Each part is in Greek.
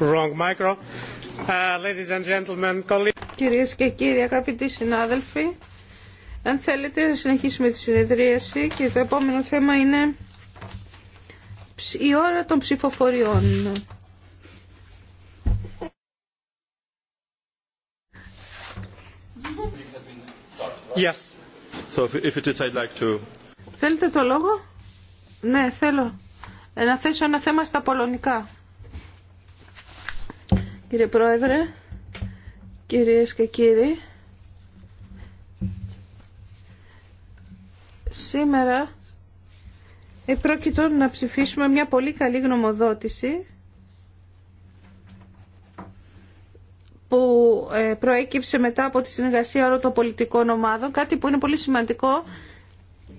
Wrong uh, Κυρίες και κύριοι, αγαπητοί συνάδελφοι, αν θέλετε να συνεχίσουμε τη συνεδρίαση και το επόμενο θέμα είναι η ώρα των ψηφοφοριών. Yes. So if it is, I'd like to... Θέλετε το λόγο? Ναι, θέλω. Να θέσω ένα θέμα στα πολωνικά. Κύριε Πρόεδρε, κυρίες και κύριοι, σήμερα επρόκειτο να ψηφίσουμε μια πολύ καλή γνωμοδότηση που ε, προέκυψε μετά από τη συνεργασία όλων των πολιτικών ομάδων, κάτι που είναι πολύ σημαντικό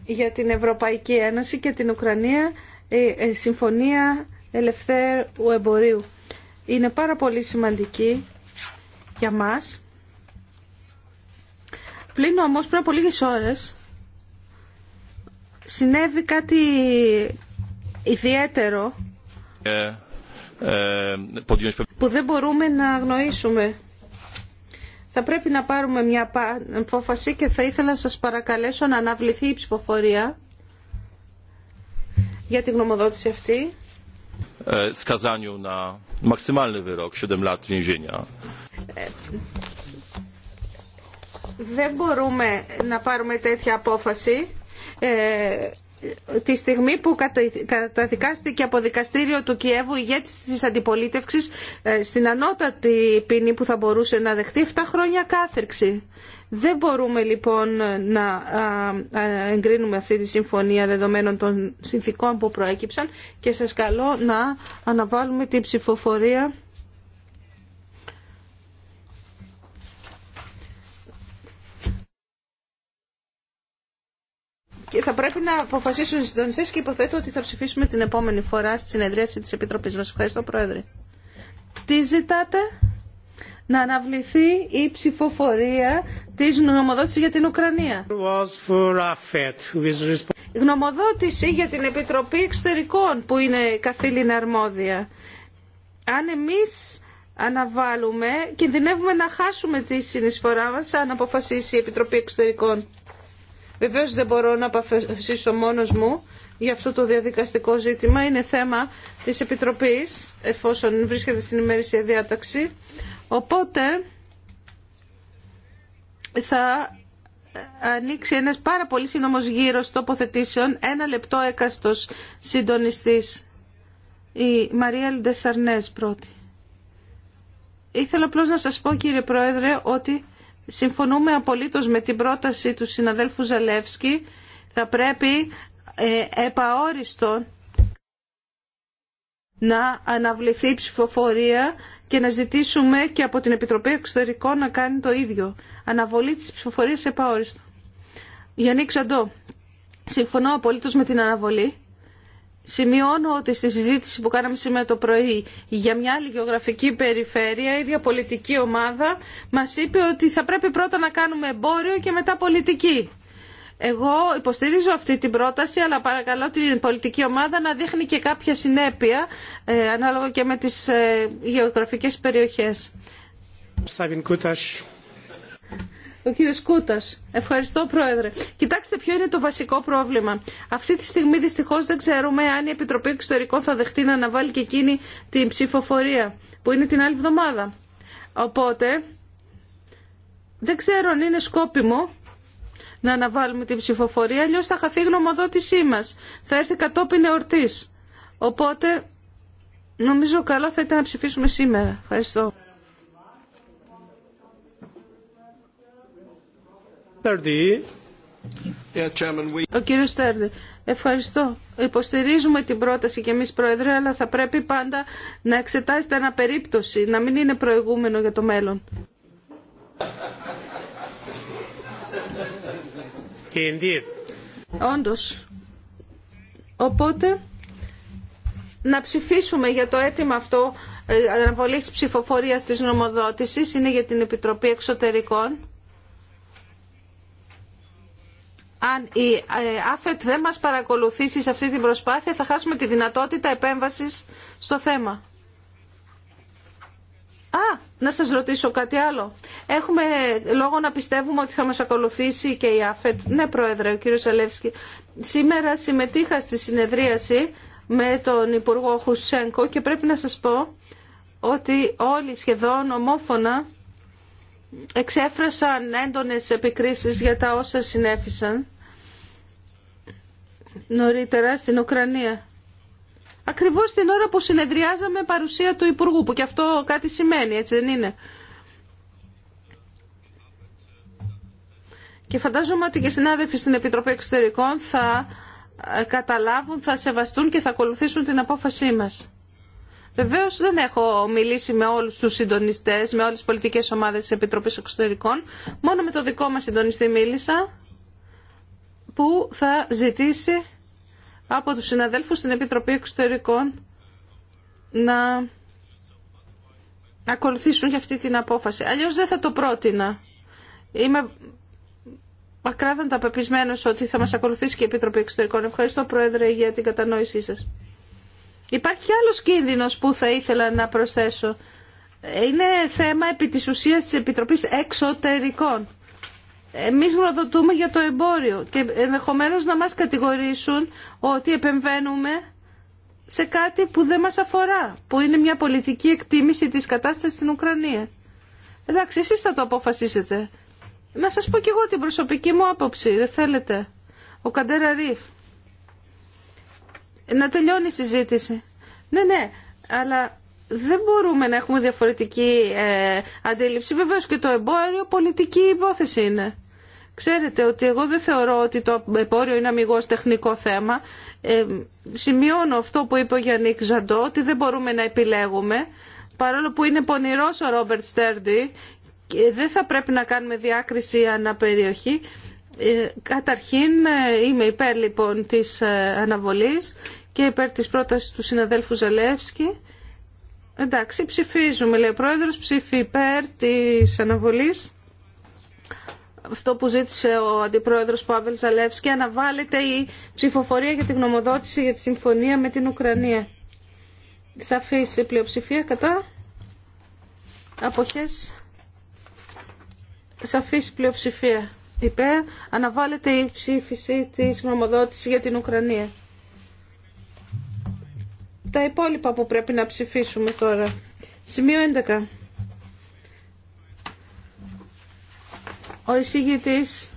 για την Ευρωπαϊκή Ένωση και την Ουκρανία, η ε, ε, Συμφωνία Ελευθέρου Εμπορίου είναι πάρα πολύ σημαντική για μας. Πλην όμως πριν από λίγες ώρες συνέβη κάτι ιδιαίτερο ε, ε, που δεν μπορούμε να αγνοήσουμε. Θα πρέπει να πάρουμε μια απόφαση και θα ήθελα να σας παρακαλέσω να αναβληθεί η ψηφοφορία για την γνωμοδότηση αυτή skazaniu na maksymalny wyrok 7 lat więzienia. Δεν μπορούμε να πάρουμε τέτοια απόφαση τη στιγμή που καταδικάστηκε από δικαστήριο του Κιέβου ηγέτης της αντιπολίτευξης ε, στην ανώτατη ποινή που θα μπορούσε να δεχτεί 7 χρόνια κάθερξη. Δεν μπορούμε λοιπόν να εγκρίνουμε αυτή τη συμφωνία δεδομένων των συνθήκων που προέκυψαν και σας καλώ να αναβάλουμε την ψηφοφορία και θα πρέπει να αποφασίσουν οι συντονιστέ και υποθέτω ότι θα ψηφίσουμε την επόμενη φορά στη συνεδρίαση της Επιτροπής μα. Ευχαριστώ Πρόεδρε. Τι ζητάτε? Να αναβληθεί η ψηφοφορία της γνωμοδότηση για την Ουκρανία. Η γνωμοδότηση για την Επιτροπή Εξωτερικών που είναι καθήλυνα αρμόδια. Αν εμείς αναβάλουμε, κινδυνεύουμε να χάσουμε τη συνεισφορά μας αν αποφασίσει η Επιτροπή Εξωτερικών. Βεβαίως δεν μπορώ να αποφασίσω μόνος μου για αυτό το διαδικαστικό ζήτημα. Είναι θέμα της Επιτροπής, εφόσον βρίσκεται στην ημερήσια διάταξη. Οπότε θα ανοίξει ένας πάρα πολύ σύντομος γύρος τοποθετήσεων, ένα λεπτό έκαστος συντονιστής. Η Μαρία Λιντεσαρνές πρώτη. Ήθελα απλώς να σας πω κύριε Πρόεδρε ότι Συμφωνούμε απολύτως με την πρόταση του συναδέλφου Ζαλεύσκη. Θα πρέπει ε, επαόριστο να αναβληθεί η ψηφοφορία και να ζητήσουμε και από την Επιτροπή Εξωτερικών να κάνει το ίδιο. Αναβολή της ψηφοφορίας επαόριστο. Γιάννη Ξαντώ, συμφωνώ απολύτως με την αναβολή Σημειώνω ότι στη συζήτηση που κάναμε σήμερα το πρωί για μια άλλη γεωγραφική περιφέρεια, η ίδια πολιτική ομάδα μας είπε ότι θα πρέπει πρώτα να κάνουμε εμπόριο και μετά πολιτική. Εγώ υποστηρίζω αυτή την πρόταση, αλλά παρακαλώ την πολιτική ομάδα να δείχνει και κάποια συνέπεια ε, ανάλογα και με τις ε, γεωγραφικές περιοχές. Ο κύριος Κούτας. Ευχαριστώ Πρόεδρε. Κοιτάξτε ποιο είναι το βασικό πρόβλημα. Αυτή τη στιγμή δυστυχώς δεν ξέρουμε αν η Επιτροπή Εξωτερικών θα δεχτεί να αναβάλει και εκείνη την ψηφοφορία που είναι την άλλη εβδομάδα. Οπότε δεν ξέρω αν είναι σκόπιμο να αναβάλουμε την ψηφοφορία, αλλιώ θα χαθεί η γνωμοδότησή μα. Θα έρθει κατόπιν εορτή. Οπότε, νομίζω καλά θα ήταν να ψηφίσουμε σήμερα. Ευχαριστώ. Ο κύριος Στέρντι, ευχαριστώ. Υποστηρίζουμε την πρόταση και εμείς Πρόεδρε, αλλά θα πρέπει πάντα να εξετάζεται περίπτωση, να μην είναι προηγούμενο για το μέλλον. Indeed. Όντως. Οπότε, να ψηφίσουμε για το αίτημα αυτό ε, αναβολής ψηφοφορίας της νομοδότησης, είναι για την Επιτροπή Εξωτερικών. αν η ε, ΑΦΕΤ δεν μας παρακολουθήσει σε αυτή την προσπάθεια θα χάσουμε τη δυνατότητα επέμβασης στο θέμα. Α, να σας ρωτήσω κάτι άλλο. Έχουμε λόγο να πιστεύουμε ότι θα μας ακολουθήσει και η ΑΦΕΤ. Ναι, Πρόεδρε, ο κύριος Αλεύσκη. Σήμερα συμμετείχα στη συνεδρίαση με τον Υπουργό Χουσένκο και πρέπει να σας πω ότι όλοι σχεδόν ομόφωνα εξέφρασαν έντονες επικρίσεις για τα όσα συνέφησαν νωρίτερα στην Ουκρανία. Ακριβώς την ώρα που συνεδριάζαμε παρουσία του Υπουργού, που και αυτό κάτι σημαίνει, έτσι δεν είναι. Και φαντάζομαι ότι και οι συνάδελφοι στην Επιτροπή Εξωτερικών θα ε, καταλάβουν, θα σεβαστούν και θα ακολουθήσουν την απόφασή μας. Βεβαίω δεν έχω μιλήσει με όλου του συντονιστέ, με όλε τι πολιτικέ ομάδε τη Επιτροπή Εξωτερικών. Μόνο με το δικό μα συντονιστή μίλησα, που θα ζητήσει από τους συναδέλφους στην Επιτροπή Εξωτερικών να ακολουθήσουν για αυτή την απόφαση. Αλλιώς δεν θα το πρότεινα. Είμαι ακράδαντα πεπισμένος ότι θα μας ακολουθήσει και η Επιτροπή Εξωτερικών. Ευχαριστώ, Πρόεδρε, για την κατανόησή σας. Υπάρχει και άλλος κίνδυνος που θα ήθελα να προσθέσω. Είναι θέμα επί της ουσίας της Επιτροπής Εξωτερικών εμείς γνωδοτούμε για το εμπόριο και ενδεχομένως να μας κατηγορήσουν ότι επεμβαίνουμε σε κάτι που δεν μας αφορά, που είναι μια πολιτική εκτίμηση της κατάστασης στην Ουκρανία. Εντάξει, εσείς θα το αποφασίσετε. Να σας πω κι εγώ την προσωπική μου άποψη, δεν θέλετε. Ο Καντέρα Ρίφ. Να τελειώνει η συζήτηση. Ναι, ναι, αλλά δεν μπορούμε να έχουμε διαφορετική ε, αντίληψη. βεβαίως και το εμπόριο πολιτική υπόθεση είναι. Ξέρετε ότι εγώ δεν θεωρώ ότι το εμπόριο είναι αμυγός τεχνικό θέμα. Ε, σημειώνω αυτό που είπε ο Γιάννη Ζαντό, ότι δεν μπορούμε να επιλέγουμε. Παρόλο που είναι πονηρός ο Ρόμπερτ Στέρντι, δεν θα πρέπει να κάνουμε διάκριση αναπεριοχή. Ε, καταρχήν ε, είμαι υπέρ λοιπόν της ε, αναβολής και υπέρ της πρότασης του συναδέλφου Ζαλεύσκη. Εντάξει, ψηφίζουμε, λέει ο Πρόεδρος, ψήφι υπέρ της αναβολής αυτό που ζήτησε ο Αντιπρόεδρος Πάβελ Ζαλεύσκη αναβάλλεται η ψηφοφορία για τη γνωμοδότηση για τη συμφωνία με την Ουκρανία. Σαφής η πλειοψηφία κατά αποχές σαφής πλειοψηφία υπέρ αναβάλλεται η ψήφιση της γνωμοδότησης για την Ουκρανία. Τα υπόλοιπα που πρέπει να ψηφίσουμε τώρα. Σημείο 11. Ο εισηγητής,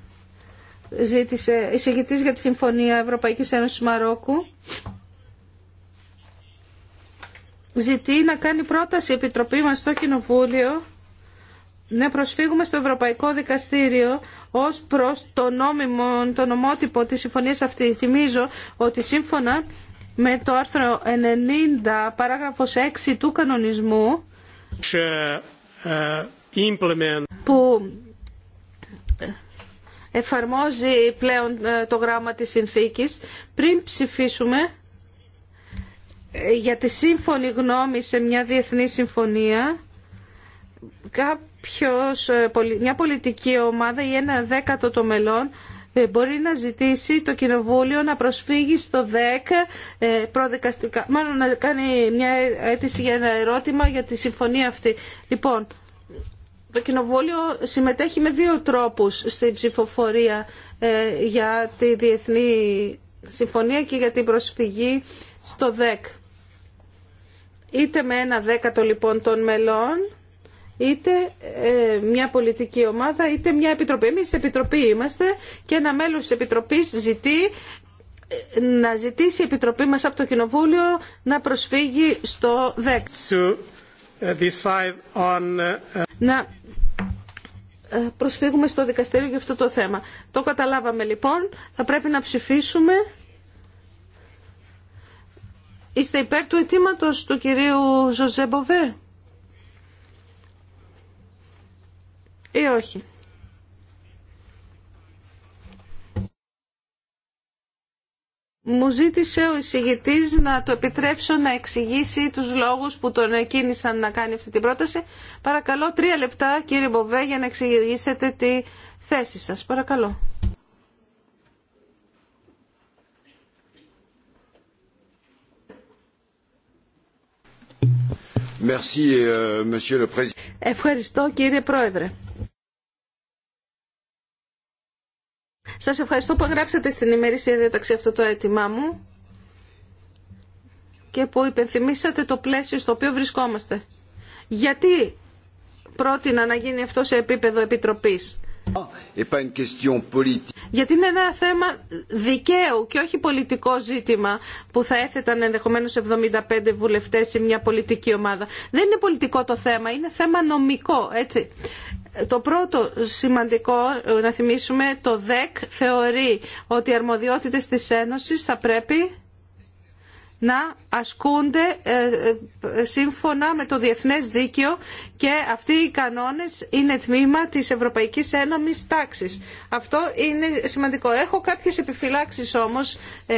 για τη Συμφωνία Ευρωπαϊκής Ένωσης Μαρόκου ζητεί να κάνει πρόταση η Επιτροπή μας στο Κοινοβούλιο να προσφύγουμε στο Ευρωπαϊκό Δικαστήριο ως προς το, νόμιμο, το νομότυπο της συμφωνίας αυτή. Θυμίζω ότι σύμφωνα με το άρθρο 90 παράγραφος 6 του κανονισμού uh, που εφαρμόζει πλέον ε, το γράμμα της συνθήκης. Πριν ψηφίσουμε ε, για τη σύμφωνη γνώμη σε μια διεθνή συμφωνία, κάποιος, ε, μια πολιτική ομάδα ή ένα δέκατο των μελών μπορεί να ζητήσει το Κοινοβούλιο να προσφύγει στο ΔΕΚ προδικαστικά, μάλλον να κάνει μια αίτηση για ένα ερώτημα για τη συμφωνία αυτή. Λοιπόν, το Κοινοβούλιο συμμετέχει με δύο τρόπους στην ψηφοφορία ε, για τη Διεθνή Συμφωνία και για την προσφυγή στο ΔΕΚ. Είτε με ένα δέκατο λοιπόν των μελών, είτε ε, μια πολιτική ομάδα, είτε μια επιτροπή. Εμείς επιτροπή είμαστε και ένα μέλος της επιτροπής ζητεί ε, να ζητήσει η Επιτροπή μας από το Κοινοβούλιο να προσφύγει στο ΔΕΚ. Uh, ε, προσφύγουμε στο δικαστήριο για αυτό το θέμα. Το καταλάβαμε λοιπόν, θα πρέπει να ψηφίσουμε. Είστε υπέρ του αιτήματο του κυρίου Ζωζέ ή όχι. Μου ζήτησε ο εισηγητή να το επιτρέψω να εξηγήσει τους λόγους που τον εκκίνησαν να κάνει αυτή την πρόταση. Παρακαλώ, τρία λεπτά κύριε Μποβέ για να εξηγήσετε τη θέση σας. Παρακαλώ. Merci, euh, Monsieur le Président. Ευχαριστώ κύριε Πρόεδρε. Σας ευχαριστώ που εγγράψατε στην ημερήσια διάταξη αυτό το αίτημά μου και που υπενθυμίσατε το πλαίσιο στο οποίο βρισκόμαστε. Γιατί πρότεινα να γίνει αυτό σε επίπεδο επιτροπής. Γιατί είναι ένα θέμα δικαίου και όχι πολιτικό ζήτημα που θα έθεταν ενδεχομένως 75 βουλευτές ή μια πολιτική ομάδα. Δεν είναι πολιτικό το θέμα, είναι θέμα νομικό. Έτσι. Το πρώτο σημαντικό να θυμίσουμε, το ΔΕΚ θεωρεί ότι οι αρμοδιότητες της Ένωσης θα πρέπει να ασκούνται ε, ε, σύμφωνα με το διεθνές δίκαιο και αυτοί οι κανόνες είναι τμήμα της Ευρωπαϊκής Ένωμης Τάξης. Αυτό είναι σημαντικό. Έχω κάποιες επιφυλάξεις όμως ε,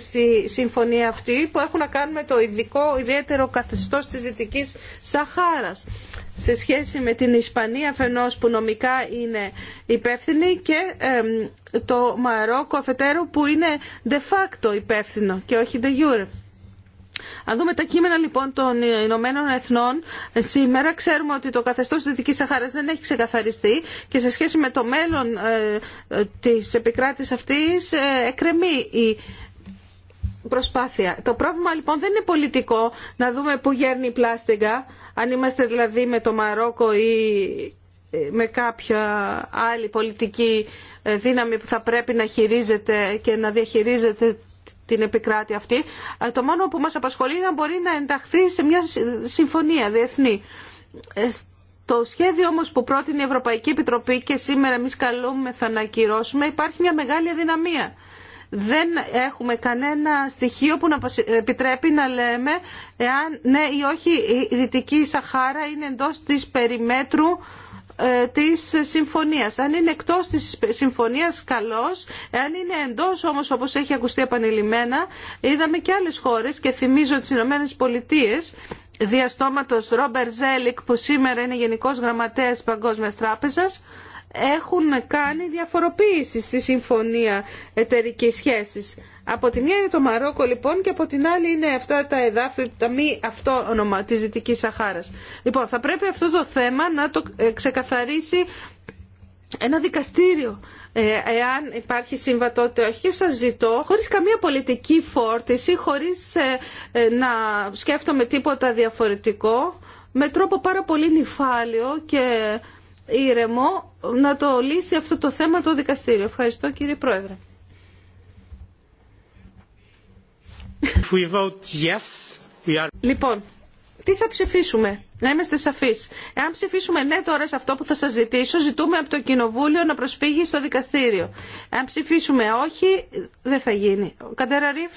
στη συμφωνία αυτή που έχουν να κάνουν με το ειδικό ιδιαίτερο καθεστώς της Δυτικής Σαχάρας σε σχέση με την Ισπανία αφενός που νομικά είναι υπεύθυνη και το Μαρόκο αφετέρου που είναι de facto υπεύθυνο και όχι de jure. Αν δούμε τα κείμενα λοιπόν των Ηνωμένων Εθνών, σήμερα ξέρουμε ότι το καθεστώς της Δυτικής Σαχάρας δεν έχει ξεκαθαριστεί και σε σχέση με το μέλλον ε, ε τη επικράτησης αυτή ε, η προσπάθεια. Το πρόβλημα λοιπόν δεν είναι πολιτικό να δούμε πού γέρνει η πλάστηγκα αν είμαστε δηλαδή με το Μαρόκο ή ε, με κάποια άλλη πολιτική ε, δύναμη που θα πρέπει να χειρίζεται και να διαχειρίζεται την επικράτεια αυτή. Ε, το μόνο που μας απασχολεί είναι να μπορεί να ενταχθεί σε μια συμφωνία διεθνή. Το σχέδιο όμως που πρότεινε η Ευρωπαϊκή Επιτροπή και σήμερα εμεί καλούμε θα να υπάρχει μια μεγάλη αδυναμία δεν έχουμε κανένα στοιχείο που να επιτρέπει να λέμε εάν ναι ή όχι η Δυτική Σαχάρα είναι εντός της περιμέτρου ε, της συμφωνίας. Αν είναι εκτός της συμφωνίας καλός, αν είναι εντός όμως όπως έχει ακουστεί επανειλημμένα, είδαμε και άλλες χώρες και θυμίζω τις Ηνωμένε Πολιτείε διαστόματος Ρόμπερ Ζέλικ που σήμερα είναι Γενικός Γραμματέας Παγκόσμιας Τράπεζας, έχουν κάνει διαφοροποίηση στη Συμφωνία εταιρική σχέση. Από τη μία είναι το Μαρόκο λοιπόν και από την άλλη είναι αυτά τα εδάφη, τα μη αυτό όνομα της Δυτικής Σαχάρας. Λοιπόν, θα πρέπει αυτό το θέμα να το ε, ξεκαθαρίσει ένα δικαστήριο ε, εάν υπάρχει συμβατότητα όχι και σας ζητώ χωρίς καμία πολιτική φόρτιση χωρίς ε, να σκέφτομαι τίποτα διαφορετικό με τρόπο πάρα πολύ νυφάλιο και ήρεμο να το λύσει αυτό το θέμα το δικαστήριο. Ευχαριστώ κύριε Πρόεδρε. Λοιπόν, τι θα ψηφίσουμε, να είμαστε σαφείς. Εάν ψηφίσουμε ναι τώρα σε αυτό που θα σας ζητήσω, ζητούμε από το Κοινοβούλιο να προσφύγει στο δικαστήριο. Εάν ψηφίσουμε όχι, δεν θα γίνει. Καντέρα Ρίφ.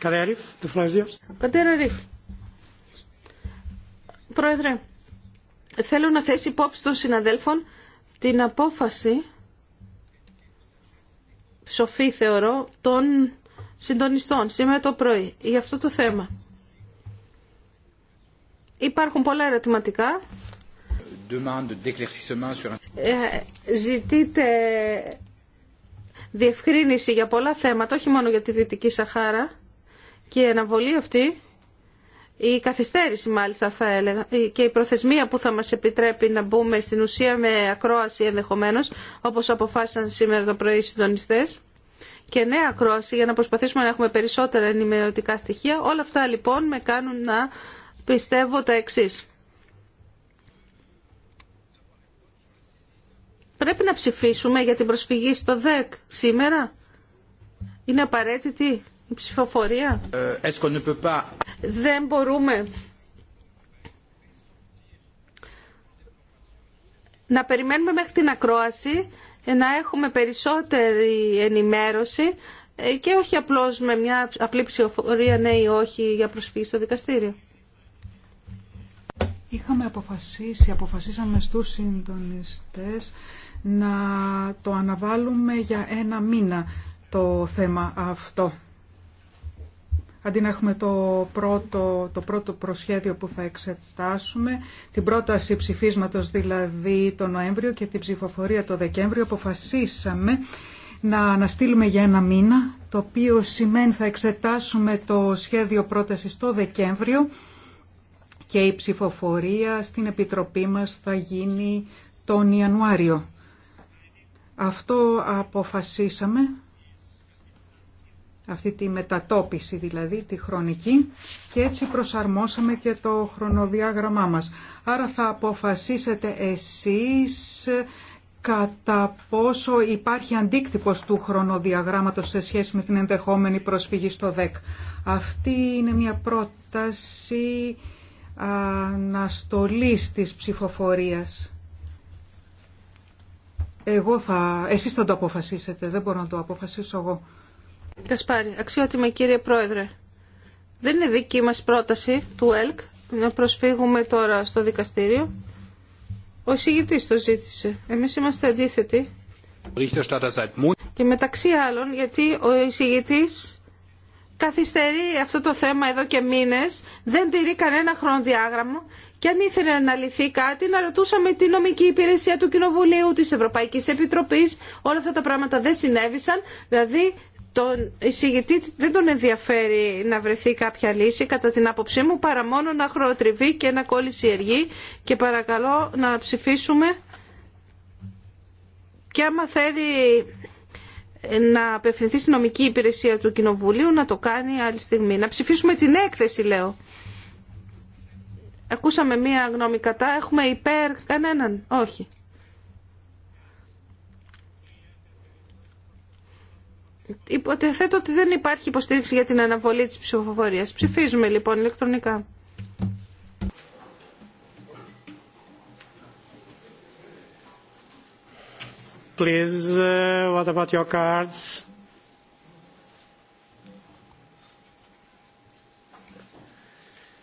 Καντέρα το Καντέρα Ρίφ. Πρόεδρε, θέλω να θέσει υπόψη των συναδέλφων την απόφαση, σοφή θεωρώ, των συντονιστών σήμερα το πρωί για αυτό το θέμα. Υπάρχουν πολλά ερωτηματικά. Ε, ζητείτε διευκρίνηση για πολλά θέματα, όχι μόνο για τη Δυτική Σαχάρα και η αναβολή αυτή η καθυστέρηση μάλιστα θα έλεγα και η προθεσμία που θα μας επιτρέπει να μπούμε στην ουσία με ακρόαση ενδεχομένως όπως αποφάσισαν σήμερα το πρωί οι συντονιστές και νέα ακρόαση για να προσπαθήσουμε να έχουμε περισσότερα ενημερωτικά στοιχεία. Όλα αυτά λοιπόν με κάνουν να πιστεύω τα εξή. Πρέπει να ψηφίσουμε για την προσφυγή στο ΔΕΚ σήμερα. Είναι απαραίτητη η ψηφοφορία. Ε, Δεν μπορούμε να περιμένουμε μέχρι την ακρόαση να έχουμε περισσότερη ενημέρωση ε, και όχι απλώς με μια απλή ψηφοφορία ναι ή όχι για προσφυγή στο δικαστήριο. Είχαμε αποφασίσει, αποφασίσαμε στους συντονιστές να το αναβάλουμε για ένα μήνα το θέμα αυτό αντί να έχουμε το πρώτο, το πρώτο προσχέδιο που θα εξετάσουμε, την πρόταση ψηφίσματος δηλαδή το Νοέμβριο και την ψηφοφορία το Δεκέμβριο, αποφασίσαμε να αναστείλουμε για ένα μήνα, το οποίο σημαίνει θα εξετάσουμε το σχέδιο πρότασης το Δεκέμβριο και η ψηφοφορία στην Επιτροπή μας θα γίνει τον Ιανουάριο. Αυτό αποφασίσαμε αυτή τη μετατόπιση δηλαδή, τη χρονική και έτσι προσαρμόσαμε και το χρονοδιάγραμμά μας. Άρα θα αποφασίσετε εσείς κατά πόσο υπάρχει αντίκτυπος του χρονοδιαγράμματος σε σχέση με την ενδεχόμενη προσφυγή στο ΔΕΚ. Αυτή είναι μια πρόταση αναστολής της ψηφοφορίας. Εγώ θα... Εσείς θα το αποφασίσετε, δεν μπορώ να το αποφασίσω εγώ. Κασπάρη, αξιότιμα κύριε Πρόεδρε, δεν είναι δική μας πρόταση του ΕΛΚ να προσφύγουμε τώρα στο δικαστήριο. Ο εισηγητής το ζήτησε. Εμείς είμαστε αντίθετοι. Και μεταξύ άλλων, γιατί ο εισηγητής καθυστερεί αυτό το θέμα εδώ και μήνες, δεν τηρεί κανένα χρονοδιάγραμμα και αν ήθελε να λυθεί κάτι, να ρωτούσαμε τη νομική υπηρεσία του Κοινοβουλίου, της Ευρωπαϊκής Επιτροπής, όλα αυτά τα πράγματα δεν συνέβησαν, δηλαδή τον εισηγητή δεν τον ενδιαφέρει να βρεθεί κάποια λύση κατά την άποψή μου παρά μόνο να χρονοτριβεί και να η εργή και παρακαλώ να ψηφίσουμε και άμα θέλει να απευθυνθεί στην νομική υπηρεσία του Κοινοβουλίου να το κάνει άλλη στιγμή. Να ψηφίσουμε την έκθεση λέω. Ακούσαμε μία γνώμη κατά, έχουμε υπέρ κανέναν, όχι. Υποτεθέτω ότι δεν υπάρχει υποστήριξη για την αναβολή της ψηφοφορίας. Ψηφίζουμε λοιπόν ηλεκτρονικά. Please, uh, what about your cards?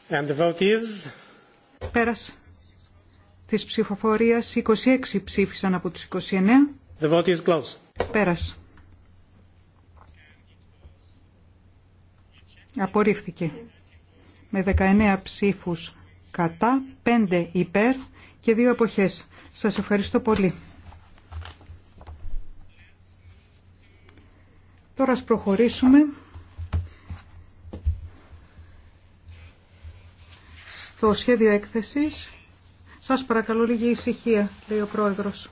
And the vote is... Πέρασε. Της ψηφοφορίας 26 ψήφισαν από τους 29. The vote is closed. Πέρασε. Απορρίφθηκε. Με 19 ψήφους κατά, 5 υπέρ και 2 εποχές. Σας ευχαριστώ πολύ. Τώρα ας προχωρήσουμε στο σχέδιο έκθεσης. Σας παρακαλώ λίγη ησυχία, λέει ο Πρόεδρος.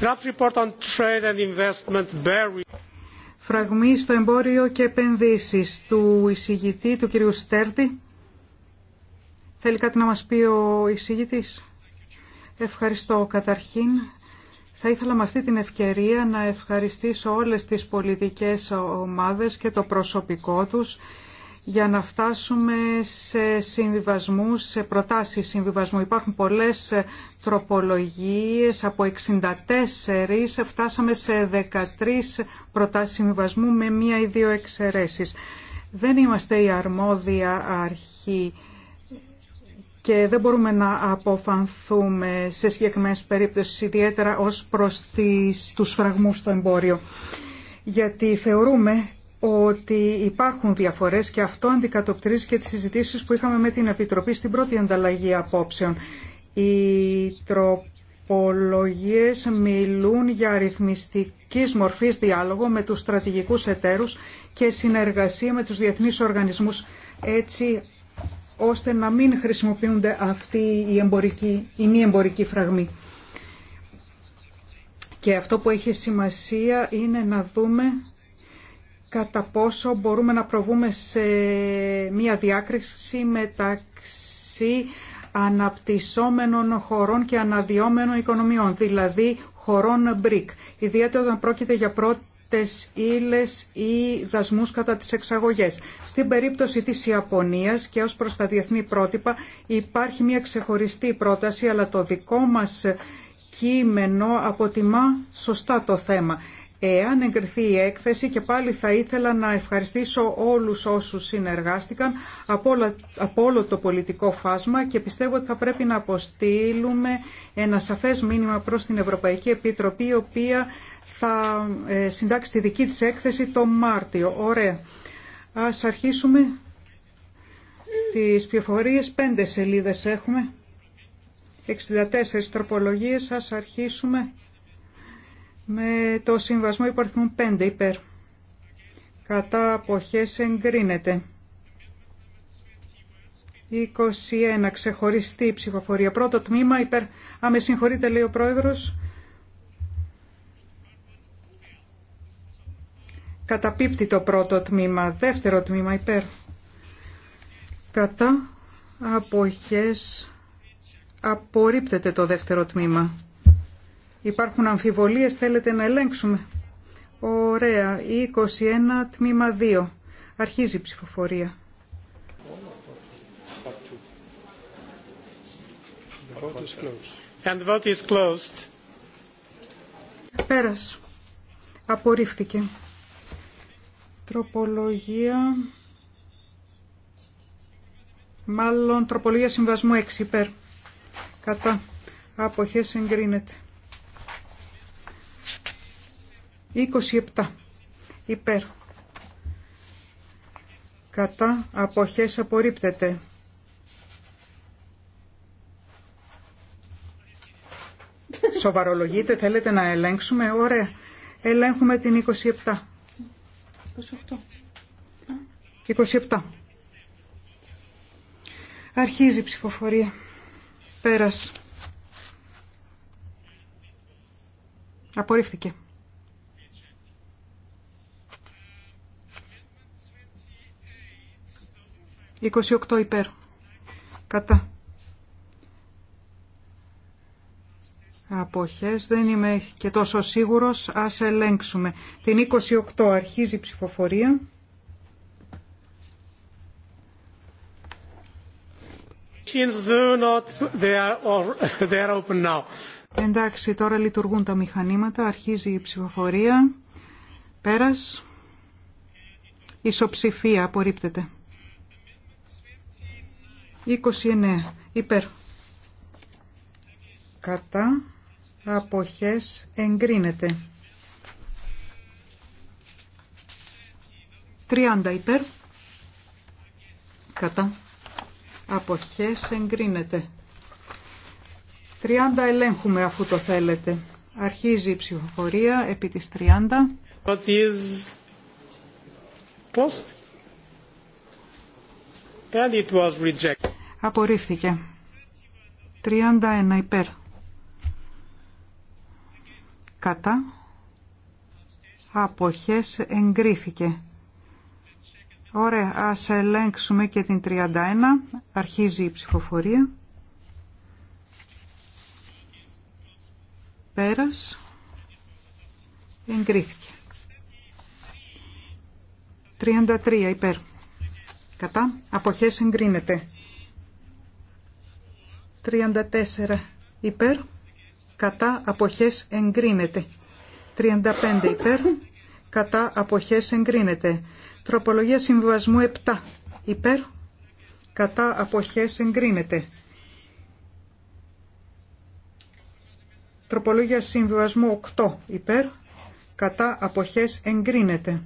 report on trade and investment φραγμή στο εμπόριο και επενδύσεις του εισηγητή, του κυρίου Στέρτη. Θέλει κάτι να μας πει ο εισηγητής. Ευχαριστώ καταρχήν. Θα ήθελα με αυτή την ευκαιρία να ευχαριστήσω όλες τις πολιτικές ομάδες και το προσωπικό τους για να φτάσουμε σε συμβιβασμού, σε προτάσεις συμβιβασμού. Υπάρχουν πολλές ε, τροπολογίες, από 64 φτάσαμε σε 13 προτάσεις συμβιβασμού με μία ή δύο εξαιρέσεις. Δεν είμαστε η αρμόδια αρχή και δεν μπορούμε να αποφανθούμε σε συγκεκριμένες περίπτωσεις, ιδιαίτερα ως προς τις, τους φραγμούς στο εμπόριο. Γιατί θεωρούμε ότι υπάρχουν διαφορές και αυτό αντικατοπτρίζει και τις συζητήσεις που είχαμε με την Επιτροπή στην πρώτη ανταλλαγή απόψεων. Οι τροπολογίες μιλούν για αριθμιστικής μορφής διάλογο με τους στρατηγικούς εταίρους και συνεργασία με τους διεθνείς οργανισμούς έτσι ώστε να μην χρησιμοποιούνται αυτοί οι, εμπορικοί, οι μη εμπορικοί φραγμοί. Και αυτό που έχει σημασία είναι να δούμε κατά πόσο μπορούμε να προβούμε σε μία διάκριση μεταξύ αναπτυσσόμενων χωρών και αναδυόμενων οικονομιών, δηλαδή χωρών BRIC, ιδιαίτερα όταν πρόκειται για πρώτες ύλες ή δασμούς κατά τις εξαγωγές. Στην περίπτωση της Ιαπωνίας και ως προς τα διεθνή πρότυπα υπάρχει μια ξεχωριστή πρόταση, αλλά το δικό μας κείμενο αποτιμά σωστά το θέμα. Εάν εγκριθεί η έκθεση και πάλι θα ήθελα να ευχαριστήσω όλους όσους συνεργάστηκαν από, όλο το πολιτικό φάσμα και πιστεύω ότι θα πρέπει να αποστείλουμε ένα σαφές μήνυμα προς την Ευρωπαϊκή Επιτροπή η οποία θα ε, συντάξει τη δική της έκθεση το Μάρτιο. Ωραία. Ας αρχίσουμε τις πληροφορίες. Πέντε σελίδες έχουμε. 64 τροπολογίες. Ας αρχίσουμε με το συμβασμό υπαριθμών 5 υπέρ. Κατά αποχές εγκρίνεται. 21 ξεχωριστή ψηφοφορία. Πρώτο τμήμα υπέρ... Α, με συγχωρείτε λέει ο πρόεδρος. Καταπίπτει το πρώτο τμήμα. Δεύτερο τμήμα υπέρ. Κατά αποχές απορρίπτεται το δεύτερο τμήμα. Υπάρχουν αμφιβολίες, θέλετε να ελέγξουμε. Ωραία, 21 τμήμα 2. Αρχίζει η ψηφοφορία. And vote is closed. Πέρας. Απορρίφθηκε. Τροπολογία... Μάλλον τροπολογία συμβασμού 6 υπέρ. Κατά. Αποχές εγκρίνεται. 27 υπέρ κατά αποχές απορρίπτεται. Σοβαρολογείτε, θέλετε να ελέγξουμε, ωραία. Ελέγχουμε την 27. 28. 27. Αρχίζει η ψηφοφορία. Πέρας. Απορρίφθηκε. 28 υπέρ. Κατά. Αποχές, δεν είμαι και τόσο σίγουρος, ας ελέγξουμε. Την 28 αρχίζει η ψηφοφορία. Εντάξει, τώρα λειτουργούν τα μηχανήματα, αρχίζει η ψηφοφορία. Πέρας, ισοψηφία απορρίπτεται. 29 υπέρ. Κατά αποχές εγκρίνεται. 30 υπέρ. Κατά αποχές εγκρίνεται. 30 ελέγχουμε αφού το θέλετε. Αρχίζει η ψηφοφορία επί της 30. What post? Απορρίφθηκε. 31 υπέρ. Κατά. Αποχές εγκρίθηκε. Ωραία, ας ελέγξουμε και την 31. Αρχίζει η ψηφοφορία. Πέρας. Εγκρίθηκε. 33 υπέρ. Κατά. Αποχές εγκρίνεται. 34 υπέρ, κατά αποχές εγκρίνεται. 35 υπέρ, κατά αποχές εγκρίνεται. Τροπολογία συμβιβασμού 7 υπέρ, κατά αποχές εγκρίνεται. Τροπολογία συμβιβασμού 8 υπέρ, κατά αποχές εγκρίνεται.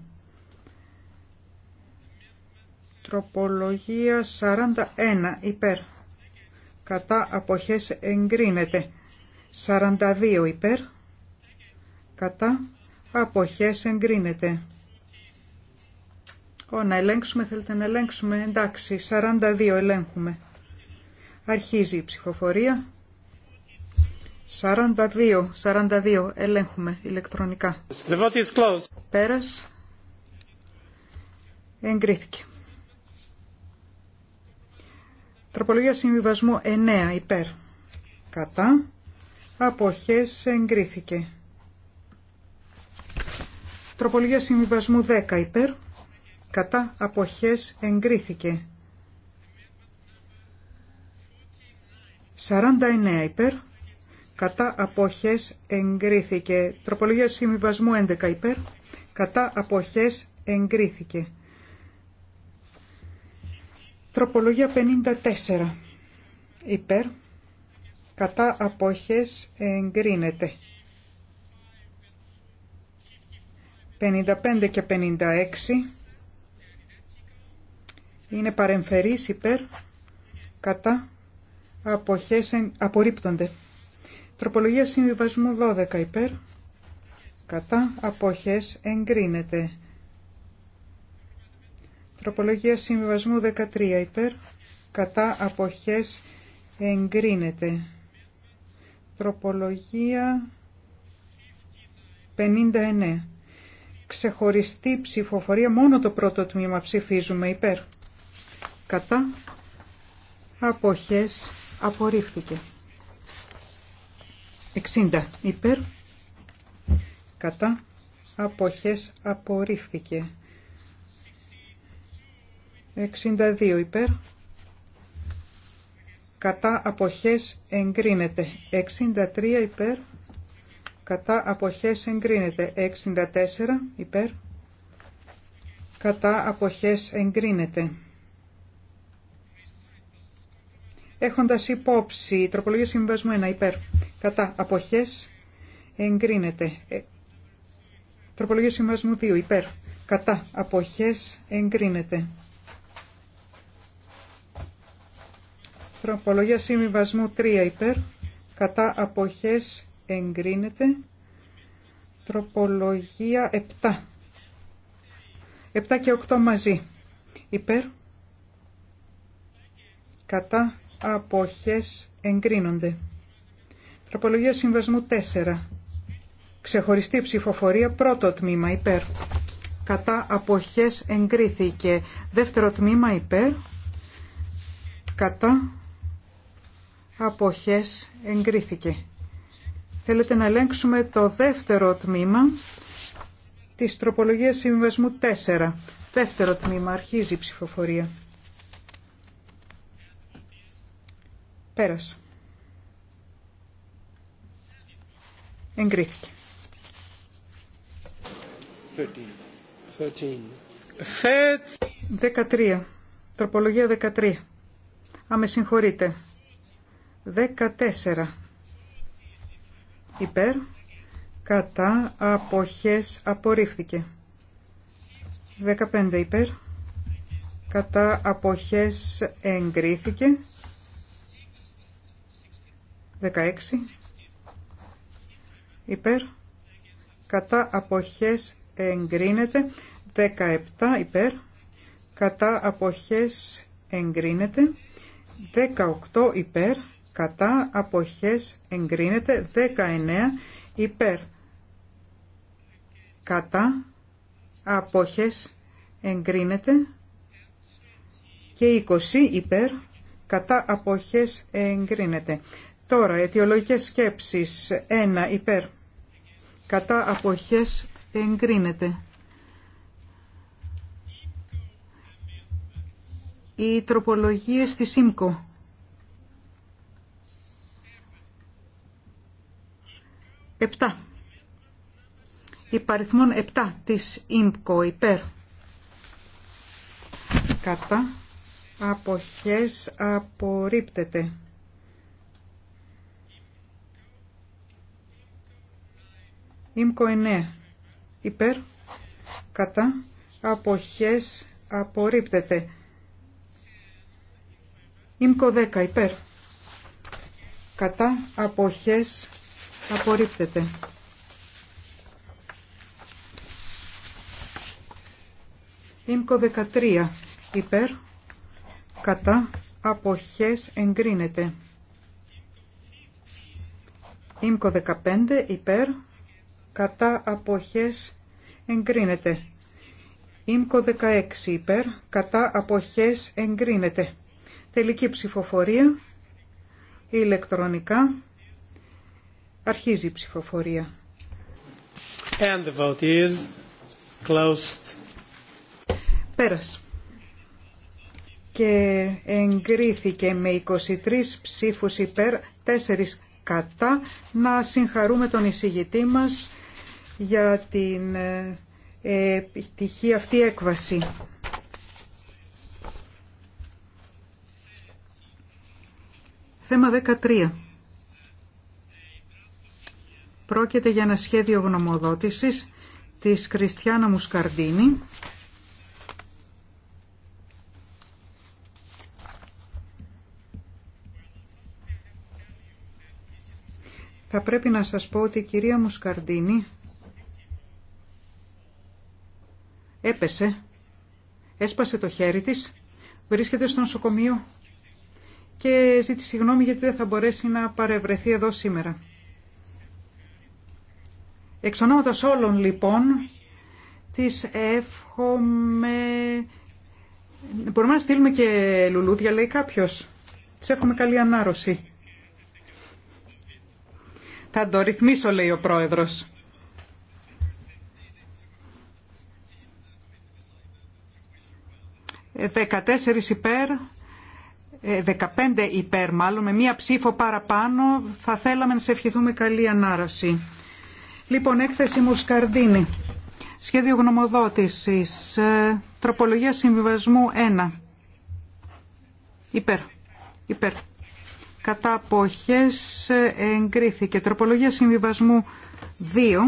Τροπολογία 41 υπέρ κατά αποχές εγκρίνεται. 42 υπέρ, κατά αποχές εγκρίνεται. Ω, να ελέγξουμε, θέλετε να ελέγξουμε, εντάξει, 42 ελέγχουμε. Αρχίζει η ψηφοφορία. 42, 42, ελέγχουμε ηλεκτρονικά. The Πέρας. Εγκρίθηκε. Τροπολογία συμβιβασμού 9 υπέρ. Κατά. Αποχές εγκρίθηκε. Τροπολογία συμβιβασμού 10 υπέρ. Κατά. Αποχές εγκρίθηκε. 49 υπέρ. Κατά. Αποχές εγκρίθηκε. Τροπολογία συμβιβασμού 11 υπέρ. Κατά. Αποχές εγκρίθηκε. Τροπολογία 54. Υπέρ. Κατά αποχές εγκρίνεται. 55 και 56 είναι παρεμφερείς υπέρ κατά αποχές απορρίπτονται. Τροπολογία συμβιβασμού 12 υπέρ κατά αποχές εγκρίνεται. Τροπολογία συμβιβασμού 13 υπέρ. Κατά αποχές εγκρίνεται. Τροπολογία 59. Ξεχωριστή ψηφοφορία. Μόνο το πρώτο τμήμα ψηφίζουμε υπέρ. Κατά αποχές απορρίφθηκε. 60 υπέρ. Κατά αποχές απορρίφθηκε. 62 υπέρ. Κατά αποχές εγκρίνεται. 63 υπέρ. Κατά αποχές εγκρίνεται. 64 υπέρ. Κατά αποχές εγκρίνεται. Έχοντας υπόψη η τροπολογία συμβασμού 1 υπέρ. Κατά αποχές εγκρίνεται. Ε, τροπολογία συμβασμού 2 υπέρ. Κατά αποχές εγκρίνεται. Τροπολογία συμβιβασμού 3 υπέρ. Κατά αποχές εγκρίνεται. Τροπολογία 7. 7 και 8 μαζί. Υπέρ. Κατά αποχές εγκρίνονται. Τροπολογία συμβασμού 4. Ξεχωριστή ψηφοφορία πρώτο τμήμα υπέρ. Κατά αποχές εγκρίθηκε. Δεύτερο τμήμα υπέρ. Κατά αποχές εγκρίθηκε. Θέλετε να ελέγξουμε το δεύτερο τμήμα της τροπολογίας συμβασμού 4. Δεύτερο τμήμα, αρχίζει η ψηφοφορία. Πέρασε. Εγκρίθηκε. 13. 13. Τροπολογία 13. Αμε συγχωρείτε. 14 υπέρ κατά αποχές απορρίφθηκε 15 υπέρ κατά αποχές εγκρίθηκε 16 υπέρ κατά αποχές εγκρίνεται 17 υπέρ κατά αποχές εγκρίνεται 18 υπέρ κατά αποχές εγκρίνεται 19 υπέρ κατά αποχές εγκρίνεται και 20 υπέρ κατά αποχές εγκρίνεται τώρα αιτιολογικές σκέψεις 1 υπέρ κατά αποχές εγκρίνεται οι τροπολογίες της ΣΥΜΚΟ 7. Υπαριθμών 7 της ΙΜΚΟ υπέρ. Κατά. Αποχές απορρίπτεται. ΙΜΚΟ 9 υπέρ. Κατά. Αποχές απορρίπτεται. ΙΜΚΟ 10 υπέρ. Κατά. Αποχές Απορρίπτεται. Ήμκο 13. Υπέρ. Κατά. Αποχές εγκρίνεται. Ήμκο 15. Υπέρ. Κατά. Αποχές εγκρίνεται. Ήμκο 16. Υπέρ. Κατά. Αποχές εγκρίνεται. Τελική ψηφοφορία. Ηλεκτρονικά. Αρχίζει η ψηφοφορία. And vote is closed. Πέρας. Και εγκρίθηκε με 23 ψήφους υπέρ, 4 κατά. Να συγχαρούμε τον εισηγητή μας για την ε, επιτυχή αυτή έκβαση. Θέμα 13. Πρόκειται για ένα σχέδιο γνωμοδότησης της Κριστιάνα Μουσκαρντίνη Θα πρέπει να σας πω ότι η κυρία Μουσκαρντίνη έπεσε, έσπασε το χέρι της, βρίσκεται στο νοσοκομείο και ζήτησε συγγνώμη γιατί δεν θα μπορέσει να παρευρεθεί εδώ σήμερα. Εξ ονόματος όλων λοιπόν, τις εύχομαι... Μπορούμε να στείλουμε και λουλούδια, λέει κάποιος. Τις εύχομαι καλή ανάρρωση. Θα το ρυθμίσω, λέει ο πρόεδρος. Δεκατέσσερις υπέρ, 15 ε, υπέρ μάλλον, με μία ψήφο παραπάνω, θα θέλαμε να σε ευχηθούμε καλή ανάρρωση. Λοιπόν, έκθεση Μουσκαρδίνη. Σχέδιο γνωμοδότησης. Ε, τροπολογία συμβιβασμού 1. Υπέρ. Υπέρ. Κατά αποχές ε, εγκρίθηκε. Τροπολογία συμβιβασμού 2.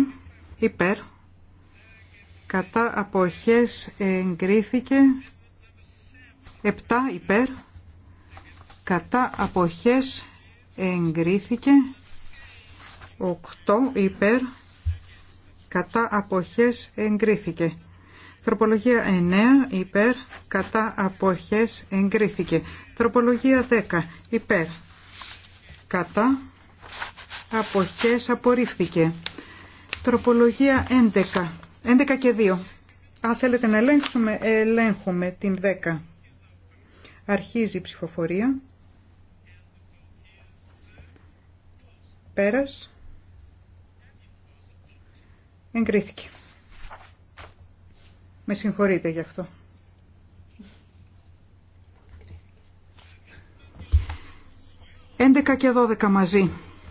Υπέρ. Κατά αποχές εγκρίθηκε. 7. Υπέρ. Κατά αποχές εγκρίθηκε. 8. Υπέρ κατά αποχές εγκρίθηκε. Τροπολογία 9 υπέρ κατά αποχές εγκρίθηκε. Τροπολογία 10 υπέρ κατά αποχές απορρίφθηκε. Τροπολογία 11. 11 και 2. Αν θέλετε να ελέγξουμε, ελέγχουμε την 10. Αρχίζει η ψηφοφορία. Πέρας. Εγκρίθηκε. Με συγχωρείτε γι' αυτό. 11 και 12 μαζί,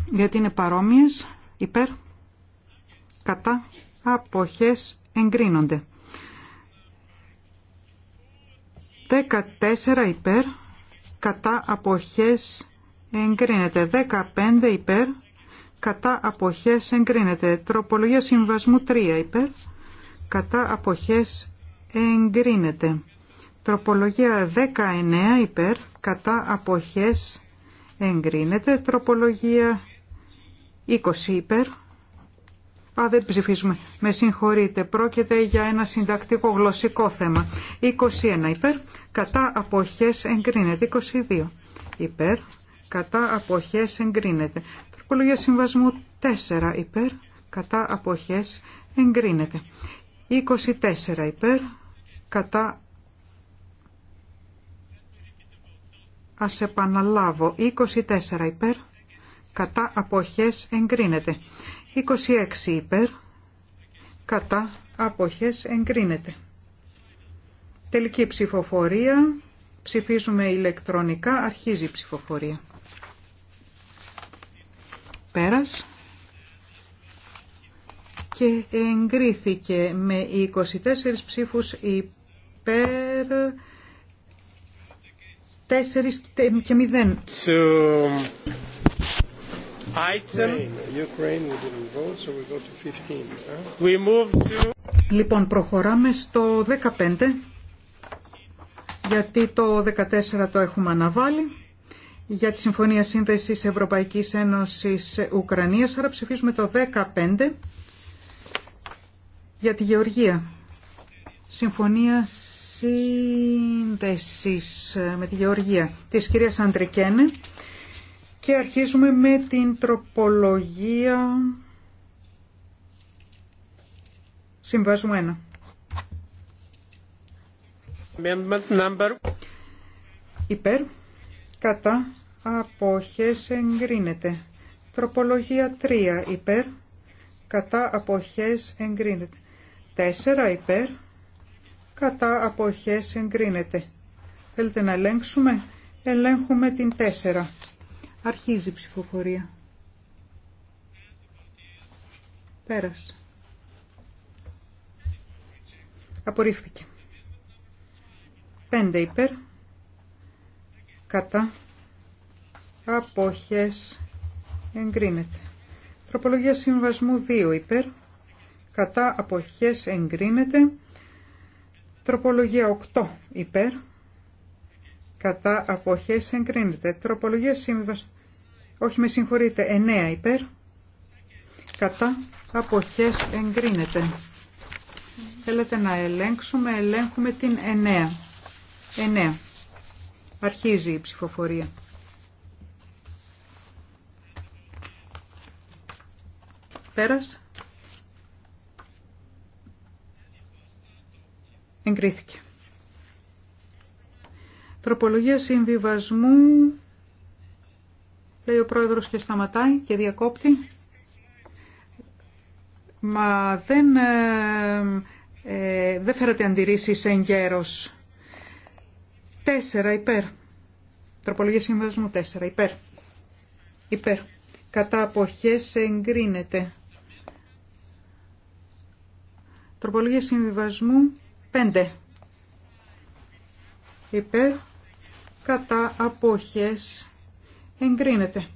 γιατί είναι παρόμοιες, υπέρ, κατά, αποχές, εγκρίνονται. 14 υπέρ, κατά αποχές εγκρίνεται. 15 υπέρ, κατά αποχές εγκρίνεται. Τροπολογία συμβασμού 3 υπέρ, κατά αποχές εγκρίνεται. Τροπολογία 19 υπέρ, κατά αποχές εγκρίνεται. Τροπολογία 20 υπέρ. Α, δεν ψηφίζουμε. Με συγχωρείτε. Πρόκειται για ένα συντακτικό γλωσσικό θέμα. 21 υπέρ, κατά αποχές εγκρίνεται. 22 υπέρ, κατά αποχές εγκρίνεται. Τροπολογία συμβασμού 4 υπέρ, κατά αποχές εγκρίνεται. 24 υπέρ, κατά Ας επαναλάβω, 24 υπέρ, κατά αποχές εγκρίνεται. 26 υπέρ, κατά αποχές εγκρίνεται. Τελική ψηφοφορία, ψηφίζουμε ηλεκτρονικά, αρχίζει η ψηφοφορία. Πέρας. Και εγκρίθηκε με 24 ψήφους υπέρ 4 και 0. Λοιπόν, προχωράμε στο 15, γιατί το 14 το έχουμε αναβάλει για τη Συμφωνία Σύνδεσης Ευρωπαϊκής Ένωσης Ουκρανίας. Άρα ψηφίζουμε το 15 για τη Γεωργία. Συμφωνία Σύνδεσης με τη Γεωργία της κυρίας Αντρικένε. Και αρχίζουμε με την τροπολογία συμβάσμου 1. Υπέρ, κατά, αποχές εγκρίνεται. Τροπολογία 3 υπέρ, κατά αποχές εγκρίνεται. 4 υπέρ, κατά αποχές εγκρίνεται. Θέλετε να ελέγξουμε. Ελέγχουμε την 4. Αρχίζει η ψηφοφορία. Πέρασε. Απορρίφθηκε. 5 υπέρ, κατά αποχές εγκρίνεται. Τροπολογία συμβασμού 2 υπέρ, κατά αποχές εγκρίνεται. Τροπολογία 8 υπέρ, κατά αποχές εγκρίνεται. Τροπολογία συμβασμού, όχι με συγχωρείτε, 9 υπέρ, κατά αποχές εγκρίνεται. Θέλετε να ελέγξουμε, ελέγχουμε την 9. 9. Αρχίζει η ψηφοφορία. Πέρας. Εγκρίθηκε. Τροπολογία συμβιβασμού, λέει ο πρόεδρος και σταματάει και διακόπτει. Μα δεν, ε, ε, δεν φέρατε αντιρρήσεις εν γέρος. Τέσσερα υπέρ. Τροπολογία συμβιβασμού τέσσερα υπέρ. Υπέρ. Κατά αποχές εγκρίνεται. Τροπολογία συμβιβασμού 5. Υπέρ κατά απόχες εγκρίνεται.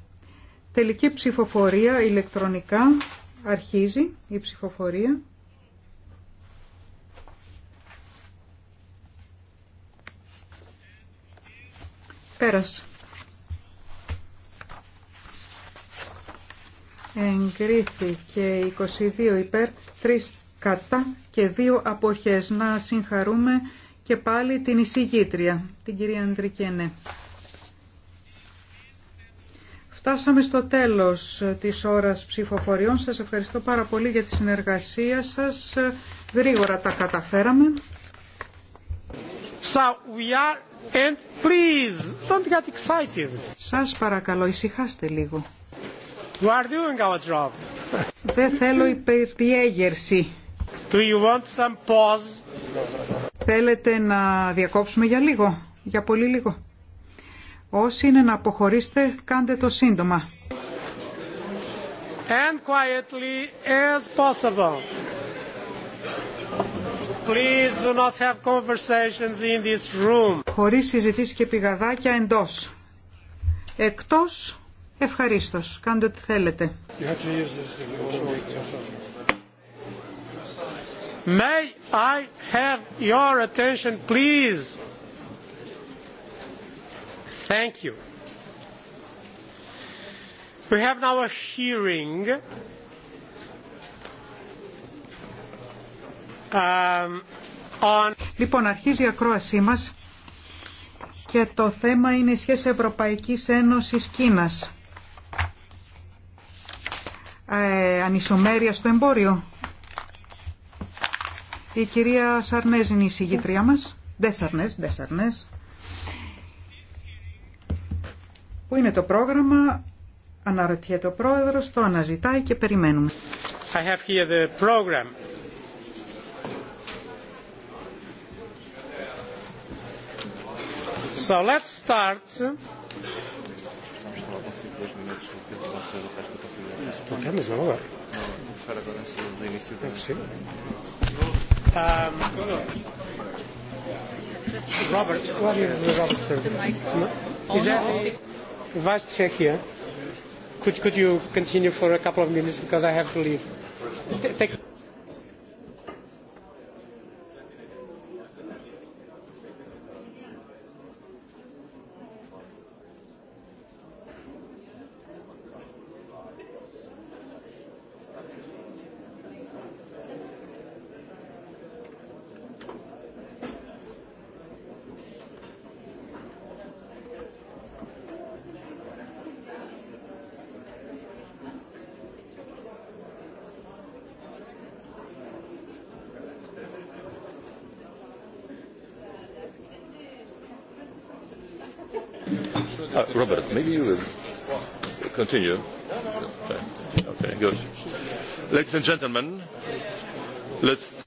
Τελική ψηφοφορία ηλεκτρονικά αρχίζει η ψηφοφορία. Πέρασε. Εγκρίθηκε 22 υπέρ 3 κατά και δύο αποχές. Να συγχαρούμε και πάλι την εισηγήτρια, την κυρία Αντρικένε. Φτάσαμε στο τέλος της ώρας ψηφοφοριών. Σας ευχαριστώ πάρα πολύ για τη συνεργασία σας. Γρήγορα τα καταφέραμε. So we And please, don't get excited. Σας παρακαλώ, ησυχάστε λίγο. We are doing our job. Δεν θέλω υπερδιέγερση. Θέλετε να διακόψουμε για λίγο, για πολύ λίγο. Όσοι είναι να αποχωρήσετε, κάντε το σύντομα. And quietly not have in this room. Χωρίς συζητήσεις και πηγαδάκια εντός. Εκτός, ευχαρίστως. Κάντε ό,τι θέλετε. May I have your attention, please? Thank you. We have now a hearing um, on... Λοιπόν, αρχίζει η ακρόασή μας και το θέμα είναι η σχέση Ευρωπαϊκής Ένωσης Κίνας. Ε, ανισομέρεια στο εμπόριο. Η κυρία Σαρνέζ είναι η συγγήτριά μας. Δε Σαρνέζ, δε Σαρνέζ. Πού είναι το πρόγραμμα, αναρωτιέται ο πρόεδρος, το αναζητάει και περιμένουμε. I have here the program. So let's start. Το κάνεις να Um, Robert, what is the Robertson? Is that vice chair here? Could could you continue for a couple of minutes because I have to leave. Take Maybe continue. Okay, Ladies and gentlemen,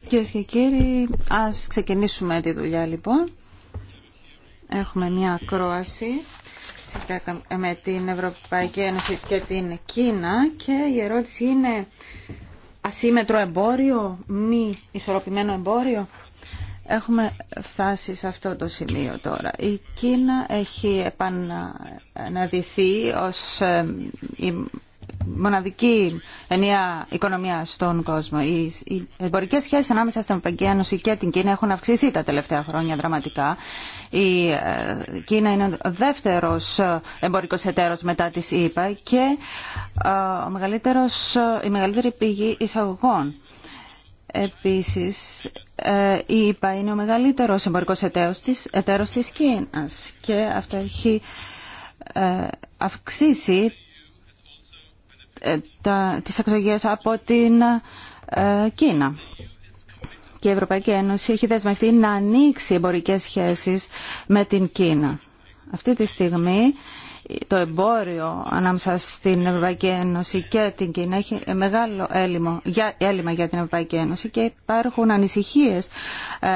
Κυρίες και κύριοι, ας ξεκινήσουμε τη δουλειά λοιπόν. Έχουμε μια ακρόαση με την Ευρωπαϊκή Ένωση και την Κίνα και η ερώτηση είναι ασύμετρο εμπόριο, μη ισορροπημένο εμπόριο. Έχουμε φτάσει σε αυτό το σημείο τώρα. Η Κίνα έχει επαναδειθεί ως η μοναδική ενιαία οικονομία στον κόσμο. Οι εμπορικέ σχέσει ανάμεσα στην Ευρωπαϊκή Ένωση και την Κίνα έχουν αυξηθεί τα τελευταία χρόνια δραματικά. Η ε, Κίνα είναι ο δεύτερο ε, εμπορικό εταίρο μετά τη ΗΠΑ και ε, ο μεγαλύτερος, η μεγαλύτερη πηγή εισαγωγών. Επίσης, η ε, ΕΠΑ είναι ο μεγαλύτερος εμπορικός εταίρος της, της Κίνας και αυτό έχει ε, αυξήσει ε, τα, τις από την Κίνα. Και η Ευρωπαϊκή Ένωση έχει δεσμευτεί να ανοίξει εμπορικές σχέσεις με την Κίνα. Αυτή τη στιγμή το εμπόριο ανάμεσα στην Ευρωπαϊκή Ένωση και την Κίνα έχει μεγάλο έλλειμμα για, έλλειμμα για την Ευρωπαϊκή Ένωση και υπάρχουν ανησυχίες ε,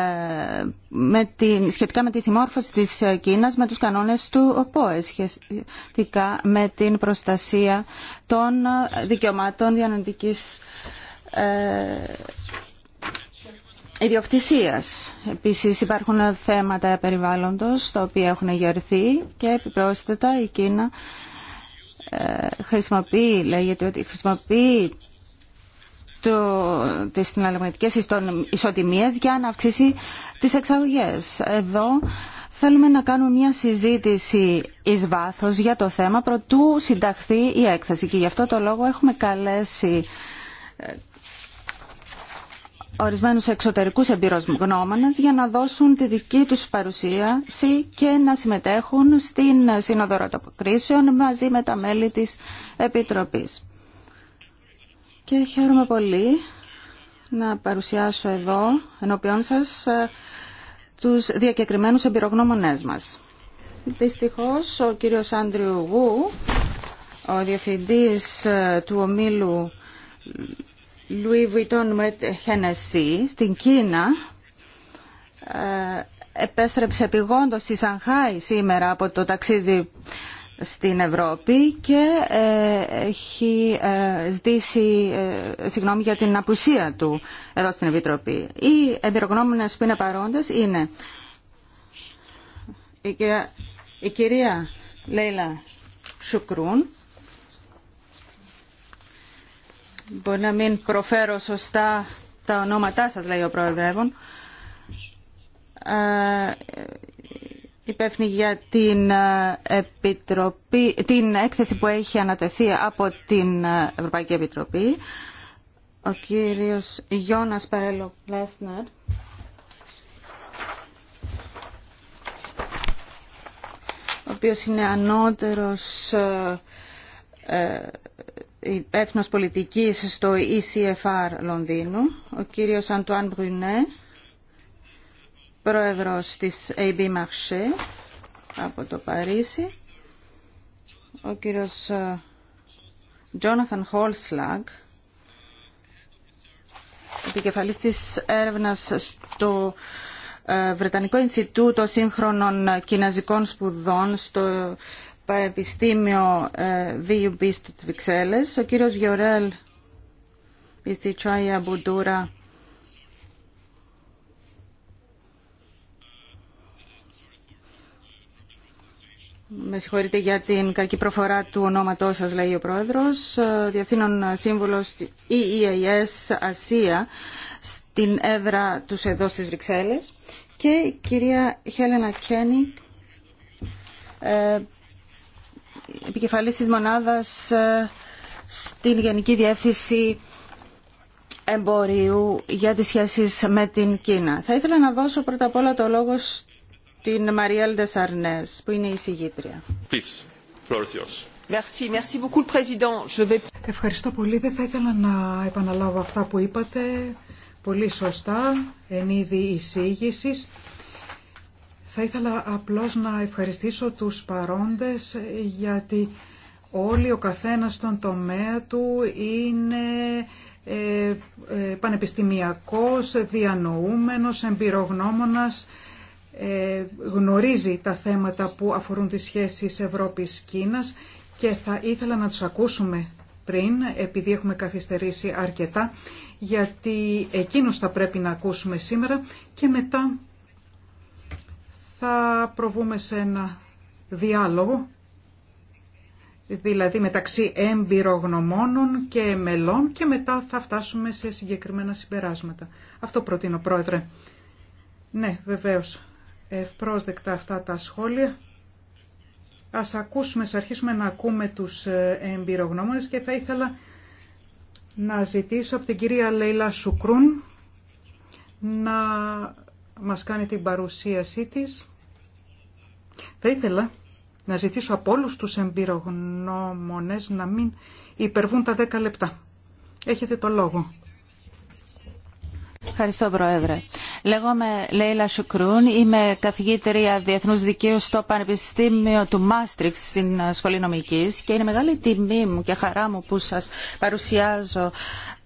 με την, σχετικά με τη συμμόρφωση της ε, Κίνας με τους κανόνες του ΟΠΟΕ σχετικά με την προστασία των ε, δικαιωμάτων διανοητικής ιδιοκτησίας. Επίσης υπάρχουν θέματα περιβάλλοντος τα οποία έχουν γερθεί και επιπρόσθετα η Κίνα ε, χρησιμοποιεί, λέγεται ότι χρησιμοποιεί το, τις συναλλαγματικές ισοτιμίες για να αυξήσει τις εξαγωγές. Εδώ θέλουμε να κάνουμε μια συζήτηση εις βάθος για το θέμα προτού συνταχθεί η έκθεση και γι' αυτό το λόγο έχουμε καλέσει ε, ορισμένους εξωτερικούς εμπειρογνώμονε για να δώσουν τη δική τους παρουσίαση και να συμμετέχουν στην Σύνοδο Ρωτοκρίσεων μαζί με τα μέλη της Επιτροπής. Και χαίρομαι πολύ να παρουσιάσω εδώ ενώπιόν σας ε, τους διακεκριμένους εμπειρογνώμονές μας. Δυστυχώς ο κύριος Άντριου Γου, ο διευθυντής ε, του ομίλου Louis Vuitton Met Hennessy στην Κίνα ε, επέστρεψε επιγόντως στη Σανχάη σήμερα από το ταξίδι στην Ευρώπη και ε, έχει ε, ζητήσει συγγνώμη για την απουσία του εδώ στην Επιτροπή. Οι εμπειρογνώμονες που είναι παρόντες είναι η κυρία Λέιλα Σουκρούν Μπορεί να μην προφέρω σωστά τα ονόματά σας, λέει ο Πρόεδρεύων. Ε, υπεύθυνη για ε, την, έκθεση που έχει ανατεθεί από την ε, Ευρωπαϊκή Επιτροπή, ο κύριος Γιώνας Παρέλο Πλέσνερ. ο οποίος είναι ανώτερος υπεύθυνος πολιτικής στο ECFR Λονδίνου, ο κύριος Αντουάν Μπρουνέ, πρόεδρος της AB Marché από το Παρίσι, ο κύριος Τζόναθαν ε, Χόλσλαγκ, επικεφαλής της έρευνας στο ε, Βρετανικό Ινστιτούτο Σύγχρονων Κιναζικών Σπουδών στο Πανεπιστήμιο ε, VUB στο Βρυξέλλες, ο κύριος Βιωρέλ Πιστιτσάια Μπουντούρα Με συγχωρείτε για την κακή προφορά του ονόματός σας, λέει ο Πρόεδρος. Ε, διευθύνων Σύμβουλος EEAS Ασία στην έδρα τους εδώ στις Βρυξέλλες. Και η κυρία Χέλενα Κένι, ε, επικεφαλής της μονάδας ε, στην Γενική Διεύθυνση Εμπορίου για τις σχέσεις με την Κίνα. Θα ήθελα να δώσω πρώτα απ' όλα το λόγο στην Μαριέλ Ντεσαρνές, που είναι η συγγήτρια. Ευχαριστώ πολύ. Δεν θα ήθελα να επαναλάβω αυτά που είπατε. Πολύ σωστά, εν είδη εισήγησης. Θα ήθελα απλώς να ευχαριστήσω τους παρόντες γιατί όλοι ο καθένας στον τομέα του είναι ε, ε πανεπιστημιακός, διανοούμενος, εμπειρογνώμονας, ε, γνωρίζει τα θέματα που αφορούν τις σχέσεις Ευρώπης-Κίνας και θα ήθελα να τους ακούσουμε πριν, επειδή έχουμε καθυστερήσει αρκετά, γιατί εκείνους θα πρέπει να ακούσουμε σήμερα και μετά θα προβούμε σε ένα διάλογο, δηλαδή μεταξύ εμπειρογνωμόνων και μελών και μετά θα φτάσουμε σε συγκεκριμένα συμπεράσματα. Αυτό προτείνω, Πρόεδρε. Ναι, βεβαίως, ευπρόσδεκτα αυτά τα σχόλια. Ας ακούσουμε, ας αρχίσουμε να ακούμε τους ε, εμπειρογνώμονες και θα ήθελα να ζητήσω από την κυρία Λέιλα Σουκρούν να μας κάνει την παρουσίασή της. Θα ήθελα να ζητήσω από όλους τους εμπειρογνώμονες να μην υπερβούν τα δέκα λεπτά. Έχετε το λόγο. Ευχαριστώ, Πρόεδρε. Λέγομαι Λέιλα Σουκρούν, είμαι καθηγήτρια Διεθνούς Δικαίου στο Πανεπιστήμιο του Μάστριξ στην ε, Σχολή Νομικής και είναι μεγάλη τιμή μου και χαρά μου που σας παρουσιάζω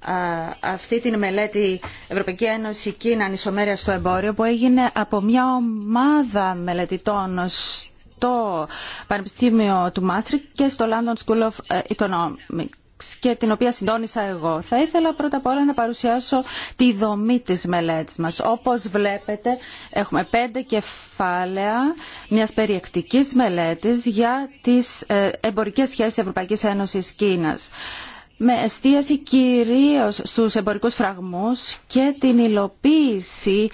ε, αυτή την μελέτη Ευρωπαϊκή Ένωση Κίνα Ανισομέρεια στο Εμπόριο που έγινε από μια ομάδα μελετητών στο Πανεπιστήμιο του Μάστρικ και στο London School of ε, Economics και την οποία συντόνισα εγώ. Θα ήθελα πρώτα απ' όλα να παρουσιάσω τη δομή της μελέτης μας. Όπως βλέπετε έχουμε πέντε κεφάλαια μιας περιεκτικής μελέτης για τις ε, εμπορικές σχέσεις Ευρωπαϊκής Ένωσης Κίνας με εστίαση κυρίως στους εμπορικούς φραγμούς και την υλοποίηση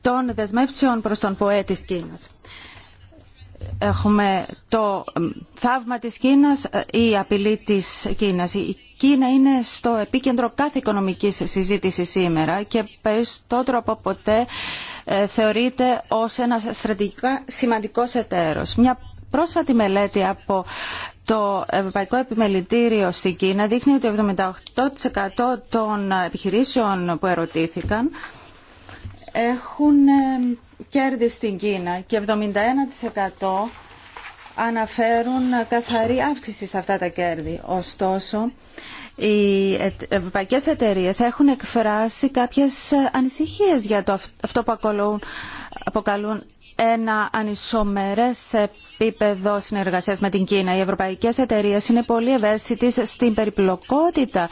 των δεσμεύσεων προς τον ΠΟΕ της Κίνας έχουμε το θαύμα της Κίνας ή ε, απειλή της Κίνας. Η Κίνα είναι στο επίκεντρο κάθε οικονομικής συζήτησης σήμερα και περισσότερο από ποτέ ε, θεωρείται ως ένα στρατηγικά σημαντικός εταίρος. Μια πρόσφατη μελέτη από το Ευρωπαϊκό Επιμελητήριο στην Κίνα δείχνει ότι 78% των επιχειρήσεων που ερωτήθηκαν έχουν ε, κέρδη στην Κίνα και 71% αναφέρουν καθαρή αύξηση σε αυτά τα κέρδη. Ωστόσο, οι ευρωπαϊκές εταιρείε έχουν εκφράσει κάποιες ανησυχίες για το αυτό που αποκαλούν ένα ανισομερέ επίπεδο συνεργασία με την Κίνα. Οι ευρωπαϊκές εταιρείε είναι πολύ ευαίσθητε στην περιπλοκότητα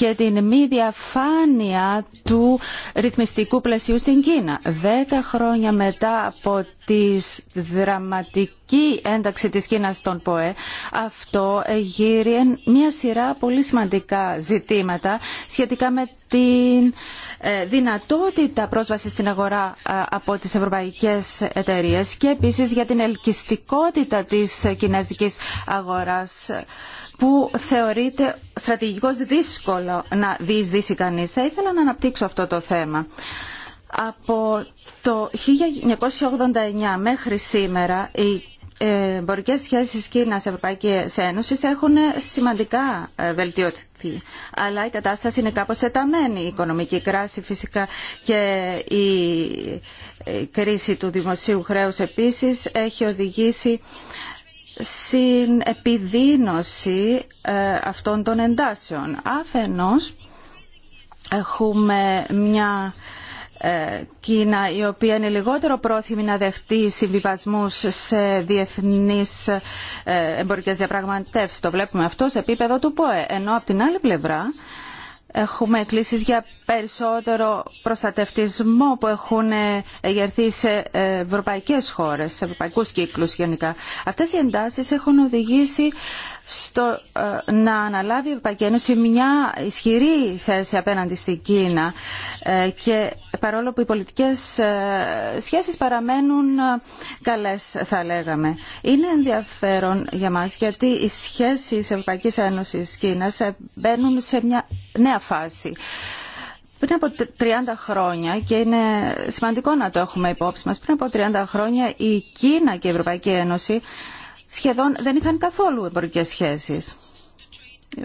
και την μη διαφάνεια του ρυθμιστικού πλαισίου στην Κίνα. Δέκα χρόνια μετά από τη δραματική ένταξη της Κίνας στον ΠΟΕ, αυτό γύρει μια σειρά πολύ σημαντικά ζητήματα σχετικά με τη ε, δυνατότητα πρόσβασης στην αγορά ε, από τις ευρωπαϊκές εταιρείες και επίσης για την ελκυστικότητα της κινέζικης αγοράς που θεωρείται στρατηγικώς δύσκολο να διεισδύσει κανείς. Θα ήθελα να αναπτύξω αυτό το θέμα. Από το 1989 μέχρι σήμερα οι ε, εμπορικέ σχέσει Κίνα-Ευρωπαϊκή Ένωση έχουν σημαντικά ε, βελτιωθεί. Αλλά η κατάσταση είναι κάπως θεταμένη. Η οικονομική κράση φυσικά και η κρίση του δημοσίου χρέους επίσης έχει οδηγήσει στην επιδίνωση ε, αυτών των εντάσεων. Αφενός έχουμε μια ε, Κίνα η οποία είναι λιγότερο πρόθυμη να δεχτεί συμβιβασμούς σε διεθνείς ε, εμπορικές διαπραγματεύσεις. Το βλέπουμε αυτό σε επίπεδο του ΠΟΕ. Ενώ από την άλλη πλευρά έχουμε κλήσεις για περισσότερο προστατευτισμό που έχουν εγερθεί σε ευρωπαϊκέ χώρες, σε ευρωπαϊκού κύκλου, γενικά. Αυτέ οι εντάσει έχουν οδηγήσει στο ε, να αναλάβει η Ευρωπαϊκή Ένωση μια ισχυρή θέση απέναντι στην Κίνα ε, και παρόλο που οι πολιτικές ε, σχέσεις παραμένουν καλές θα λέγαμε. Είναι ενδιαφέρον για μας γιατί οι σχέσεις Ευρωπαϊκής Ένωσης-Κίνας μπαίνουν σε μια νέα φάση. Πριν από 30 χρόνια, και είναι σημαντικό να το έχουμε υπόψη μας, πριν από 30 χρόνια η Κίνα και η Ευρωπαϊκή Ένωση σχεδόν δεν είχαν καθόλου εμπορικές σχέσεις.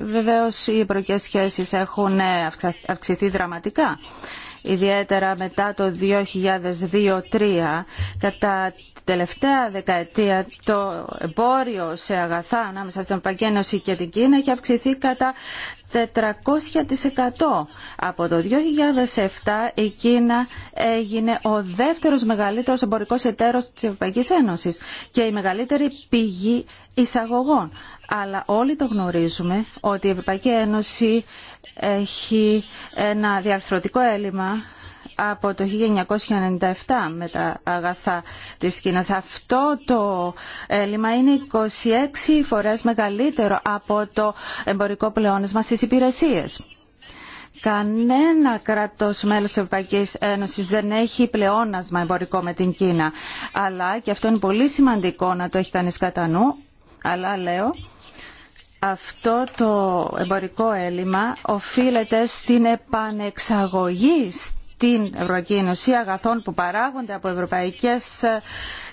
Βεβαίως οι εμπορικές σχέσεις έχουν ε, αυξηθεί δραματικά. Ιδιαίτερα μετά το 2002-2003, κατά τελευταία δεκαετία το εμπόριο σε αγαθά ανάμεσα στην Ευρωπαϊκή Ένωση και την Κίνα έχει αυξηθεί κατά 400% από το 2007 η Κίνα έγινε ο δεύτερος μεγαλύτερος εμπορικός εταίρος της Ευρωπαϊκής Ένωσης και η μεγαλύτερη πηγή εισαγωγών. Αλλά όλοι το γνωρίζουμε ότι η Ευρωπαϊκή Ένωση έχει ένα διαρθρωτικό έλλειμμα από το 1997 με τα αγαθά της Κίνας. Αυτό το έλλειμμα είναι 26 φορές μεγαλύτερο από το εμπορικό πλεόνασμα στις υπηρεσίες. Κανένα κράτος μέλος της Ευρωπαϊκής Ένωσης δεν έχει πλεόνασμα εμπορικό με την Κίνα. Αλλά, και αυτό είναι πολύ σημαντικό να το έχει κανείς κατά νου, αλλά λέω, αυτό το εμπορικό έλλειμμα οφείλεται στην επανεξαγωγή την Ευρωπαϊκή Ένωση αγαθών που παράγονται από ευρωπαϊκέ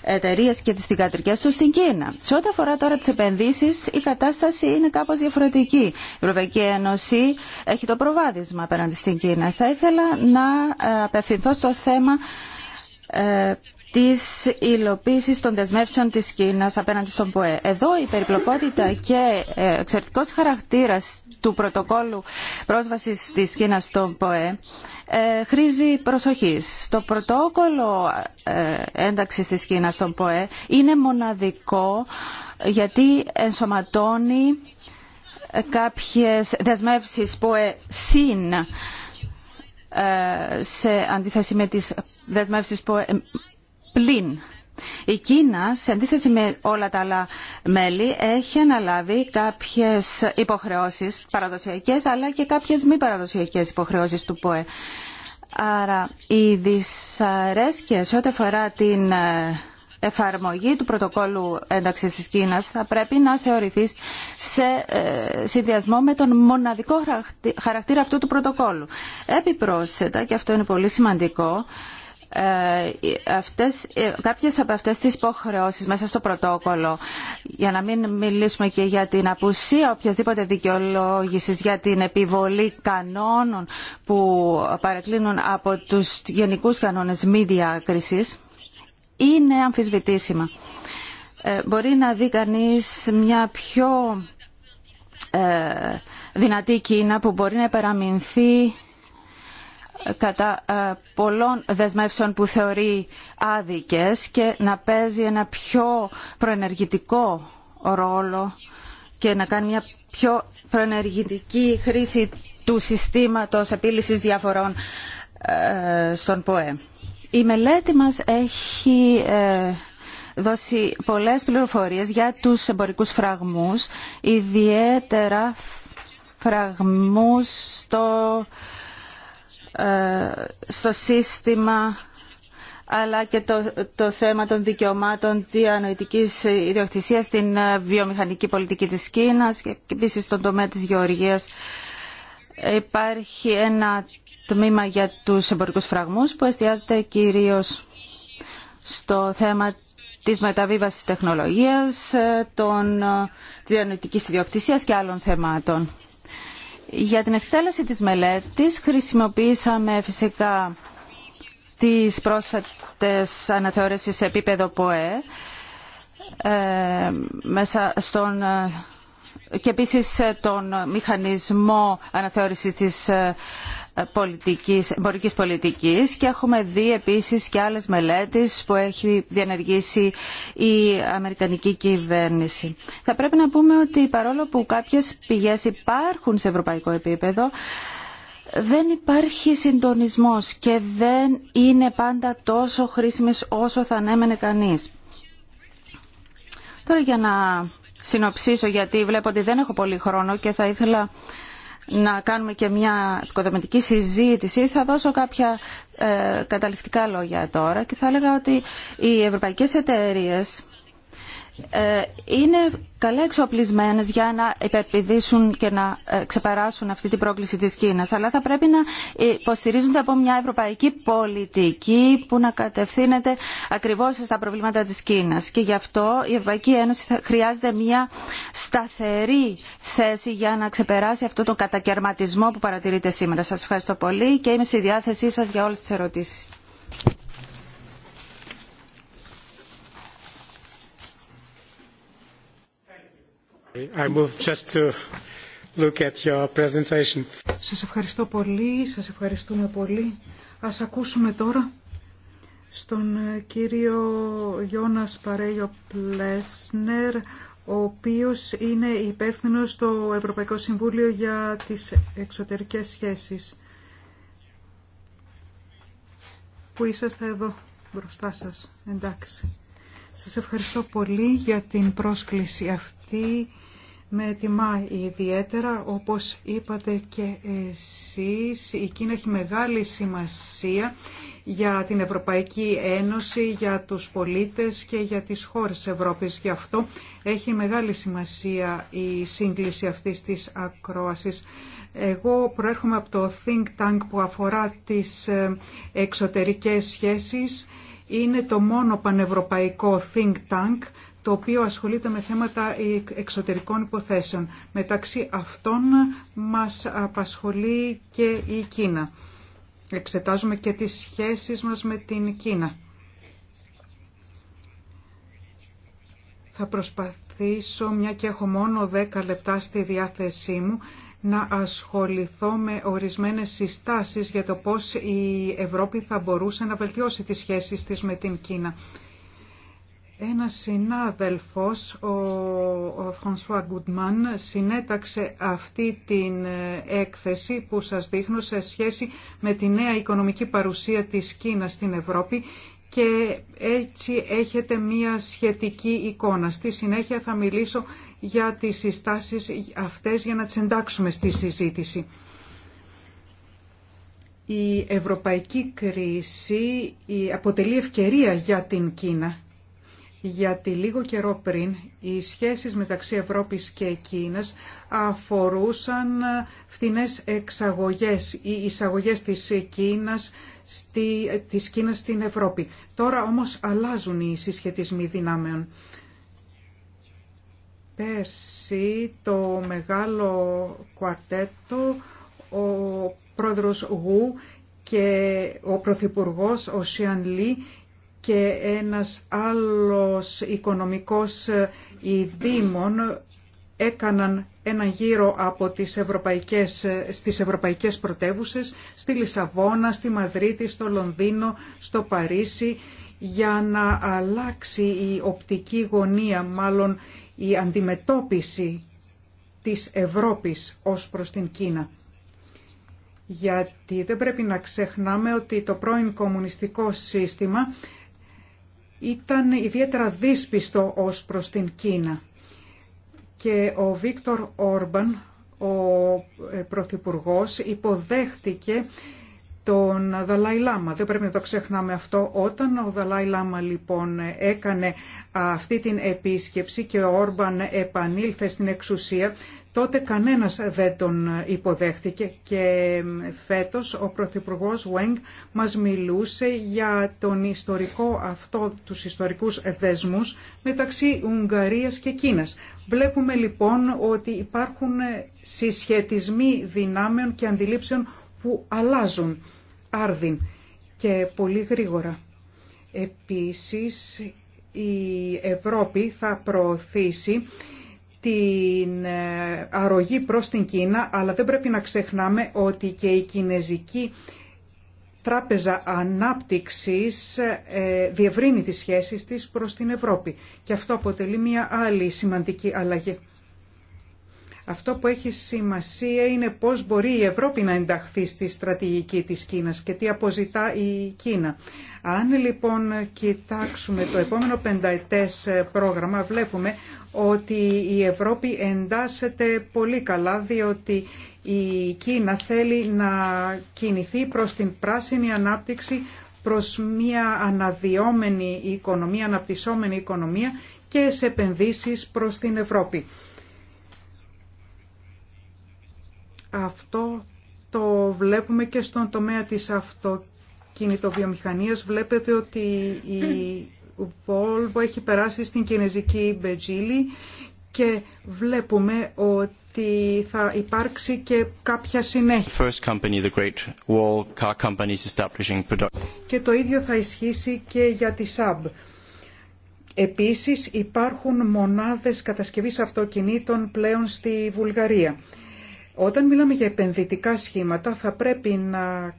εταιρείε και τι δικατρικέ του στην Κίνα. Σε ό,τι αφορά τώρα τι επενδύσει, η κατάσταση είναι κάπω διαφορετική. Η Ευρωπαϊκή Ένωση έχει το προβάδισμα απέναντι στην Κίνα. Θα ήθελα να ε, απευθυνθώ στο θέμα ε, της υλοποίησης των δεσμεύσεων της Κίνα απέναντι στον ΠΟΕ. Εδώ η περιπλοκότητα και ε, εξαιρετικός χαρακτήρας του πρωτοκόλου πρόσβασης της Κίνας στον ΠΟΕ ε, χρήζει προσοχής. Το πρωτόκολλο ε, ένταξης της Κίνας στον ΠΟΕ είναι μοναδικό γιατί ενσωματώνει ε, κάποιες δεσμεύσεις ΠΟΕ συν σε αντίθεση με τις δεσμεύσεις ΠΟΕ πλην η Κίνα, σε αντίθεση με όλα τα άλλα μέλη, έχει αναλάβει κάποιες υποχρεώσεις παραδοσιακές, αλλά και κάποιες μη παραδοσιακές υποχρεώσεις του ΠΟΕ. Άρα, οι δυσαρέσκειες ό,τι αφορά την ε, εφαρμογή του πρωτοκόλου ένταξης της Κίνας θα πρέπει να θεωρηθεί σε ε, συνδυασμό με τον μοναδικό χαρακτήρα αυτού του πρωτοκόλου. Επιπρόσθετα, και αυτό είναι πολύ σημαντικό, ε, ε, αυτές, ε, κάποιες από αυτές τις υποχρεώσεις μέσα στο πρωτόκολλο για να μην μιλήσουμε και για την απουσία οποιασδήποτε δικαιολόγησης για την επιβολή κανόνων που παρεκκλίνουν από τους γενικούς κανόνες μη διάκρισης είναι αμφισβητήσιμα. Μπορεί να δει κανείς μια πιο δυνατή Κίνα που μπορεί να υπεραμεινθεί κατά ε, πολλών δεσμεύσεων που θεωρεί άδικες και να παίζει ένα πιο προενεργητικό ρόλο και να κάνει μια πιο προενεργητική χρήση του συστήματος επίλυσης διαφορών ε, στον ΠΟΕ. Η μελέτη μας έχει ε, δώσει πολλές πληροφορίες για τους εμπορικούς φραγμούς, ιδιαίτερα φραγμούς στο ε, στο σύστημα αλλά και το, το θέμα των δικαιωμάτων διανοητικής ιδιοκτησίας στην ε, βιομηχανική πολιτική της Κίνας και επίσης στον τομέα της γεωργίας. Υπάρχει ένα τμήμα για τους εμπορικούς φραγμούς που εστιάζεται κυρίως στο θέμα της μεταβίβασης τεχνολογίας, ε, των, της διανοητικής ιδιοκτησίας και άλλων θεμάτων. Για την εκτέλεση της μελέτης χρησιμοποίησαμε φυσικά τις πρόσφατες αναθεώρησεις σε επίπεδο ΠΟΕ ε, μέσα στον, ε, και επίσης τον μηχανισμό αναθεώρησης της ε, πολιτικής, εμπορικής πολιτικής και έχουμε δει επίσης και άλλες μελέτες που έχει διενεργήσει η Αμερικανική κυβέρνηση. Θα πρέπει να πούμε ότι παρόλο που κάποιες πηγές υπάρχουν σε ευρωπαϊκό επίπεδο, δεν υπάρχει συντονισμός και δεν είναι πάντα τόσο χρήσιμες όσο θα ανέμενε κανείς. Τώρα για να συνοψίσω γιατί βλέπω ότι δεν έχω πολύ χρόνο και θα ήθελα να κάνουμε και μια οικοδομητική συζήτηση. Θα δώσω κάποια ε, καταληκτικά λόγια τώρα και θα έλεγα ότι οι ευρωπαϊκές εταιρείες ε, είναι καλά εξοπλισμένες για να υπερπηδήσουν και να ε, ξεπεράσουν αυτή την πρόκληση της Κίνας. Αλλά θα πρέπει να υποστηρίζονται από μια ευρωπαϊκή πολιτική που να κατευθύνεται ακριβώς στα προβλήματα της Κίνας. Και γι' αυτό η Ευρωπαϊκή Ένωση χρειάζεται μια σταθερή θέση για να ξεπεράσει αυτό τον κατακαιρματισμό που παρατηρείται σήμερα. Σας ευχαριστώ πολύ και είμαι στη διάθεσή σας για όλες τις ερωτήσεις. I uh, Σας ευχαριστώ πολύ, σας ευχαριστούμε πολύ. Ας ακούσουμε τώρα στον ε, κύριο Γιώνας Παρέγιο Πλέσνερ, ο οποίος είναι υπεύθυνος στο Ευρωπαϊκό Συμβούλιο για τις εξωτερικές σχέσεις. Που είσαστε εδώ μπροστά σας. Εντάξει. Σας ευχαριστώ πολύ για την πρόσκληση αυτή με τιμά ιδιαίτερα, όπως είπατε και εσείς, η Κίνα έχει μεγάλη σημασία για την Ευρωπαϊκή Ένωση, για τους πολίτες και για τις χώρες της Ευρώπης. Γι' αυτό έχει μεγάλη σημασία η σύγκληση αυτής της ακρόασης. Εγώ προέρχομαι από το Think Tank που αφορά τις ε, εξωτερικές σχέσεις. Είναι το μόνο πανευρωπαϊκό Think Tank το οποίο ασχολείται με θέματα ε, εξωτερικών υποθέσεων. Μεταξύ αυτών μας απασχολεί και η Κίνα. Εξετάζουμε και τις σχέσεις μας με την Κίνα. Θα προσπαθήσω, μια και έχω μόνο 10 λεπτά στη διάθεσή μου, να ασχοληθώ με ορισμένες συστάσεις για το πώς η Ευρώπη θα μπορούσε να βελτιώσει τις σχέσεις της με την Κίνα ένα συνάδελφος, ο Φρανσουά Γκουτμάν, συνέταξε αυτή την ε, έκθεση που σας δείχνω σε σχέση με τη νέα οικονομική παρουσία της Κίνας στην Ευρώπη και έτσι έχετε μία σχετική εικόνα. Στη συνέχεια θα μιλήσω για τις συστάσεις αυτές για να τις εντάξουμε στη συζήτηση. Η ευρωπαϊκή κρίση αποτελεί ευκαιρία για την Κίνα γιατί λίγο καιρό πριν οι σχέσεις μεταξύ Ευρώπης και Κίνας αφορούσαν φθηνές εξαγωγές ή εισαγωγές της Κίνας, στη, της Κίνας στην Ευρώπη. Τώρα όμως αλλάζουν οι συσχετισμοί δυνάμεων. Πέρσι το μεγάλο κουαρτέτο, ο πρόεδρος Γου και ο πρωθυπουργός, ο Σιαν Λί, και ένας άλλος οικονομικός ε, ιδίμων έκαναν ένα γύρο από τις ευρωπαϊκές, ε, στις ευρωπαϊκές πρωτεύουσες, στη Λισαβόνα, στη Μαδρίτη, στο Λονδίνο, στο Παρίσι, για να αλλάξει η οπτική γωνία, μάλλον η αντιμετώπιση της Ευρώπης ως προς την Κίνα. Γιατί δεν πρέπει να ξεχνάμε ότι το πρώην κομμουνιστικό σύστημα ήταν ιδιαίτερα δύσπιστο ως προς την Κίνα. Και ο Βίκτορ Όρμπαν, ο ε, Πρωθυπουργός, υποδέχτηκε τον Δαλάι Λάμα. Δεν πρέπει να το ξεχνάμε αυτό. Όταν ο Δαλάι Λάμα λοιπόν έκανε αυτή την επίσκεψη και ο Όρμπαν επανήλθε στην εξουσία, Τότε κανένας δεν τον υποδέχτηκε και φέτος ο Πρωθυπουργό Βουέγγ μας μιλούσε για τον ιστορικό αυτό, τους ιστορικούς δεσμούς μεταξύ Ουγγαρίας και Κίνας. Βλέπουμε λοιπόν ότι υπάρχουν συσχετισμοί δυνάμεων και αντιλήψεων που αλλάζουν άρδιν και πολύ γρήγορα. Επίσης η Ευρώπη θα προωθήσει την ε, αρρωγή προς την Κίνα, αλλά δεν πρέπει να ξεχνάμε ότι και η Κινέζικη Τράπεζα Ανάπτυξης ε, διευρύνει τις σχέσεις της προς την Ευρώπη. Και αυτό αποτελεί μια άλλη σημαντική αλλαγή. Αυτό που έχει σημασία είναι πώς μπορεί η Ευρώπη να ενταχθεί στη στρατηγική της Κίνας και τι αποζητά η Κίνα. Αν λοιπόν κοιτάξουμε το επόμενο πενταετές ε, πρόγραμμα, βλέπουμε ότι η Ευρώπη εντάσσεται πολύ καλά διότι η Κίνα θέλει να κινηθεί προς την πράσινη ανάπτυξη, προς μια αναδυόμενη οικονομία, αναπτυσσόμενη οικονομία και σε επενδύσεις προς την Ευρώπη. Αυτό το βλέπουμε και στον τομέα της αυτοκινητοβιομηχανίας. Βλέπετε ότι η που έχει περάσει στην κινέζικη Μπετζίλη και βλέπουμε ότι θα υπάρξει και κάποια συνέχεια. Και το ίδιο θα ισχύσει και για τη ΣΑΜΠ. Επίσης υπάρχουν μονάδες κατασκευής αυτοκινήτων πλέον στη Βουλγαρία. Όταν μιλάμε για επενδυτικά σχήματα θα πρέπει να,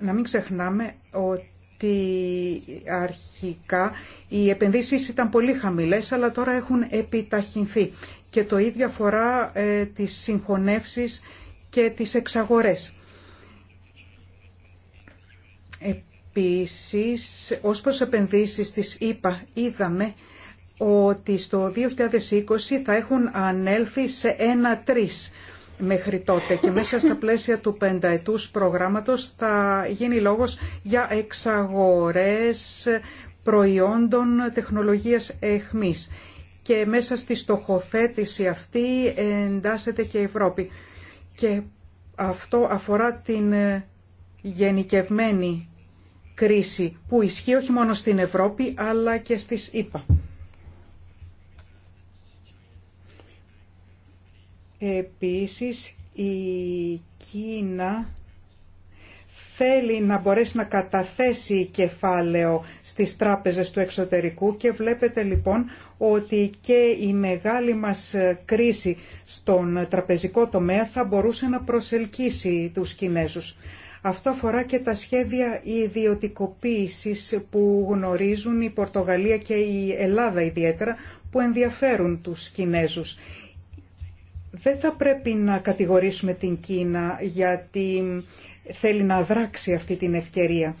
να μην ξεχνάμε ότι ότι αρχικά οι επενδύσεις ήταν πολύ χαμηλές, αλλά τώρα έχουν επιταχυνθεί. Και το ίδιο αφορά ε, τις συγχωνεύσεις και τις εξαγορές. Επίσης, ως προς επενδύσεις της ΕΠΑ είδαμε ότι στο 2020 θα έχουν ανέλθει σε ένα τρεις και μέσα στα πλαίσια του πενταετούς προγράμματος θα γίνει λόγος για εξαγορές προϊόντων τεχνολογίας εχμής και μέσα στη στοχοθέτηση αυτή εντάσσεται και η Ευρώπη. Και αυτό αφορά την γενικευμένη κρίση που ισχύει όχι μόνο στην Ευρώπη αλλά και στις ΗΠΑ. Επίσης, η Κίνα θέλει να μπορέσει να καταθέσει κεφάλαιο στις τράπεζες του εξωτερικού και βλέπετε λοιπόν ότι και η μεγάλη μας κρίση στον τραπεζικό τομέα θα μπορούσε να προσελκύσει τους Κινέζους. Αυτό αφορά και τα σχέδια ιδιωτικοποίησης που γνωρίζουν η Πορτογαλία και η Ελλάδα ιδιαίτερα που ενδιαφέρουν τους Κινέζους. Δεν θα πρέπει να κατηγορήσουμε την Κίνα γιατί θέλει να δράξει αυτή την ευκαιρία.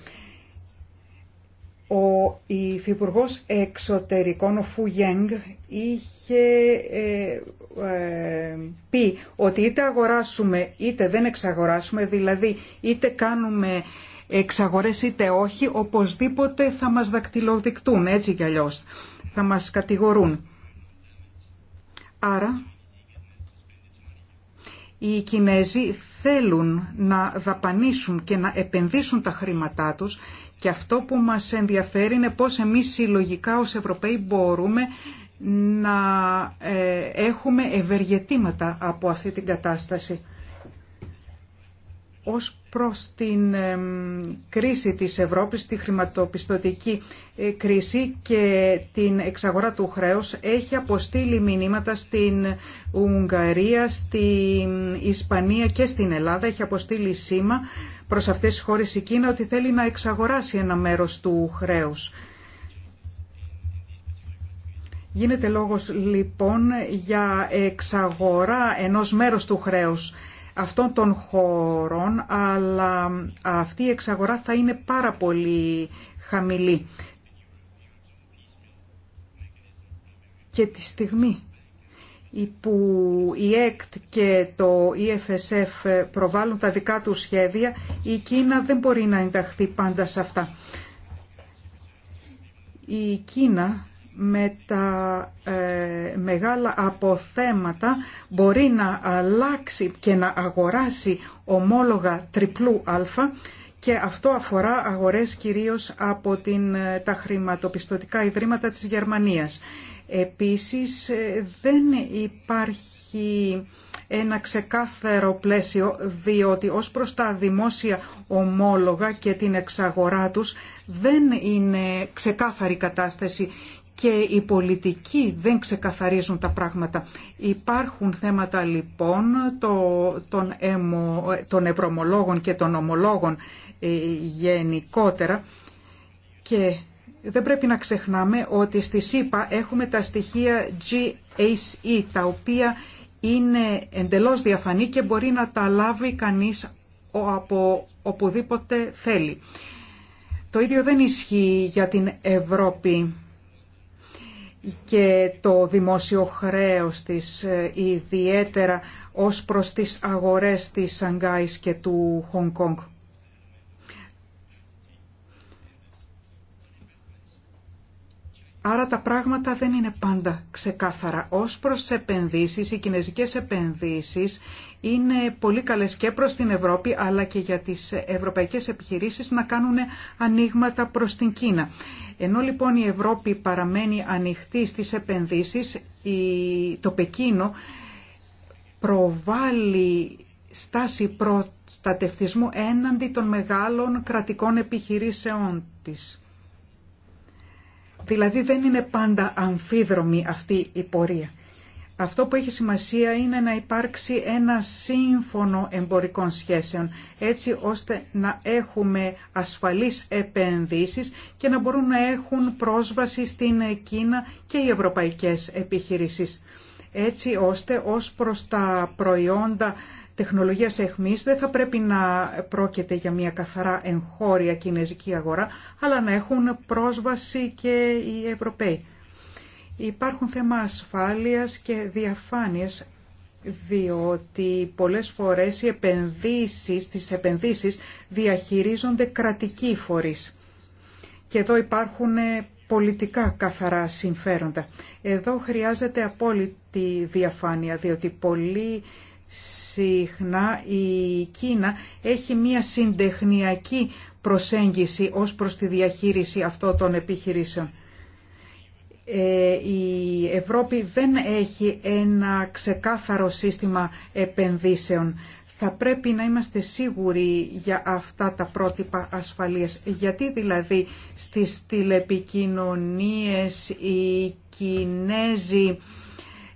Ο υφυπουργό εξωτερικών, ο Φου Γιέγκ, είχε ε, ε, πει ότι είτε αγοράσουμε είτε δεν εξαγοράσουμε, δηλαδή είτε κάνουμε εξαγορές είτε όχι, οπωσδήποτε θα μας δακτυλοδεικτούν, έτσι κι αλλιώς, θα μας κατηγορούν. Άρα οι Κινέζοι θέλουν να δαπανίσουν και να επενδύσουν τα χρήματά τους και αυτό που μας ενδιαφέρει είναι πώς εμείς συλλογικά ως Ευρωπαίοι μπορούμε να ε, έχουμε ευεργετήματα από αυτή την κατάσταση προς την κρίση της Ευρώπης, τη χρηματοπιστωτική ε, κρίση και την εξαγορά του χρέους έχει αποστείλει μηνύματα στην Ουγγαρία, στην Ισπανία και στην Ελλάδα. Έχει αποστείλει σήμα προς αυτές τις χώρες η Κίνα ότι θέλει να εξαγοράσει ένα μέρος του χρέους. Γίνεται λόγος λοιπόν για εξαγορά ενός μέρους του χρέους αυτών των χωρών, αλλά αυτή η εξαγορά θα είναι πάρα πολύ χαμηλή. Και τη στιγμή που η ΕΚΤ και το EFSF προβάλλουν τα δικά του σχέδια, η Κίνα δεν μπορεί να ενταχθεί πάντα σε αυτά. Η Κίνα με τα ε, μεγάλα αποθέματα μπορεί να αλλάξει και να αγοράσει ομόλογα τριπλού α και αυτό αφορά αγορές κυρίως από την, ε, τα χρηματοπιστωτικά ιδρύματα της Γερμανίας. Επίσης ε, δεν υπάρχει ένα ξεκάθαρο πλαίσιο διότι ως προς τα δημόσια ομόλογα και την εξαγορά τους δεν είναι ξεκάθαρη κατάσταση και οι πολιτικοί δεν ξεκαθαρίζουν τα πράγματα. Υπάρχουν θέματα λοιπόν των, εμο, των ευρωμολόγων και των ομολόγων ε, γενικότερα και δεν πρέπει να ξεχνάμε ότι στη ΣΥΠΑ έχουμε τα στοιχεία GHE τα οποία είναι εντελώς διαφανή και μπορεί να τα λάβει κανείς από οπουδήποτε θέλει. Το ίδιο δεν ισχύει για την Ευρώπη και το δημόσιο χρέος της, ε, ιδιαίτερα ως προς τις αγορές της Σανγκάης και του Χονγκ Κονγκ. Άρα τα πράγματα δεν είναι πάντα ξεκάθαρα. Ως προς επενδύσεις, οι κινέζικες επενδύσεις είναι πολύ καλές και προς την Ευρώπη αλλά και για τις ευρωπαϊκές επιχειρήσεις να κάνουν ανοίγματα προς την Κίνα. Ενώ λοιπόν η Ευρώπη παραμένει ανοιχτή στις επενδύσεις, το Πεκίνο προβάλλει στάση προστατευτισμού έναντι των μεγάλων κρατικών επιχειρήσεών της. Δηλαδή δεν είναι πάντα αμφίδρομη αυτή η πορεία. Αυτό που έχει σημασία είναι να υπάρξει ένα σύμφωνο εμπορικών σχέσεων, έτσι ώστε να έχουμε ασφαλείς επενδύσεις και να μπορούν να έχουν πρόσβαση στην Κίνα και οι ευρωπαϊκές επιχειρήσεις. Έτσι ώστε ως προς τα προϊόντα τεχνολογίας εχμής δεν θα πρέπει να πρόκειται για μια καθαρά εγχώρια κινέζικη αγορά, αλλά να έχουν πρόσβαση και οι Ευρωπαίοι. Υπάρχουν θέμα ασφάλειας και διαφάνειας διότι πολλές φορές οι επενδύσεις, τις επενδύσεις διαχειρίζονται κρατικοί φορείς. Και εδώ υπάρχουν πολιτικά καθαρά συμφέροντα. Εδώ χρειάζεται απόλυτη διαφάνεια, διότι πολύ συχνά η Κίνα έχει μία συντεχνιακή προσέγγιση ως προς τη διαχείριση αυτών των επιχειρήσεων. Ε, η Ευρώπη δεν έχει ένα ξεκάθαρο σύστημα επενδύσεων. Θα πρέπει να είμαστε σίγουροι για αυτά τα πρότυπα ασφαλείας. Γιατί δηλαδή στις τηλεπικοινωνίες οι Κινέζοι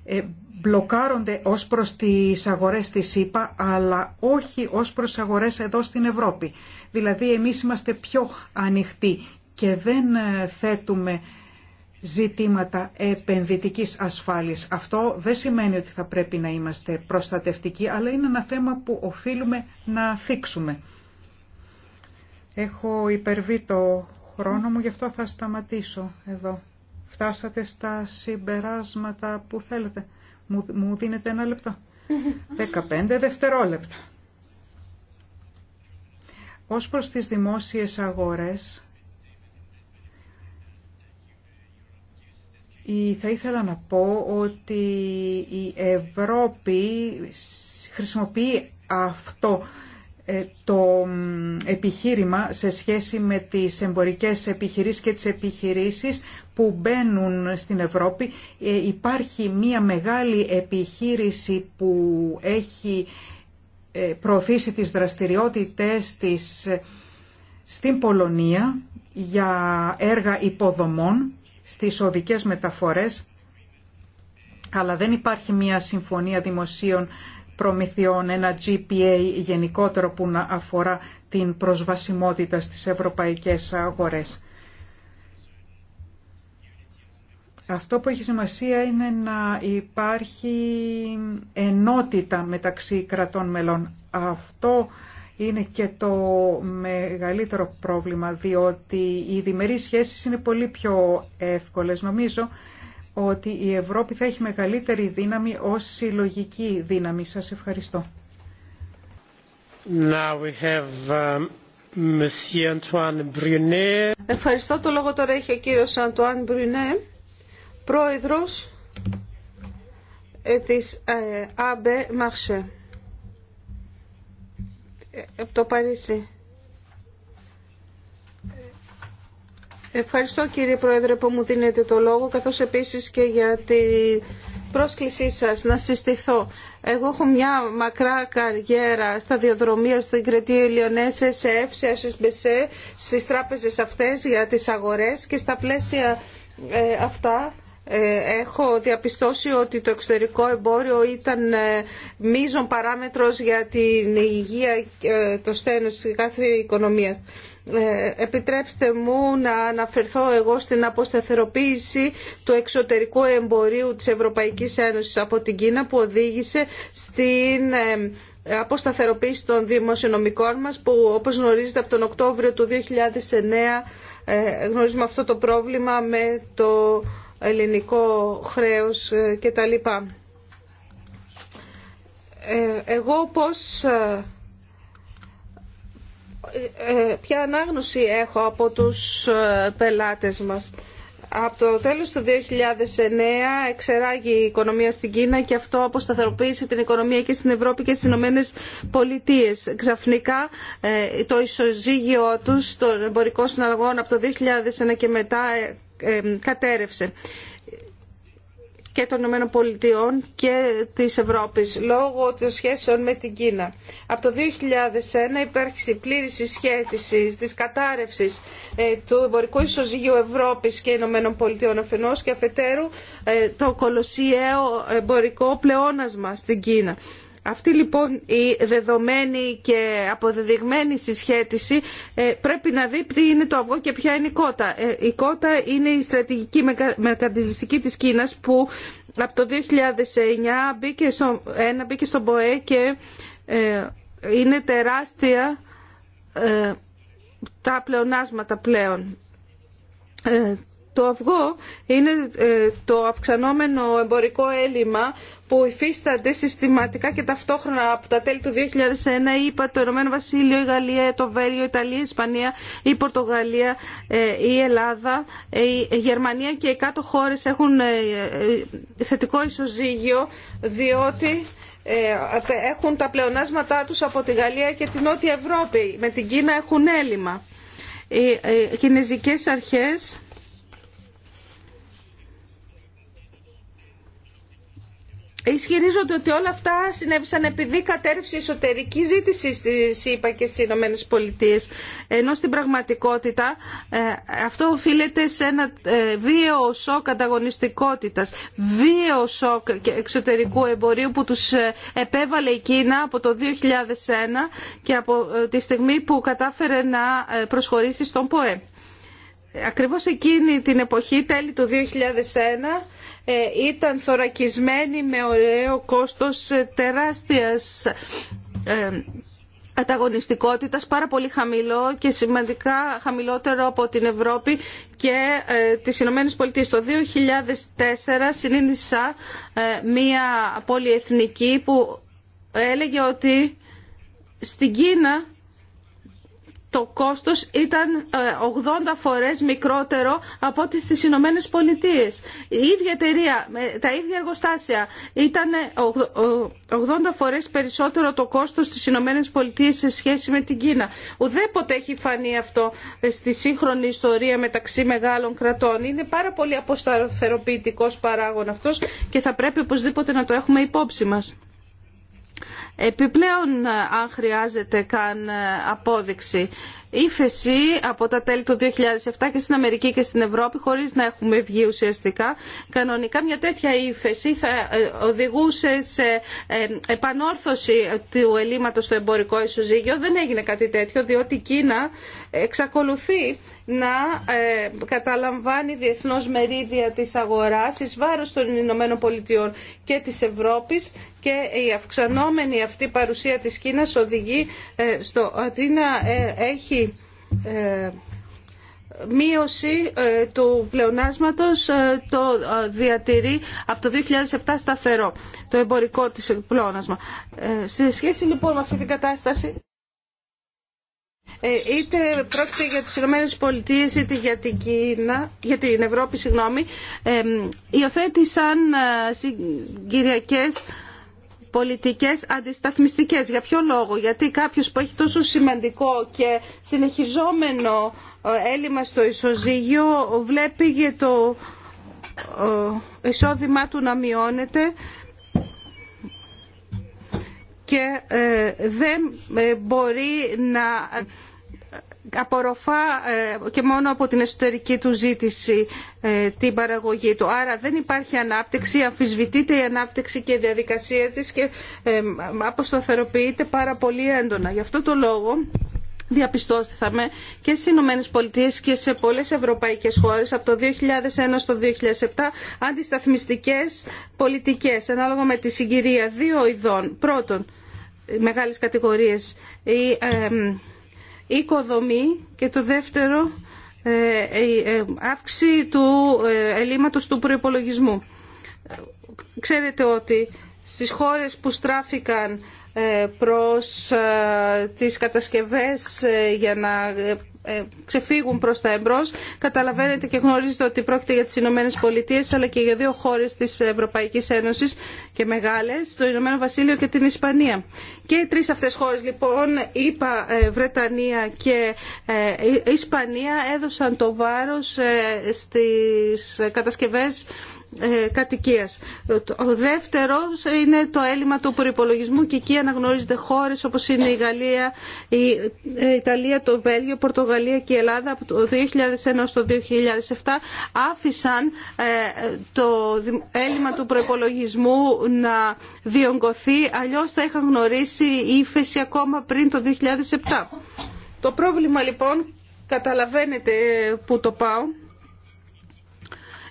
ε, μπλοκάρονται ως προς τις αγορές της ΗΠΑ, αλλά όχι ως προς αγορές εδώ στην Ευρώπη. Δηλαδή εμείς είμαστε πιο ανοιχτοί και δεν ε, θέτουμε ζητήματα επενδυτικής ασφάλειας. Αυτό δεν σημαίνει ότι θα πρέπει να είμαστε προστατευτικοί, αλλά είναι ένα θέμα που οφείλουμε να θίξουμε. Έχω υπερβεί το χρόνο μου, γι' αυτό θα σταματήσω εδώ. Φτάσατε στα συμπεράσματα που θέλετε. Μου, μου δίνετε ένα λεπτό. 15 δευτερόλεπτα. Ως προς τις δημόσιες αγορές, Ε, θα ήθελα να πω ότι η Ευρώπη χρησιμοποιεί αυτό ε, το επιχείρημα σε σχέση με τις εμπορικές επιχειρήσεις και τις επιχειρήσεις που μπαίνουν στην Ευρώπη. Ε, υπάρχει μια μεγάλη επιχείρηση που έχει προωθήσει τις δραστηριότητες της στην Πολωνία για έργα υποδομών στις οδικές μεταφορές, αλλά δεν υπάρχει μια συμφωνία δημοσίων προμηθειών, ένα GPA γενικότερο που να αφορά την προσβασιμότητα στις ευρωπαϊκές αγορές. Αυτό που έχει σημασία είναι να υπάρχει ενότητα μεταξύ κρατών μελών. Αυτό είναι και το μεγαλύτερο πρόβλημα, διότι οι διμερείς σχέσεις είναι πολύ πιο εύκολες. Νομίζω ότι η Ευρώπη θα έχει μεγαλύτερη δύναμη ως συλλογική δύναμη. Σας ευχαριστώ. Now we have, um, Ευχαριστώ. Το λόγο τώρα έχει ο κύριος Αντουάν Μπρουνέ, πρόεδρος ε, της ΑΜΠΕ ε, το Ευχαριστώ κύριε Πρόεδρε που μου δίνετε το λόγο, καθώς επίσης και για την πρόσκλησή σας να συστηθώ. Εγώ έχω μια μακρά καριέρα στα διοδρομία στην Κρετή Ηλιονέσε, σε ΕΦΣΕ, σε στις τράπεζες αυτές για τις αγορές και στα πλαίσια ε, αυτά ε, έχω διαπιστώσει ότι το εξωτερικό εμπόριο ήταν ε, μείζον παράμετρος για την υγεία, ε, το στένος της κάθε οικονομίας. Επιτρέψτε μου να αναφερθώ εγώ στην αποσταθεροποίηση του εξωτερικού εμπορίου της Ευρωπαϊκής Ένωσης από την Κίνα που οδήγησε στην αποσταθεροποίηση των δημοσιονομικών μας που όπως γνωρίζετε από τον Οκτώβριο του 2009 γνωρίζουμε αυτό το πρόβλημα με το ελληνικό χρέος ε, λοιπά. Ε, εγώ πώς ε, ποια ανάγνωση έχω από τους πελάτες μας. Από το τέλος του 2009 εξεράγει η οικονομία στην Κίνα και αυτό αποσταθεροποίησε την οικονομία και στην Ευρώπη και στις Ηνωμένε Πολιτείε. Ξαφνικά το ισοζύγιο τους των εμπορικών συναλλαγών από το 2001 και μετά κατέρευσε και των Ηνωμένων Πολιτειών και της Ευρώπης λόγω των σχέσεων με την Κίνα. Από το 2001 υπάρξει πλήρη συσχέτιση της κατάρρευσης ε, του εμπορικού ισοζυγίου Ευρώπης και Ηνωμένων Πολιτειών αφενός και αφετέρου ε, το κολοσιαίο εμπορικό πλεόνασμα στην Κίνα. Αυτή λοιπόν η δεδομένη και αποδεδειγμένη συσχέτιση ε, πρέπει να δει τι είναι το αυγό και ποια είναι η κότα. Ε, η κότα είναι η στρατηγική μερκαντιλιστική της Κίνας που από το 2009 μπήκε, στο, ένα, μπήκε στον ΠΟΕ και ε, είναι τεράστια τα πλεονάσματα πλέον το αυγό είναι ε, το αυξανόμενο εμπορικό έλλειμμα που υφίστανται συστηματικά και ταυτόχρονα από τα τέλη του 2001 είπα το Ηνωμένο Βασίλειο, η Γαλλία, το Βέλγιο, η Ιταλία, η Ισπανία, η Πορτογαλία, ε, η Ελλάδα, ε, η Γερμανία και οι κάτω χώρες έχουν θετικό ισοζύγιο διότι έχουν τα πλεονάσματά τους από τη Γαλλία και την Νότια Ευρώπη. Με την Κίνα έχουν έλλειμμα. Οι κινέζικες αρχές Ισχυρίζονται ότι όλα αυτά συνέβησαν επειδή κατέρευσε η εσωτερική ζήτηση στι ΗΠΑ και στι Ηνωμένε Ενώ στην πραγματικότητα ε, αυτό οφείλεται σε ένα ε, βίαιο σοκ ανταγωνιστικότητα, βίαιο σοκ εξωτερικού εμπορίου που του ε, επέβαλε η Κίνα από το 2001 και από τη στιγμή που κατάφερε να προσχωρήσει στον ΠΟΕ. Ακριβώς εκείνη την εποχή, τέλη του 2001, ε, ήταν θωρακισμένη με ωραίο κόστος ε, τεράστιας ε, ανταγωνιστικότητας πάρα πολύ χαμηλό και σημαντικά χαμηλότερο από την Ευρώπη και ε, τις Ηνωμένες Πολιτείες. Το 2004 συνήθισα μία πολυεθνική που έλεγε ότι στην Κίνα το κόστος ήταν 80 ε, φορές μικρότερο από ό,τι στις Ηνωμένε Πολιτείε. Η ίδια εταιρεία, τα ίδια εργοστάσια ήταν 80 ε, ε, φορές περισσότερο το κόστος στις Ηνωμένε Πολιτείε σε σχέση με την Κίνα. Ουδέποτε έχει φανεί αυτό στη σύγχρονη ιστορία μεταξύ μεγάλων κρατών. Είναι πάρα πολύ αποσταθεροποιητικός παράγων αυτός και θα πρέπει οπωσδήποτε να το έχουμε υπόψη μας. Επιπλέον, ε, αν χρειάζεται καν ε, απόδειξη, ύφεση από τα τέλη του 2007 και στην Αμερική και στην Ευρώπη χωρίς να έχουμε βγει ουσιαστικά. Κανονικά μια τέτοια ύφεση θα ε, οδηγούσε σε ε, επανόρθωση του ελλείμματος στο εμπορικό ισοζύγιο. Δεν έγινε κάτι τέτοιο διότι η Κίνα εξακολουθεί να ε, καταλαμβάνει διεθνώς μερίδια της αγοράς εις βάρος των Ηνωμένων Πολιτειών και της Ευρώπης και η αυξανόμενη αυτή παρουσία της Κίνας οδηγεί στο ότι έχει ε, μείωση ε, του πλεονάσματος ε, το διατηρεί από το 2007 σταθερό, το εμπορικό της πλεονάσμα. Σε σχέση λοιπόν με αυτή την κατάσταση, είτε πρόκειται για τις ΗΠΑ είτε για την, Κίνα, για την Ευρώπη, συγγνώμη, υιοθέτησαν συγκυριακές πολιτικές αντισταθμιστικές. Για ποιο λόγο, γιατί κάποιος που έχει τόσο σημαντικό και συνεχιζόμενο ε, έλλειμμα στο ισοζύγιο βλέπει για το ε, εισόδημά του να μειώνεται και ε, δεν μπορεί να απορροφά ε, και μόνο από την εσωτερική του ζήτηση ε, την παραγωγή του. Άρα δεν υπάρχει ανάπτυξη, αμφισβητείται η ανάπτυξη και η διαδικασία της και ε, αποστοθεροποιείται πάρα πολύ έντονα. Γι' αυτό το λόγο διαπιστώσαμε και στι Ηνωμένε Πολιτείε και σε πολλέ ευρωπαϊκέ χώρε από το 2001 στο 2007 αντισταθμιστικέ πολιτικέ ανάλογα με τη συγκυρία δύο ειδών. Πρώτον, μεγάλε κατηγορίε, η οικοδομή και το δεύτερο ε, ε, ε, αύξηση του ελλείμματος του προϋπολογισμού. Ξέρετε ότι στις χώρες που στράφηκαν προς τις κατασκευές για να ε, ξεφύγουν προς τα εμπρός. Καταλαβαίνετε και γνωρίζετε ότι πρόκειται για τις Ηνωμένε Πολιτείε, αλλά και για δύο χώρες της Ευρωπαϊκής Ένωσης και μεγάλες, το Ηνωμένο Βασίλειο και την Ισπανία. Και οι τρεις αυτές χώρες λοιπόν, είπα ε, Βρετανία και ε, Ισπανία έδωσαν το βάρος στις κατασκευές ε, κατοικίας. Ο δεύτερος είναι το έλλειμμα του προπολογισμού και εκεί αναγνωρίζονται χώρες όπως είναι η Γαλλία, η ε, Ιταλία, το Βέλγιο, Πορτογαλία και η Ελλάδα από το 2001 στο 2007 άφησαν ε, το έλλειμμα του προπολογισμού να διονγκωθεί αλλιώς θα είχαν γνωρίσει ύφεση ακόμα πριν το 2007. Το πρόβλημα λοιπόν, καταλαβαίνετε που το πάω,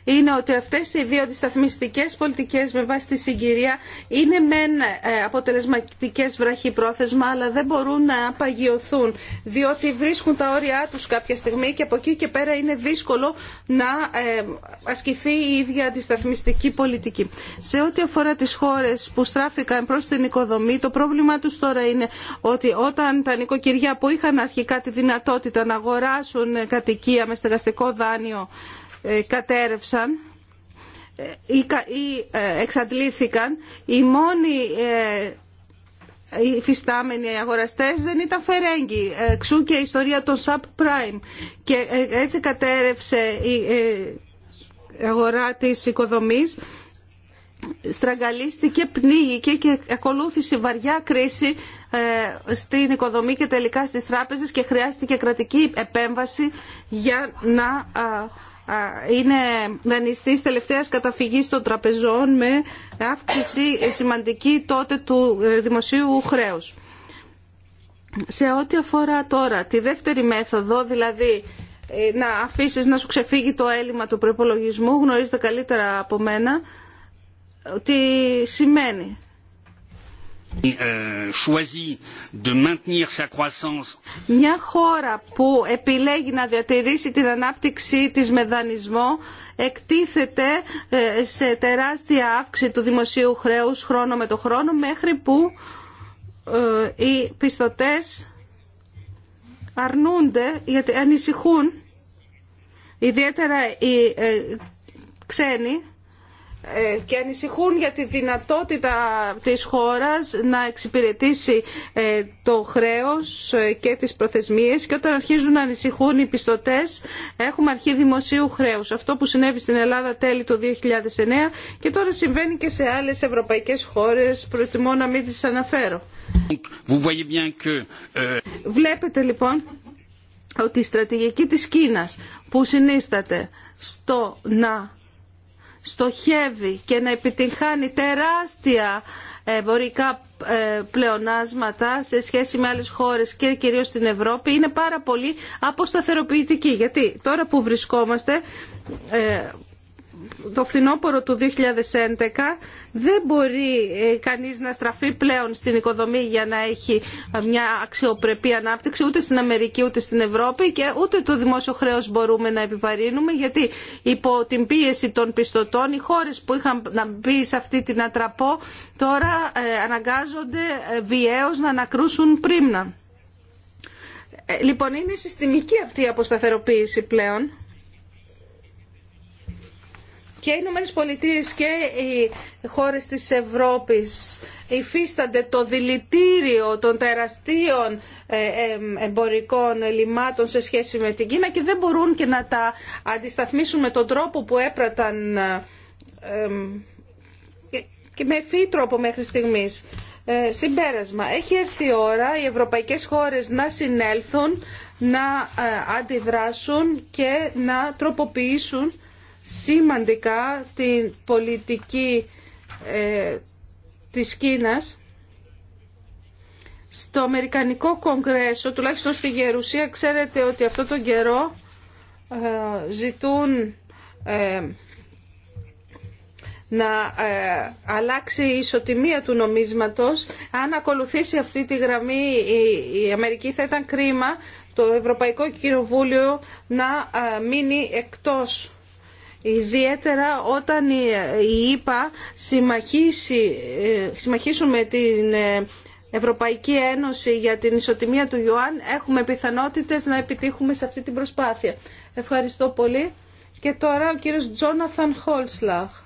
είναι ότι αυτέ οι δύο αντισταθμιστικέ πολιτικέ με βάση τη συγκυρία είναι μεν ε, αποτελεσματικές βραχυπρόθεσμα αλλά δεν μπορούν να απαγιωθούν διότι βρίσκουν τα όρια τους κάποια στιγμή και από εκεί και πέρα είναι δύσκολο να ε, ασκηθεί η ίδια αντισταθμιστική πολιτική. Σε ό,τι αφορά τι χώρε που στράφηκαν προ την οικοδομή το πρόβλημα του τώρα είναι ότι όταν τα νοικοκυριά που είχαν αρχικά τη δυνατότητα να αγοράσουν κατοικία με στεγαστικό δάνειο ε, κατέρευσαν ε, ή ε, εξαντλήθηκαν, οι μόνοι οι φυστάμενοι αγοραστές δεν ήταν φερέγγι, εξού και η ιστορία των subprime και έτσι κατέρευσε η αγορά της οικοδομής στραγγαλίστηκε, πνίγηκε και ακολούθησε βαριά κρίση στην οικοδομή και τελικά στις τράπεζες και χρειάστηκε κρατική επέμβαση για να είναι δανειστής τελευταίας καταφυγής των τραπεζών με αύξηση σημαντική τότε του ε, δημοσίου χρέους. Σε ό,τι αφορά τώρα τη δεύτερη μέθοδο, δηλαδή ε, να αφήσεις να σου ξεφύγει το έλλειμμα του προπολογισμού, γνωρίζετε καλύτερα από μένα τι σημαίνει. Euh, Μια χώρα που επιλέγει να διατηρήσει την ανάπτυξή της με δανεισμό εκτίθεται ε, σε τεράστια αύξηση του δημοσίου χρέους χρόνο με το χρόνο μέχρι που ε, οι πιστωτές αρνούνται γιατί ανησυχούν ιδιαίτερα οι ε, ξένοι ε, και ανησυχούν για τη δυνατότητα της χώρας να εξυπηρετήσει ε, το χρέος ε, και τις προθεσμίες και όταν αρχίζουν να ανησυχούν οι πιστωτές έχουμε αρχή δημοσίου χρέους. Αυτό που συνέβη στην Ελλάδα τέλη του 2009 και τώρα συμβαίνει και σε άλλες ευρωπαϊκές χώρες, προτιμώ να μην τις αναφέρω. Euh, Βλέπετε λοιπόν ότι η στρατηγική της Κίνας που συνίσταται στο να στοχεύει και να επιτυγχάνει τεράστια εμπορικά ε, πλεονάσματα σε σχέση με άλλες χώρες και κυρίως στην Ευρώπη είναι πάρα πολύ αποσταθεροποιητική. Γιατί τώρα που βρισκόμαστε ε, το φθινόπωρο του 2011 δεν μπορεί ε, κανείς να στραφεί πλέον στην οικοδομή για να έχει μια αξιοπρεπή ανάπτυξη ούτε στην Αμερική ούτε στην Ευρώπη και ούτε το δημόσιο χρέος μπορούμε να επιβαρύνουμε γιατί υπό την πίεση των πιστωτών οι χώρες που είχαν να μπει σε αυτή την ατραπό τώρα ε, αναγκάζονται ε, βιαίως να ανακρούσουν πρίμνα. Λοιπόν, είναι συστημική αυτή η αποσταθεροποίηση πλέον και οι Ηνωμένε Πολιτείε και οι χώρες της Ευρώπης υφίστανται το δηλητήριο των τεραστίων ε, ε, εμπορικών λιμάτων σε σχέση με την Κίνα και δεν μπορούν και να τα αντισταθμίσουν με τον τρόπο που έπραταν ε, και με ευφύ τρόπο μέχρι στιγμή. συμπέρασμα. Έχει έρθει η ώρα οι ευρωπαϊκές χώρες να συνέλθουν, να αντιδράσουν και να τροποποιήσουν σημαντικά την πολιτική ε, της Κίνας στο Αμερικανικό Κογκρέσο, τουλάχιστον στη Γερουσία, ξέρετε ότι αυτό τον καιρό ε, ζητούν ε, να αλλάξει η ισοτιμία του νομίσματος. Αν ακολουθήσει αυτή τη γραμμή η, Αμερική θα ήταν κρίμα το Ευρωπαϊκό Κοινοβούλιο να μείνει εκτός ιδιαίτερα όταν η ΗΠΑ συμμαχίσουν με την Ευρωπαϊκή Ένωση για την ισοτιμία του Ιωάν, έχουμε πιθανότητες να επιτύχουμε σε αυτή την προσπάθεια. Ευχαριστώ πολύ. Και τώρα ο κύριος Τζόναθαν Χόλσλαχ,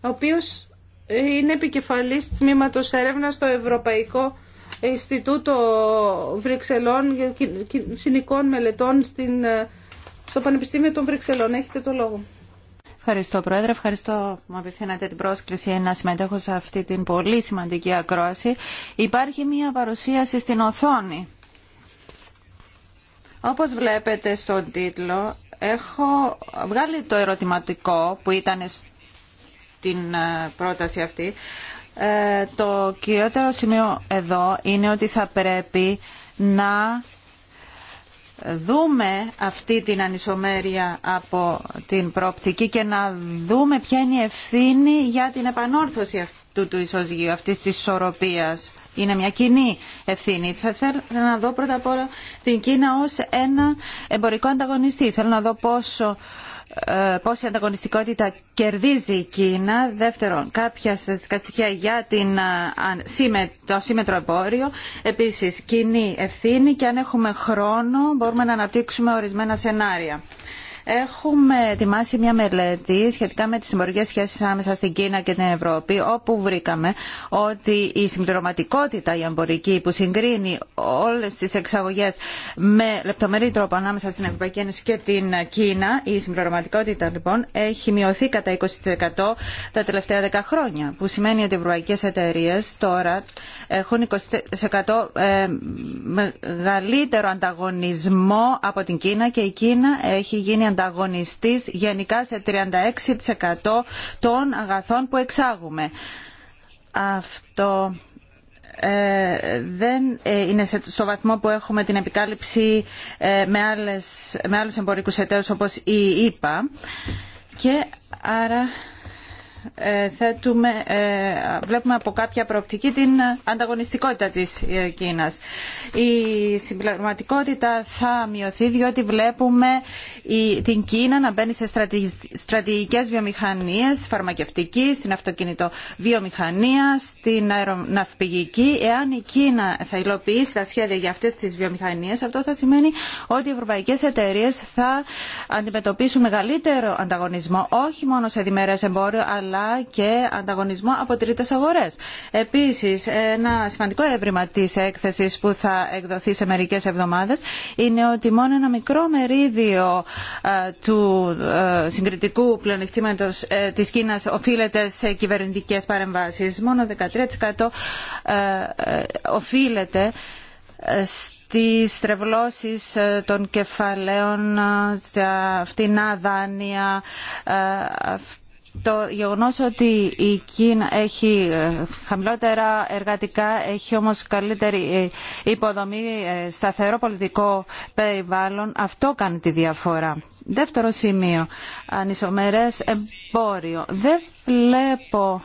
ο οποίος είναι επικεφαλής τμήματος έρευνας στο Ευρωπαϊκό Ινστιτούτο Βρυξελών Συνικών Μελετών στην στο Πανεπιστήμιο των Βρυξελών. Έχετε το λόγο. Ευχαριστώ, Πρόεδρε. Ευχαριστώ που μου απευθύνατε την πρόσκληση να συμμετέχω σε αυτή την πολύ σημαντική ακρόαση. Υπάρχει μία παρουσίαση στην οθόνη. Όπως βλέπετε στον τίτλο, έχω βγάλει το ερωτηματικό που ήταν στην ε, πρόταση αυτή. Ε, το κυριότερο σημείο εδώ είναι ότι θα πρέπει να δούμε αυτή την ανισομέρεια από την προοπτική και να δούμε ποια είναι η ευθύνη για την επανόρθωση αυτού του ισοζυγίου, αυτής της ισορροπίας. Είναι μια κοινή ευθύνη. Θα θέλω να δω πρώτα απ' όλα την Κίνα ως ένα εμπορικό ανταγωνιστή. Θέλω να δω πόσο ε, πόση ανταγωνιστικότητα κερδίζει η Κίνα. Δεύτερον, κάποια στατιστικά στοιχεία για την, ε, το σύμμετρο εμπόριο. Επίσης, κοινή ευθύνη και αν έχουμε χρόνο μπορούμε να αναπτύξουμε ορισμένα σενάρια. Έχουμε ετοιμάσει μια μελέτη σχετικά με τις συμπορικές σχέσεις ανάμεσα στην Κίνα και την Ευρώπη, όπου βρήκαμε ότι η συμπληρωματικότητα η εμπορική που συγκρίνει όλες τις εξαγωγές με λεπτομερή τρόπο ανάμεσα στην Ευρωπαϊκή Ένωση και την Κίνα, η συμπληρωματικότητα λοιπόν έχει μειωθεί κατά 20% τα τελευταία 10 χρόνια, που σημαίνει ότι οι Ευρωπαϊκέ εταιρείε τώρα έχουν 20% ε, μεγαλύτερο ανταγωνισμό από την Κίνα και η Κίνα έχει γίνει ανταγωνιστής γενικά σε 36% των αγαθών που εξάγουμε. Αυτό ε, δεν ε, είναι στο βαθμό που έχουμε την επικάλυψη ε, με, άλλες, με άλλους εμπορικούς εταίρους όπως η ΕΕΠΑ και άρα ε, θέτουμε, ε, βλέπουμε από κάποια προοπτική την ανταγωνιστικότητα της ε, Κίνας. Η συμπληρωματικότητα θα μειωθεί διότι βλέπουμε την Κίνα να μπαίνει σε στρατηγικές βιομηχανίες φαρμακευτική, στην βιομηχανία, στην αεροναυπηγική. Εάν η Κίνα θα υλοποιήσει τα σχέδια για αυτές τις βιομηχανίες, αυτό θα σημαίνει ότι οι ευρωπαϊκές εταιρείες θα αντιμετωπίσουν μεγαλύτερο ανταγωνισμό, όχι μόνο σε διμερές εμπόριο, αλλά και ανταγωνισμό από τρίτε αγορέ. Επίσης, ένα σημαντικό έβριμα τη έκθεση που θα εκδοθεί σε μερικές εβδομάδες είναι ότι μόνο ένα μικρό μερίδιο ε, του ε, συγκριτικού πλεονεκτήματος ε, της Κίνας οφείλεται σε κυβερνητικέ παρεμβάσει. Μόνο 13% οφείλεται στις τρευλώσεις των κεφαλαίων, στα φτηνά δάνεια, το γεγονός ότι η Κίνα έχει ε, χαμηλότερα εργατικά, έχει όμως καλύτερη ε, υποδομή, ε, σταθερό πολιτικό περιβάλλον, αυτό κάνει τη διαφορά. Δεύτερο σημείο, ανισομερές εμπόριο. Δεν βλέπω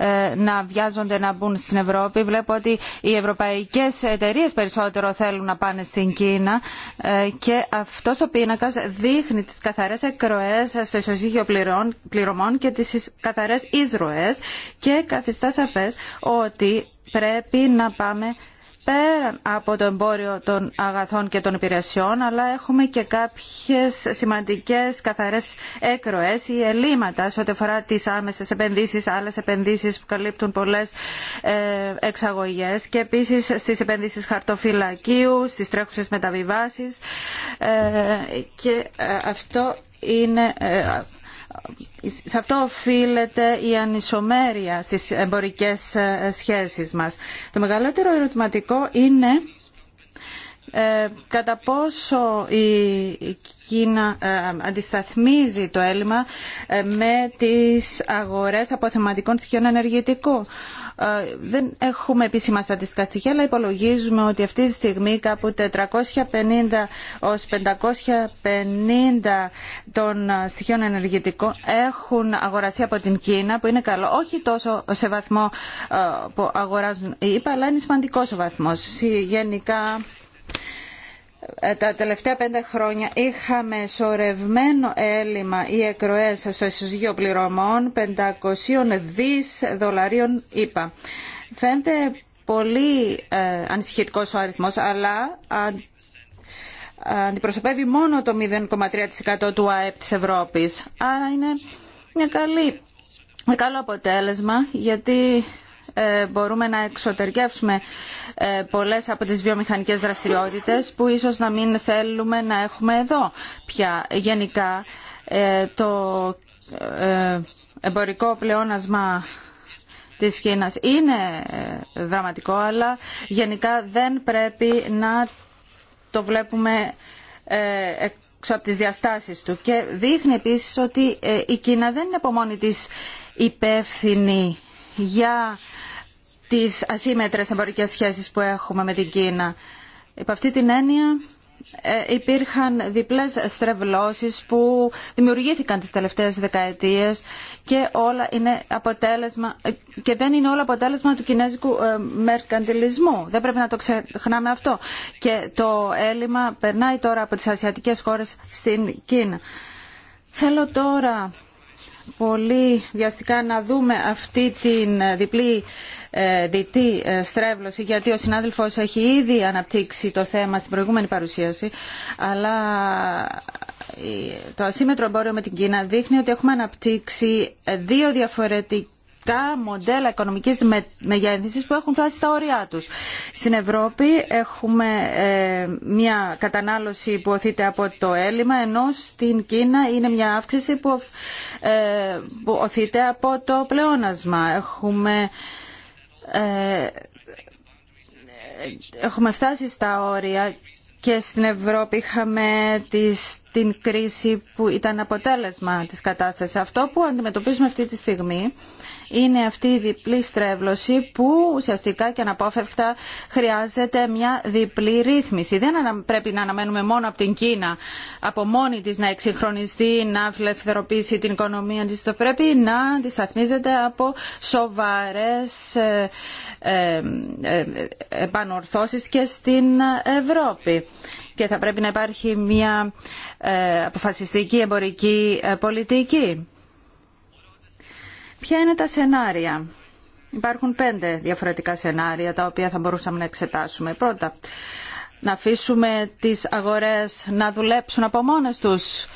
ε, να βιάζονται να μπουν στην Ευρώπη. Βλέπω ότι οι ευρωπαϊκές εταιρείες περισσότερο θέλουν να πάνε στην Κίνα ε, και αυτός ο πίνακας δείχνει τις καθαρές εκροές στο ισοζύγιο πληρωμών και τις καθαρές εισρωές και καθιστά σαφές ότι πρέπει να πάμε πέραν από το εμπόριο των αγαθών και των υπηρεσιών, αλλά έχουμε και κάποιες σημαντικές καθαρές έκροες ή ελλείμματα σε ό,τι αφορά τις άμεσες επενδύσεις, άλλες επενδύσεις που καλύπτουν πολλές ε, εξαγωγές και επίσης στις επενδύσεις χαρτοφυλακίου, στις τρέχουσες μεταβιβάσεις ε, και ε, αυτό είναι σε αυτό οφείλεται η ανισομέρεια στις εμπορικές ε, σχέσεις μας. Το μεγαλύτερο ερωτηματικό είναι ε, κατά πόσο η Κίνα ε, αντισταθμίζει το έλλειμμα ε, με τις αγορές αποθεματικών στοιχείων ενεργητικού. Ε, δεν έχουμε επίσημα στατιστικά στοιχεία, αλλά υπολογίζουμε ότι αυτή τη στιγμή κάπου 450 ως 550 των ε, στοιχείων ενεργητικών έχουν αγοραστεί από την Κίνα, που είναι καλό. Όχι τόσο σε βαθμό ε, που αγοράζουν οι ΥΠΑ, αλλά είναι σημαντικό ο βαθμός. Γενικά ε, τα τελευταία πέντε χρόνια είχαμε σορευμένο έλλειμμα ή εκροές στο ισοζύγιο πληρωμών 500 δις δολαρίων είπα Φαίνεται πολύ ε, ανησυχητικός ο αριθμός, αλλά αντιπροσωπεύει μόνο το 0,3% του ΑΕΠ της Ευρώπης. Άρα είναι μια καλή, ένα καλό αποτέλεσμα, γιατί ε, μπορούμε να εξωτερικεύσουμε ε, πολλές από τις βιομηχανικές δραστηριότητες που ίσως να μην θέλουμε να έχουμε εδώ πια. Γενικά ε, το εμπορικό πλεόνασμα της Κίνας είναι δραματικό αλλά γενικά δεν πρέπει να το βλέπουμε έξω από τις διαστάσεις του και δείχνει επίσης ότι η Κίνα δεν είναι από μόνη της υπεύθυνη για τις ασύμετρες εμπορικές σχέσεις που έχουμε με την Κίνα. Υπ' αυτή την έννοια ε, υπήρχαν διπλές στρεβλώσεις που δημιουργήθηκαν τις τελευταίες δεκαετίες και, όλα και δεν είναι όλα αποτέλεσμα του κινέζικου ε, μερκαντιλισμού. Δεν πρέπει να το ξεχνάμε αυτό. Και το έλλειμμα περνάει τώρα από τις ασιατικές χώρες στην Κίνα. Θέλω τώρα πολύ διαστικά να δούμε αυτή την διπλή ε, διτή ε, στρέβλωση γιατί ο συνάδελφος έχει ήδη αναπτύξει το θέμα στην προηγούμενη παρουσίαση αλλά ε, το ασύμετρο εμπόριο με την Κίνα δείχνει ότι έχουμε αναπτύξει δύο διαφορετικές μοντέλα οικονομικής μεγέθυνσης που έχουν φτάσει στα όρια τους. Στην Ευρώπη έχουμε ε, μια κατανάλωση που οθείται από το έλλειμμα, ενώ στην Κίνα είναι μια αύξηση που ε, οθείται από το πλεόνασμα. Έχουμε ε, έχουμε φτάσει στα όρια και στην Ευρώπη είχαμε τις, την κρίση που ήταν αποτέλεσμα της κατάστασης. Αυτό που αντιμετωπίζουμε αυτή τη στιγμή είναι αυτή η διπλή στρέβλωση που ουσιαστικά και αναπόφευκτα χρειάζεται μια διπλή ρύθμιση. Δεν πρέπει να αναμένουμε μόνο από την Κίνα από μόνη της να εξυγχρονιστεί, να αυλευθερωποιήσει την οικονομία της. Το πρέπει να αντισταθμίζεται από σοβαρές ε, ε, ε, επανορθώσεις και στην Ευρώπη και θα πρέπει να υπάρχει μια αποφασιστική εμπορική πολιτική Ποια είναι τα σενάρια. Υπάρχουν πέντε διαφορετικά σενάρια τα οποία θα μπορούσαμε να εξετάσουμε. Πρώτα, να αφήσουμε τις αγορές να δουλέψουν από μόνες τους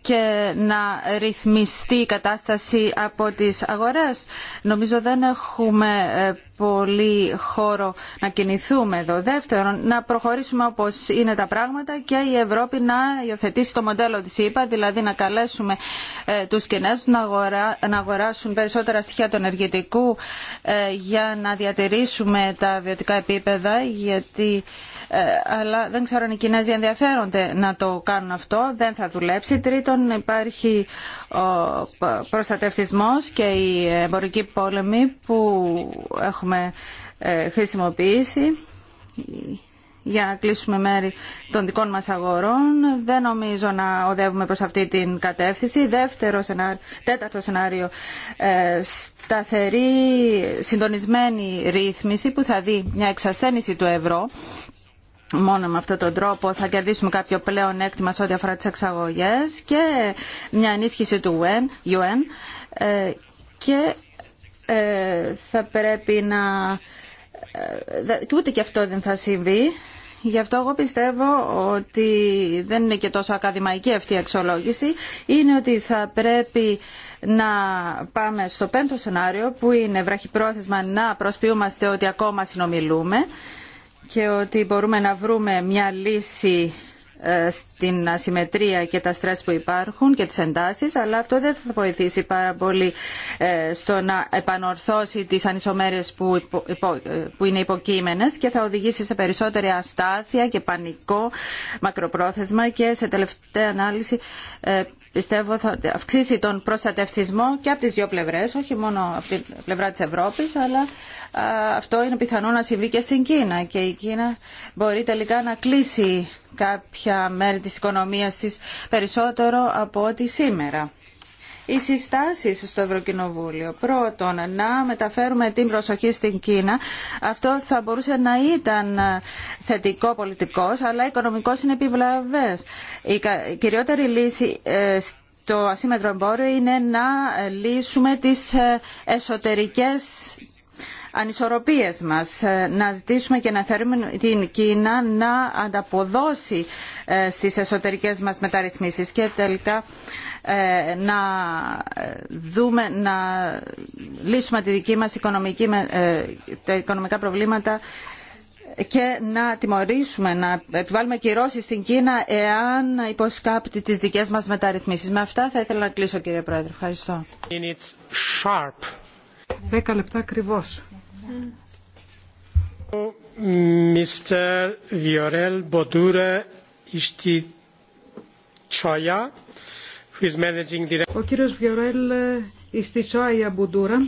και να ρυθμιστεί η κατάσταση από τις αγορές. Νομίζω δεν έχουμε ε, πολύ χώρο να κινηθούμε εδώ. Δεύτερον, να προχωρήσουμε όπως είναι τα πράγματα και η Ευρώπη να υιοθετήσει το μοντέλο της ΕΠΑ, δηλαδή να καλέσουμε ε, τους Κινέζους να αγοράσουν περισσότερα στοιχεία του ενεργητικού ε, για να διατηρήσουμε τα βιωτικά επίπεδα, γιατί ε, αλλά δεν ξέρω αν οι Κινέζοι ενδιαφέρονται να το κάνουν αυτό, δεν θα δουλέψει. Τρίτον, υπάρχει ο προστατευτισμός και η εμπορική πόλεμη που έχουμε έχουμε ε, χρησιμοποιήσει για να κλείσουμε μέρη των δικών μας αγορών. Δεν νομίζω να οδεύουμε προς αυτή την κατεύθυνση. Δεύτερο σενάριο, τέταρτο σενάριο, ε, σταθερή συντονισμένη ρύθμιση που θα δει μια εξασθένηση του ευρώ. Μόνο με αυτόν τον τρόπο θα κερδίσουμε κάποιο πλέον έκτημα σε ό,τι αφορά τις εξαγωγές και μια ενίσχυση του UN, ε, και ε, θα πρέπει να... Ε, και ούτε και αυτό δεν θα συμβεί. Γι' αυτό εγώ πιστεύω ότι δεν είναι και τόσο ακαδημαϊκή αυτή η αξιολόγηση. Είναι ότι θα πρέπει να πάμε στο πέμπτο σενάριο που είναι βραχυπρόθεσμα να προσποιούμαστε ότι ακόμα συνομιλούμε και ότι μπορούμε να βρούμε μια λύση ε, στην ασυμμετρία και τα στρες που υπάρχουν και τις εντάσεις, αλλά αυτό δεν θα βοηθήσει πάρα πολύ ε, στο να επανορθώσει τις ανισομέρειες που, ε, που είναι υποκείμενες και θα οδηγήσει σε περισσότερη αστάθεια και πανικό μακροπρόθεσμα και σε τελευταία ανάλυση πιστεύω θα αυξήσει τον προστατευτισμό και από τις δύο πλευρές, όχι μόνο από την πλευρά της Ευρώπης, αλλά αυτό είναι πιθανό να συμβεί και στην Κίνα και η Κίνα μπορεί τελικά να κλείσει κάποια μέρη της οικονομίας της περισσότερο από ό,τι σήμερα οι συστάσει στο Ευρωκοινοβούλιο. Πρώτον, να μεταφέρουμε την προσοχή στην Κίνα. Αυτό θα μπορούσε να ήταν θετικό πολιτικό, αλλά οικονομικός είναι επιβλαβέ. Η κυριότερη λύση ε, στο ασύμετρο εμπόριο είναι να λύσουμε τις ε, εσωτερικές ανισορροπίες μας. Ε, να ζητήσουμε και να φέρουμε την Κίνα να ανταποδώσει στις εσωτερικές μας μεταρρυθμίσεις. Και τελικά ε, να δούμε, να λύσουμε τη δική μας οικονομική, ε, τα οικονομικά προβλήματα και να τιμωρήσουμε, να επιβάλλουμε κυρώσεις στην Κίνα εάν υποσκάπτει τις δικές μας μεταρρυθμίσεις. Με αυτά θα ήθελα να κλείσω κύριε Πρόεδρε. Ευχαριστώ. Δέκα λεπτά ακριβώς. Mr. Viorel Bodure ο κύριος Βιωρέλ Ιστιτσόα Μπουντούρα,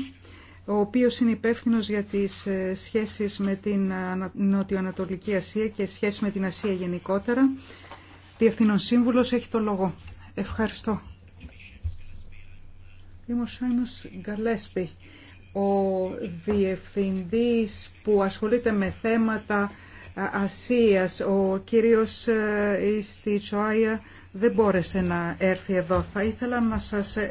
ο οποίος είναι υπεύθυνος για τις ε, σχέσεις με την ε, Νοτιοανατολική Ασία και σχέσεις με την Ασία γενικότερα. Διευθύνων Σύμβουλος έχει το λόγο. Ευχαριστώ. Είμαι ο Σάιμος Γκαλέσπη, ο διευθυντής που ασχολείται με θέματα ε, Ασίας, ο κύριος δεν μπόρεσε να έρθει εδώ. Θα ήθελα να σας ε,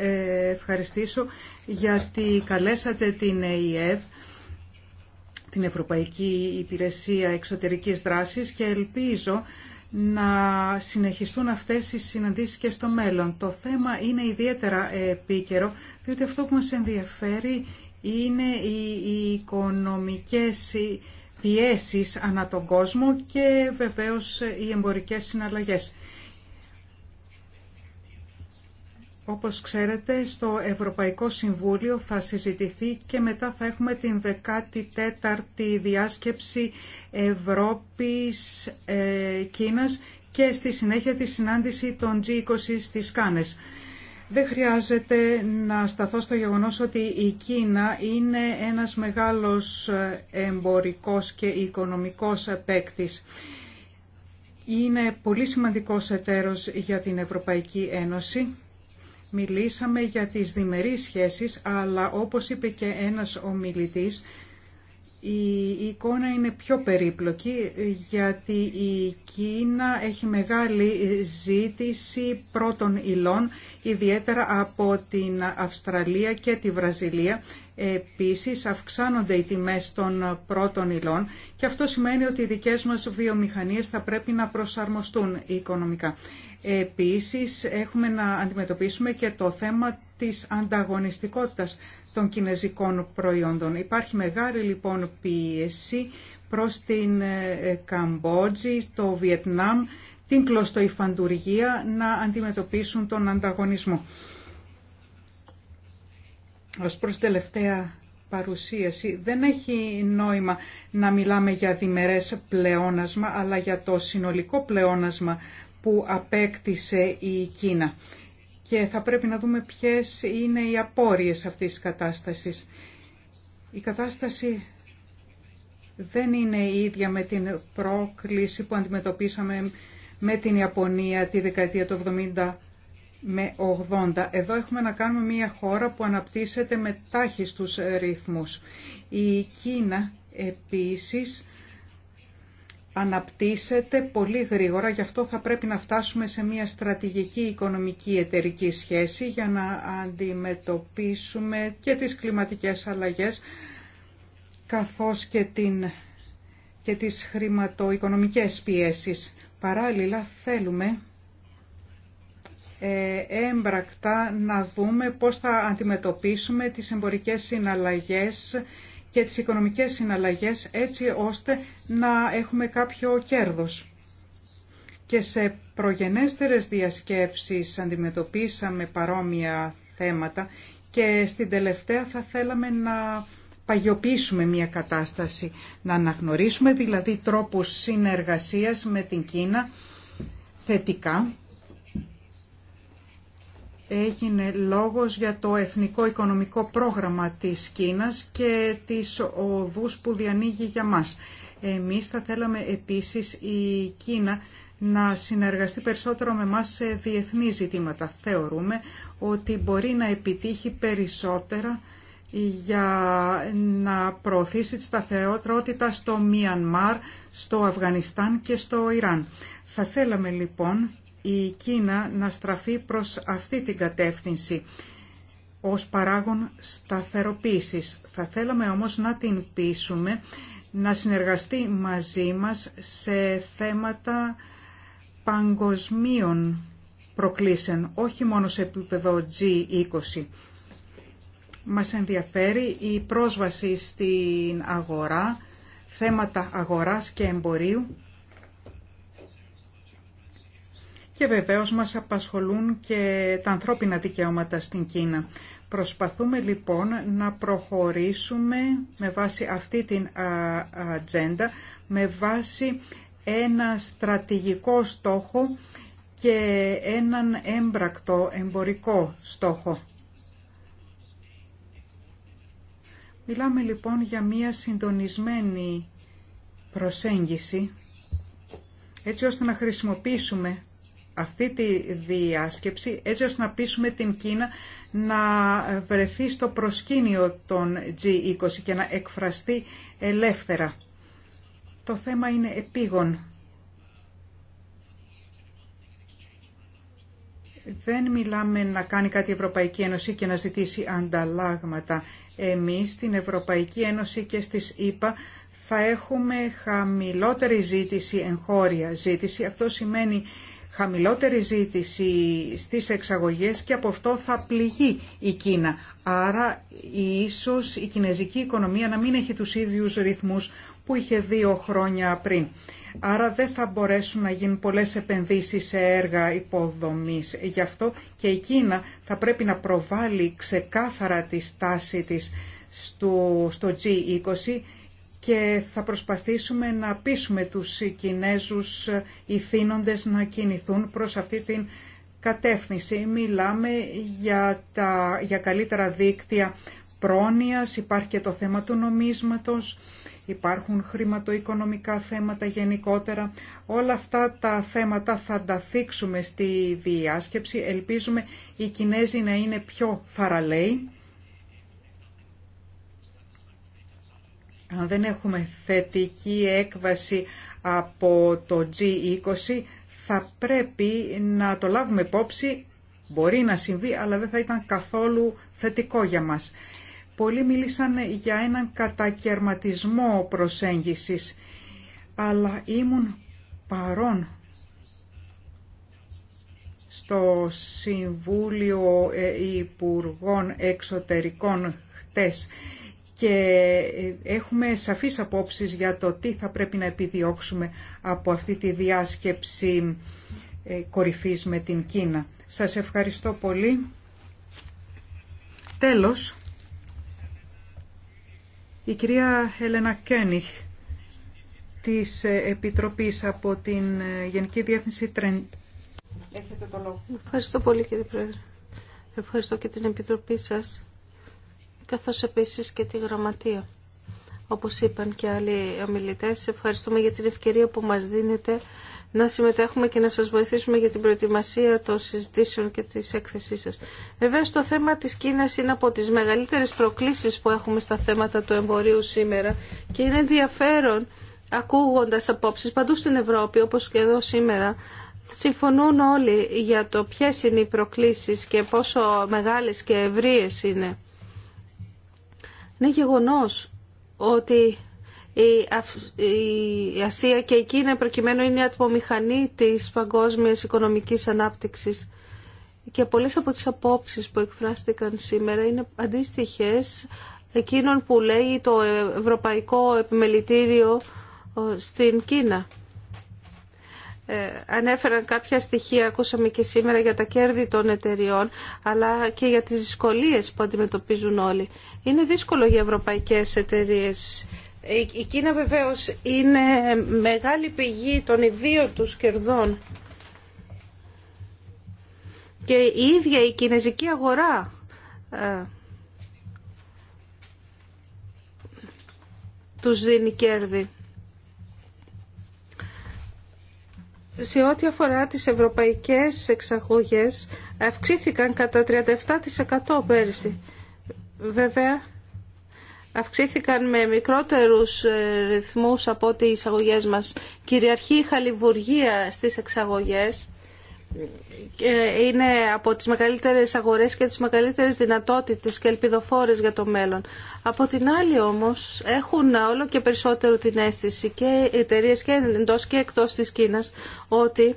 ευχαριστήσω γιατί καλέσατε την ΕΕΔ, την Ευρωπαϊκή Υπηρεσία Εξωτερικής Δράσης και ελπίζω να συνεχιστούν αυτές οι συναντήσεις και στο μέλλον. Το θέμα είναι ιδιαίτερα επίκαιρο, διότι αυτό που μας ενδιαφέρει είναι οι οικονομικές πιέσεις ανά τον κόσμο και βεβαίως οι εμπορικές συναλλαγές. Όπως ξέρετε, στο Ευρωπαϊκό Συμβούλιο θα συζητηθεί και μετά θα έχουμε την 14η διάσκεψη Ευρώπης ε, και στη συνέχεια τη συνάντηση των G20 στις Κάνες. Δεν χρειάζεται να σταθώ στο γεγονός ότι η Κίνα είναι ένας μεγάλος ε, εμπορικός και οικονομικός παίκτη. Είναι πολύ σημαντικός εταίρος για την Ευρωπαϊκή Ένωση Μιλήσαμε για τις διμερείς σχέσεις, αλλά όπως είπε και ένας ομιλητής, η εικόνα είναι πιο περίπλοκη γιατί η Κίνα έχει μεγάλη ζήτηση πρώτων υλών, ιδιαίτερα από την Αυστραλία και τη Βραζιλία. Επίσης αυξάνονται οι τιμές των πρώτων υλών και αυτό σημαίνει ότι οι δικές μας βιομηχανίες θα πρέπει να προσαρμοστούν οικονομικά. Επίσης έχουμε να αντιμετωπίσουμε και το θέμα της ανταγωνιστικότητας των κινέζικων προϊόντων. Υπάρχει μεγάλη λοιπόν πίεση προς την ε, Καμπότζη, το Βιετνάμ, την κλωστοϊφαντουργία να αντιμετωπίσουν τον ανταγωνισμό. Ως προς τελευταία παρουσίαση δεν έχει νόημα να μιλάμε για διμερές πλεόνασμα αλλά για το συνολικό πλεόνασμα που απέκτησε η Κίνα. Και θα πρέπει να δούμε ποιες είναι οι απόρριες αυτής της κατάστασης. Η κατάσταση δεν είναι η ίδια με την πρόκληση που αντιμετωπίσαμε με την Ιαπωνία τη δεκαετία του 70 με 80. Εδώ έχουμε να κάνουμε μια χώρα που αναπτύσσεται με τάχιστους ρυθμούς. Η Κίνα επίσης αναπτύσσεται πολύ γρήγορα, γι' αυτό θα πρέπει να φτάσουμε σε μια στρατηγική οικονομική εταιρική σχέση για να αντιμετωπίσουμε και τις κλιματικές αλλαγές καθώς και, την, και τις χρηματοοικονομικές πιέσεις. Παράλληλα θέλουμε ε, έμπρακτα να δούμε πώς θα αντιμετωπίσουμε τις εμπορικές συναλλαγές και τις οικονομικές συναλλαγές έτσι ώστε να έχουμε κάποιο κέρδος. Και σε προγενέστερες διασκέψεις αντιμετωπίσαμε παρόμοια θέματα και στην τελευταία θα θέλαμε να παγιοποιήσουμε μια κατάσταση, να αναγνωρίσουμε δηλαδή τρόπους συνεργασίας με την Κίνα θετικά έγινε λόγος για το Εθνικό Οικονομικό Πρόγραμμα της Κίνας και τις οδούς που διανοίγει για μας. Εμείς θα θέλαμε επίσης η Κίνα να συνεργαστεί περισσότερο με μας σε διεθνή ζητήματα. Θεωρούμε ότι μπορεί να επιτύχει περισσότερα για να προωθήσει τη σταθερότητα στο Μιανμάρ, στο Αφγανιστάν και στο Ιράν. Θα θέλαμε λοιπόν η Κίνα να στραφεί προς αυτή την κατεύθυνση ως παράγον σταθεροποίησης. Θα θέλαμε όμως να την πείσουμε να συνεργαστεί μαζί μας σε θέματα παγκοσμίων προκλήσεων, όχι μόνο σε επίπεδο G20. Μας ενδιαφέρει η πρόσβαση στην αγορά, θέματα αγοράς και εμπορίου και βεβαίως μας απασχολούν και τα ανθρώπινα δικαιώματα στην Κίνα. Προσπαθούμε λοιπόν να προχωρήσουμε με βάση αυτή την ατζέντα, με βάση ένα στρατηγικό στόχο και έναν έμπρακτο εμπορικό στόχο. Μιλάμε λοιπόν για μία συντονισμένη προσέγγιση, έτσι ώστε να χρησιμοποιήσουμε αυτή τη διάσκεψη έτσι ώστε να πείσουμε την Κίνα να βρεθεί στο προσκήνιο των G20 και να εκφραστεί ελεύθερα. Το θέμα είναι επίγον. Δεν μιλάμε να κάνει κάτι η Ευρωπαϊκή Ένωση και να ζητήσει ανταλλάγματα. Εμείς στην Ευρωπαϊκή Ένωση και στις ΗΠΑ θα έχουμε χαμηλότερη ζήτηση, εγχώρια ζήτηση. Αυτό σημαίνει χαμηλότερη ζήτηση στις εξαγωγές και από αυτό θα πληγεί η Κίνα. Άρα ίσως η κινέζικη οικονομία να μην έχει τους ίδιους ρυθμούς που είχε δύο χρόνια πριν. Άρα δεν θα μπορέσουν να γίνουν πολλές επενδύσεις σε έργα υποδομής. Γι' αυτό και η Κίνα θα πρέπει να προβάλλει ξεκάθαρα τη στάση της στο G20 και θα προσπαθήσουμε να πείσουμε τους Κινέζους ηθήνοντες να κινηθούν προς αυτή την κατεύθυνση. Μιλάμε για, τα, για καλύτερα δίκτυα πρόνοιας, υπάρχει και το θέμα του νομίσματος, υπάρχουν χρηματοοικονομικά θέματα γενικότερα. Όλα αυτά τα θέματα θα τα θίξουμε στη διάσκεψη. Ελπίζουμε οι Κινέζοι να είναι πιο θαραλέοι Αν δεν έχουμε θετική έκβαση από το G20, θα πρέπει να το λάβουμε υπόψη. Μπορεί να συμβεί, αλλά δεν θα ήταν καθόλου θετικό για μας. Πολλοί μίλησαν για έναν κατακαιρματισμό προσέγγισης, αλλά ήμουν παρόν στο Συμβούλιο ε, Υπουργών Εξωτερικών χτες και ε, έχουμε σαφείς απόψεις για το τι θα πρέπει να επιδιώξουμε από αυτή τη διάσκεψη ε, κορυφής με την Κίνα. Σας ευχαριστώ πολύ. Τέλος, η κυρία Έλενα Κένιχ της ε, Επιτροπής από την Γενική Διεύθυνση Τρεν. Έχετε το λόγο. Ευχαριστώ πολύ κύριε Πρόεδρε. Ευχαριστώ και την Επιτροπή σας καθώς επίσης και τη γραμματεία. Όπως είπαν και άλλοι ομιλητές, ευχαριστούμε για την ευκαιρία που μας δίνετε να συμμετέχουμε και να σας βοηθήσουμε για την προετοιμασία των συζητήσεων και της έκθεσής σας. Βέβαια, το θέμα της Κίνας είναι από τις μεγαλύτερες προκλήσεις που έχουμε στα θέματα του εμπορίου σήμερα και είναι ενδιαφέρον ακούγοντας απόψεις παντού στην Ευρώπη, όπως και εδώ σήμερα, συμφωνούν όλοι για το ποιες είναι οι προκλήσεις και πόσο μεγάλες και ευρείες είναι. Είναι γεγονός ότι η Ασία και η Κίνα προκειμένου είναι η ατμομηχανή της παγκόσμιας οικονομικής ανάπτυξης και πολλές από τις απόψεις που εκφράστηκαν σήμερα είναι αντίστοιχες εκείνων που λέει το Ευρωπαϊκό Επιμελητήριο ε, στην Κίνα. Ε, ανέφεραν κάποια στοιχεία, ακούσαμε και σήμερα, για τα κέρδη των εταιριών, αλλά και για τις δυσκολίες που αντιμετωπίζουν όλοι. Είναι δύσκολο για ευρωπαϊκές εταιρείες. Η Κίνα βεβαίως είναι μεγάλη πηγή των ιδίων τους κερδών. Και η ίδια η κινέζικη αγορά ε, τους δίνει κέρδη. σε ό,τι αφορά τις ευρωπαϊκές εξαγωγές αυξήθηκαν κατά 37% πέρυσι. Βέβαια, αυξήθηκαν με μικρότερους ε, ρυθμούς από ό,τι οι εισαγωγές μας. Κυριαρχεί η χαλιβουργία στις εξαγωγές ε, είναι από τις μεγαλύτερες αγορές και τις μεγαλύτερες δυνατότητες και ελπιδοφόρες για το μέλλον. Από την άλλη όμως έχουν όλο και περισσότερο την αίσθηση και οι εταιρείε και εντός και εκτός της Κίνας ότι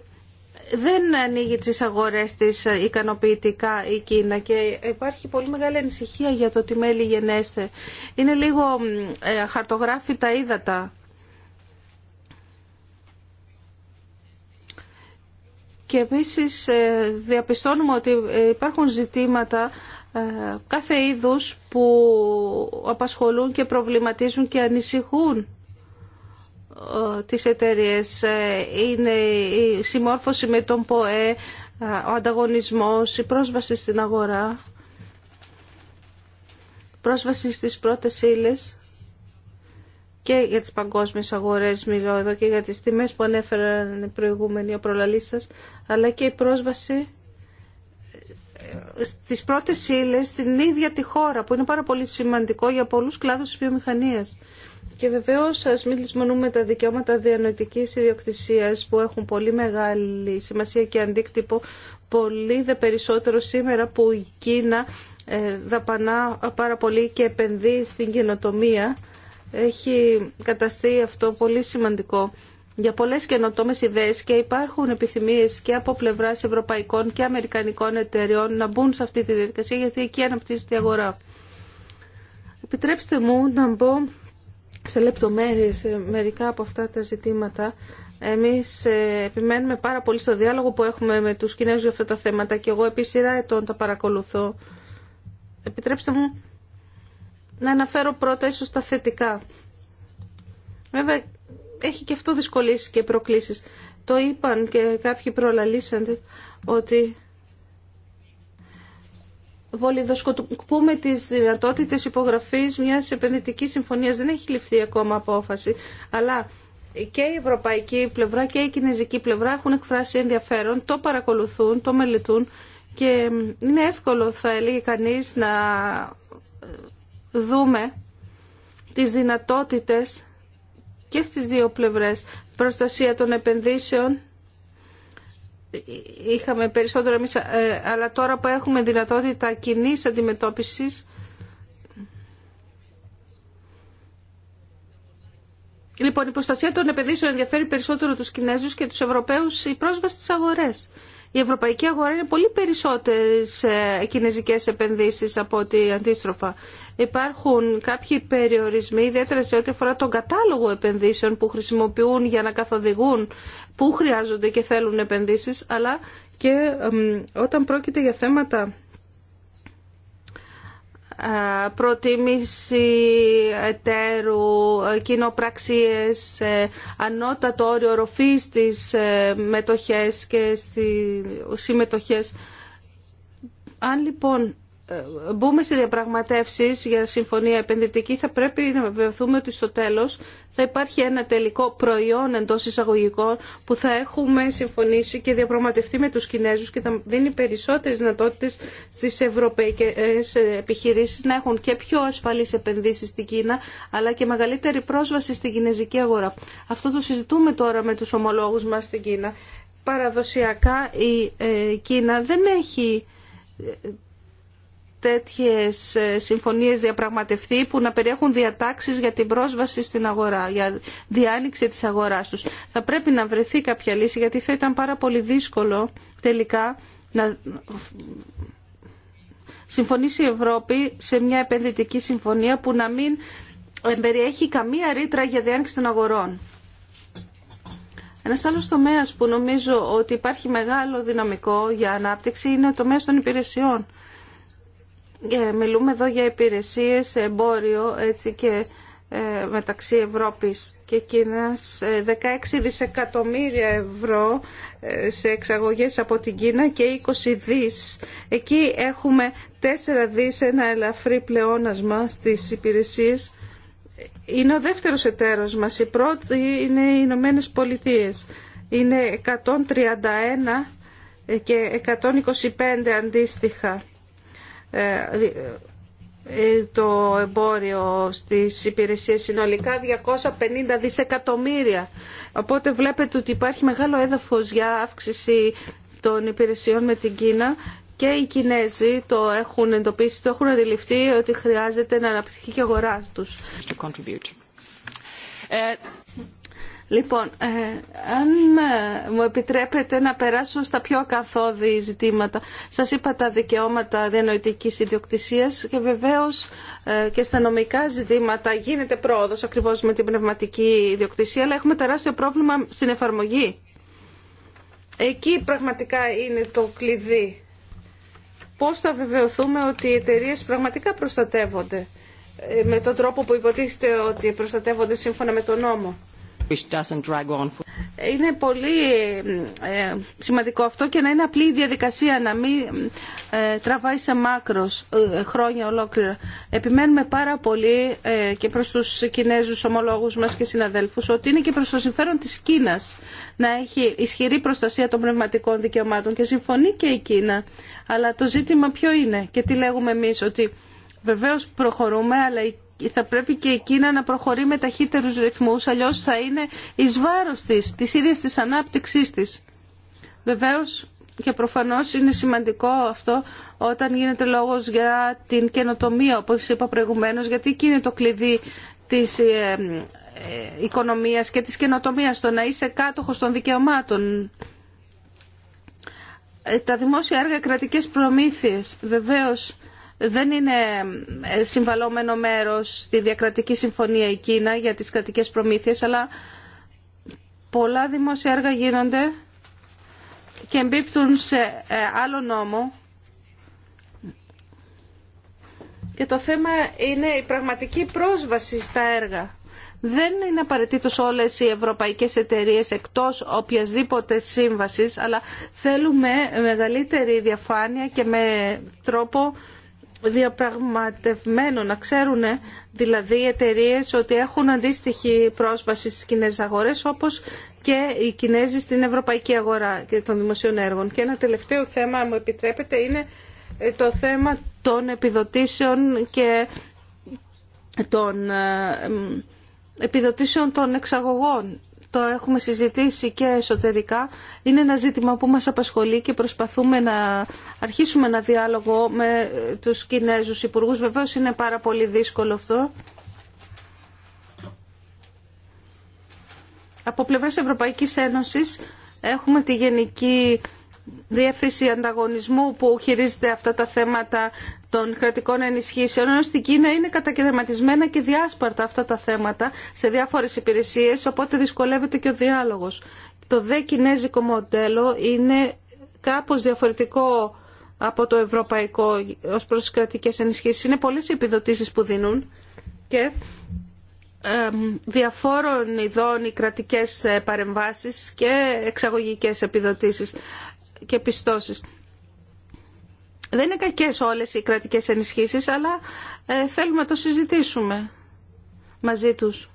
δεν ανοίγει τις αγορές της ικανοποιητικά η Κίνα και υπάρχει πολύ μεγάλη ανησυχία για το τι μέλη γενέστε. Είναι λίγο ε, χαρτογράφητα ύδατα Και επίσης ε, διαπιστώνουμε ότι υπάρχουν ζητήματα ε, κάθε είδους που απασχολούν και προβληματίζουν και ανησυχούν ε, τις εταιρείες. Είναι η συμμόρφωση με τον ΠΟΕ, ο ανταγωνισμός, η πρόσβαση στην αγορά, πρόσβαση στις πρώτες ύλες και για τις παγκόσμιες αγορές μιλώ εδώ και για τις τιμές που ανέφεραν οι προηγούμενοι, ο προλαλής σας, αλλά και η πρόσβαση ε, στις πρώτες ύλες στην ίδια τη χώρα, που είναι πάρα πολύ σημαντικό για πολλούς κλάδους της βιομηχανίας. Και βεβαίω σας μην λησμονούμε τα δικαιώματα διανοητική ιδιοκτησία που έχουν πολύ μεγάλη σημασία και αντίκτυπο, πολύ δε περισσότερο σήμερα που η Κίνα ε, δαπανά πάρα πολύ και επενδύει στην καινοτομία έχει καταστεί αυτό πολύ σημαντικό για πολλές καινοτόμες ιδέες και υπάρχουν επιθυμίες και από πλευράς ευρωπαϊκών και αμερικανικών εταιριών να μπουν σε αυτή τη διαδικασία γιατί εκεί αναπτύσσεται η αγορά. Επιτρέψτε μου να μπω σε λεπτομέρειες μερικά από αυτά τα ζητήματα. Εμείς ε, επιμένουμε πάρα πολύ στο διάλογο που έχουμε με τους Κινέζους για αυτά τα θέματα και εγώ επί σειρά ετών τα παρακολουθώ. Επιτρέψτε μου να αναφέρω πρώτα ίσως τα θετικά. Βέβαια, έχει και αυτό δυσκολίες και προκλήσεις. Το είπαν και κάποιοι προλαλήσαντε ότι βολιδοσκοπούμε τις δυνατότητες υπογραφής μιας επενδυτικής συμφωνίας. Δεν έχει ληφθεί ακόμα απόφαση, αλλά και η ευρωπαϊκή πλευρά και η κινέζικη πλευρά έχουν εκφράσει ενδιαφέρον, το παρακολουθούν, το μελετούν και είναι εύκολο θα έλεγε κανείς να δούμε τις δυνατότητες και στις δύο πλευρές προστασία των επενδύσεων είχαμε περισσότερο εμείς, ε, αλλά τώρα που έχουμε δυνατότητα κοινή αντιμετώπισης Λοιπόν, η προστασία των επενδύσεων ενδιαφέρει περισσότερο τους Κινέζους και τους Ευρωπαίους η πρόσβαση στις αγορές η ευρωπαϊκή αγορά είναι πολύ περισσότερες ε, κινέζικες επενδύσεις από ότι αντίστροφα. Υπάρχουν κάποιοι περιορισμοί, ιδιαίτερα σε ό,τι αφορά τον κατάλογο επενδύσεων που χρησιμοποιούν για να καθοδηγούν πού χρειάζονται και θέλουν επενδύσεις, αλλά και όταν πρόκειται για θέματα προτίμηση εταίρου, κοινοπραξίες, ε, ανώτατο όριο ροφή στις ε, μετοχές και στις συμμετοχές. Αν λοιπόν μπούμε σε διαπραγματεύσει για συμφωνία επενδυτική θα πρέπει να βεβαιωθούμε ότι στο τέλο θα υπάρχει ένα τελικό προϊόν εντός εισαγωγικών που θα έχουμε συμφωνήσει και διαπραγματευτεί με του κινέζου και θα δίνει περισσότερε δυνατότητε στις ευρωπαϊκές επιχειρήσεις να έχουν και πιο ασφαλεί επενδύσει στην Κίνα αλλά και μεγαλύτερη πρόσβαση στην κινέζικη αγορά. Αυτό το συζητούμε τώρα με του ομολόγου μα στην Κίνα. Παραδοσιακά η ε, Κίνα δεν έχει τέτοιες ε, συμφωνίες διαπραγματευτεί που να περιέχουν διατάξεις για την πρόσβαση στην αγορά, για διάνοιξη της αγοράς τους. Θα πρέπει να βρεθεί κάποια λύση γιατί θα ήταν πάρα πολύ δύσκολο τελικά να συμφωνήσει η Ευρώπη σε μια επενδυτική συμφωνία που να μην περιέχει καμία ρήτρα για διάνοιξη των αγορών. Ένα άλλο τομέα που νομίζω ότι υπάρχει μεγάλο δυναμικό για ανάπτυξη είναι ο μέσο των υπηρεσιών ε, μιλούμε εδώ για υπηρεσίες, εμπόριο έτσι και ε, μεταξύ Ευρώπης και Κίνας 16 ε, δισεκατομμύρια ευρώ σε εξαγωγές από την Κίνα και 20 δις. Εκεί έχουμε 4 δις ένα ελαφρύ πλεόνασμα στις υπηρεσίες. Είναι ο δεύτερος εταίρος μας. Η πρώτη είναι οι Ηνωμένε Πολιτείε. Είναι 131 και 125 αντίστοιχα ε, ε, το εμπόριο στις υπηρεσίες συνολικά 250 δισεκατομμύρια. Οπότε βλέπετε ότι υπάρχει μεγάλο έδαφος για αύξηση των υπηρεσιών με την Κίνα και οι Κινέζοι το έχουν εντοπίσει, το έχουν αντιληφθεί ότι χρειάζεται να αναπτυχθεί και αγορά τους. Λοιπόν, ε, αν ε, μου επιτρέπετε να περάσω στα πιο ακαθόδη ζητήματα. Σας είπα τα δικαιώματα διανοητικής ιδιοκτησίας και βεβαίως ε, και στα νομικά ζητήματα γίνεται πρόοδος ακριβώς με την πνευματική ιδιοκτησία, αλλά έχουμε τεράστιο πρόβλημα στην εφαρμογή. Εκεί πραγματικά είναι το κλειδί. Πώς θα βεβαιωθούμε ότι οι εταιρείε πραγματικά προστατεύονται με τον τρόπο που υποτίθεται ότι προστατεύονται σύμφωνα με τον νόμο. Είναι πολύ ε, σημαντικό αυτό και να είναι απλή η διαδικασία, να μην ε, τραβάει σε μάκρος ε, χρόνια ολόκληρα. Επιμένουμε πάρα πολύ ε, και προς τους Κινέζους ομολόγους μας και συναδέλφους ότι είναι και προς το συμφέρον της Κίνας να έχει ισχυρή προστασία των πνευματικών δικαιωμάτων και συμφωνεί και η Κίνα. Αλλά το ζήτημα ποιο είναι και τι λέγουμε εμείς ότι βεβαίως προχωρούμε αλλά θα πρέπει και εκείνα να προχωρεί με ταχύτερους ρυθμούς, αλλιώς θα είναι εις βάρος της, της ίδιας της ανάπτυξής της. Βεβαίως και προφανώς είναι σημαντικό αυτό όταν γίνεται λόγος για την καινοτομία, όπως είπα προηγουμένως, γιατί εκεί είναι το κλειδί της ε, ε, οικονομίας και της καινοτομίας, το να είσαι κάτοχος των δικαιωμάτων. Ε, τα δημόσια έργα κρατικές προμήθειες, βεβαίως δεν είναι ε, συμβαλόμενο μέρος στη διακρατική συμφωνία η Κίνα για τις κρατικές προμήθειες, αλλά πολλά δημόσια έργα γίνονται και εμπίπτουν σε ε, άλλο νόμο. Και το θέμα είναι η πραγματική πρόσβαση στα έργα. Δεν είναι απαραίτητο όλες οι ευρωπαϊκές εταιρείες εκτός οποιασδήποτε σύμβασης, αλλά θέλουμε μεγαλύτερη διαφάνεια και με τρόπο διαπραγματευμένο, να ξέρουν ε, δηλαδή οι εταιρείε ότι έχουν αντίστοιχη πρόσβαση στις κοινέ αγορές όπως και οι Κινέζοι στην ευρωπαϊκή αγορά των δημοσίων έργων. Και ένα τελευταίο θέμα, αν μου επιτρέπετε, είναι ε, το θέμα των επιδοτήσεων και των ε, επιδοτήσεων των εξαγωγών το έχουμε συζητήσει και εσωτερικά. Είναι ένα ζήτημα που μας απασχολεί και προσπαθούμε να αρχίσουμε ένα διάλογο με τους Κινέζους υπουργούς. Βεβαίως είναι πάρα πολύ δύσκολο αυτό. Από πλευράς Ευρωπαϊκής Ένωσης έχουμε τη Γενική Διεύθυνση Ανταγωνισμού που χειρίζεται αυτά τα θέματα των κρατικών ενισχύσεων, ενώ στην Κίνα είναι κατακαιρματισμένα και διάσπαρτα αυτά τα θέματα σε διάφορες υπηρεσίες, οπότε δυσκολεύεται και ο διάλογος. Το δε κινέζικο μοντέλο είναι κάπως διαφορετικό από το ευρωπαϊκό ως προς τις κρατικές ενισχύσεις. Είναι πολλές οι επιδοτήσεις που δίνουν και διαφόρων ειδών οι κρατικές ε, παρεμβάσεις και εξαγωγικές επιδοτήσεις και πιστώσεις. Δεν είναι κακές όλες οι κρατικές ενισχύσεις, αλλά ε, θέλουμε να το συζητήσουμε μαζί τους.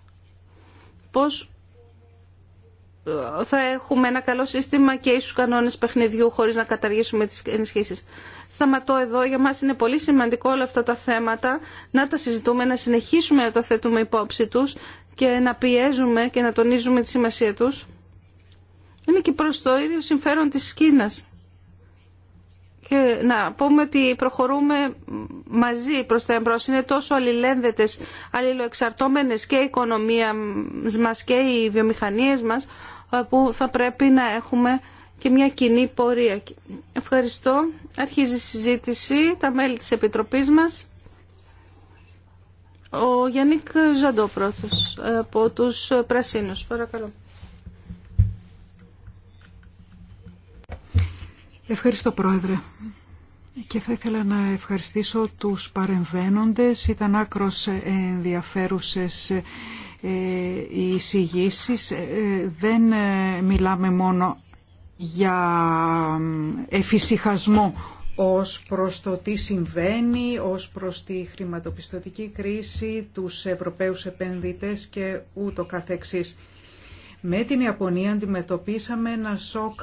Πώς ε, θα έχουμε ένα καλό σύστημα και ίσους κανόνες παιχνιδιού χωρίς να καταργήσουμε τις ενισχύσεις. Σταματώ εδώ. Για μας είναι πολύ σημαντικό όλα αυτά τα θέματα να τα συζητούμε, να συνεχίσουμε να το θέτουμε υπόψη τους και να πιέζουμε και να τονίζουμε τη σημασία τους. Είναι και προς το ίδιο συμφέρον της Κίνας και να πούμε ότι προχωρούμε μαζί προς τα εμπρός. Είναι τόσο αλληλένδετες, αλληλοεξαρτώμενες και η οικονομία μας και οι βιομηχανίες μας ε, που θα πρέπει να έχουμε και μια κοινή πορεία. Ευχαριστώ. Αρχίζει η συζήτηση. Τα μέλη της Επιτροπής μας. Ο Γιάννικ Ζαντό ε, από τους ε, Πρασίνους. Παρακαλώ. Ευχαριστώ Πρόεδρε. Και θα ήθελα να ευχαριστήσω τους παρεμβαίνοντες. Ήταν άκρος ενδιαφέρουσες ε, οι εισηγήσει. Ε, δεν ε, μιλάμε μόνο για εφησυχασμό ως προς το τι συμβαίνει, ως προς τη χρηματοπιστωτική κρίση, τους Ευρωπαίους επενδυτές και ούτω καθεξής. Με την Ιαπωνία αντιμετωπίσαμε ένα σοκ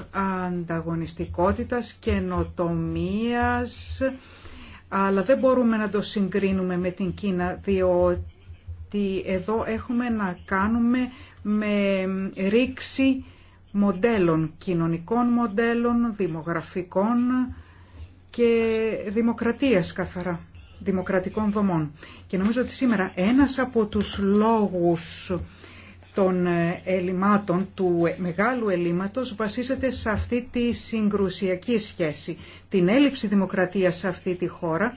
ανταγωνιστικότητας, νοτομίας, αλλά δεν μπορούμε να το συγκρίνουμε με την Κίνα, διότι εδώ έχουμε να κάνουμε με ρήξη μοντέλων, κοινωνικών μοντέλων, δημογραφικών και δημοκρατίας καθαρά, δημοκρατικών δομών. Και νομίζω ότι σήμερα ένας από τους λόγους των ε, ελλημάτων, του μεγάλου ελλείμματος, βασίζεται σε αυτή τη συγκρουσιακή σχέση. Την έλλειψη δημοκρατίας σε αυτή τη χώρα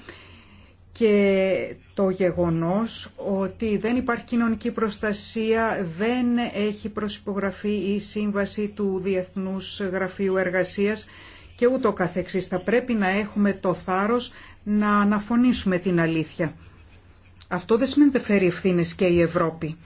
και το γεγονός ότι δεν υπάρχει κοινωνική προστασία, δεν έχει προσυπογραφεί η σύμβαση του Διεθνούς Γραφείου Εργασίας και ούτω καθεξής. Θα πρέπει να έχουμε το θάρρος να αναφωνήσουμε την αλήθεια. Αυτό δεν σημαίνει ότι φέρει ευθύνε και η Ευρώπη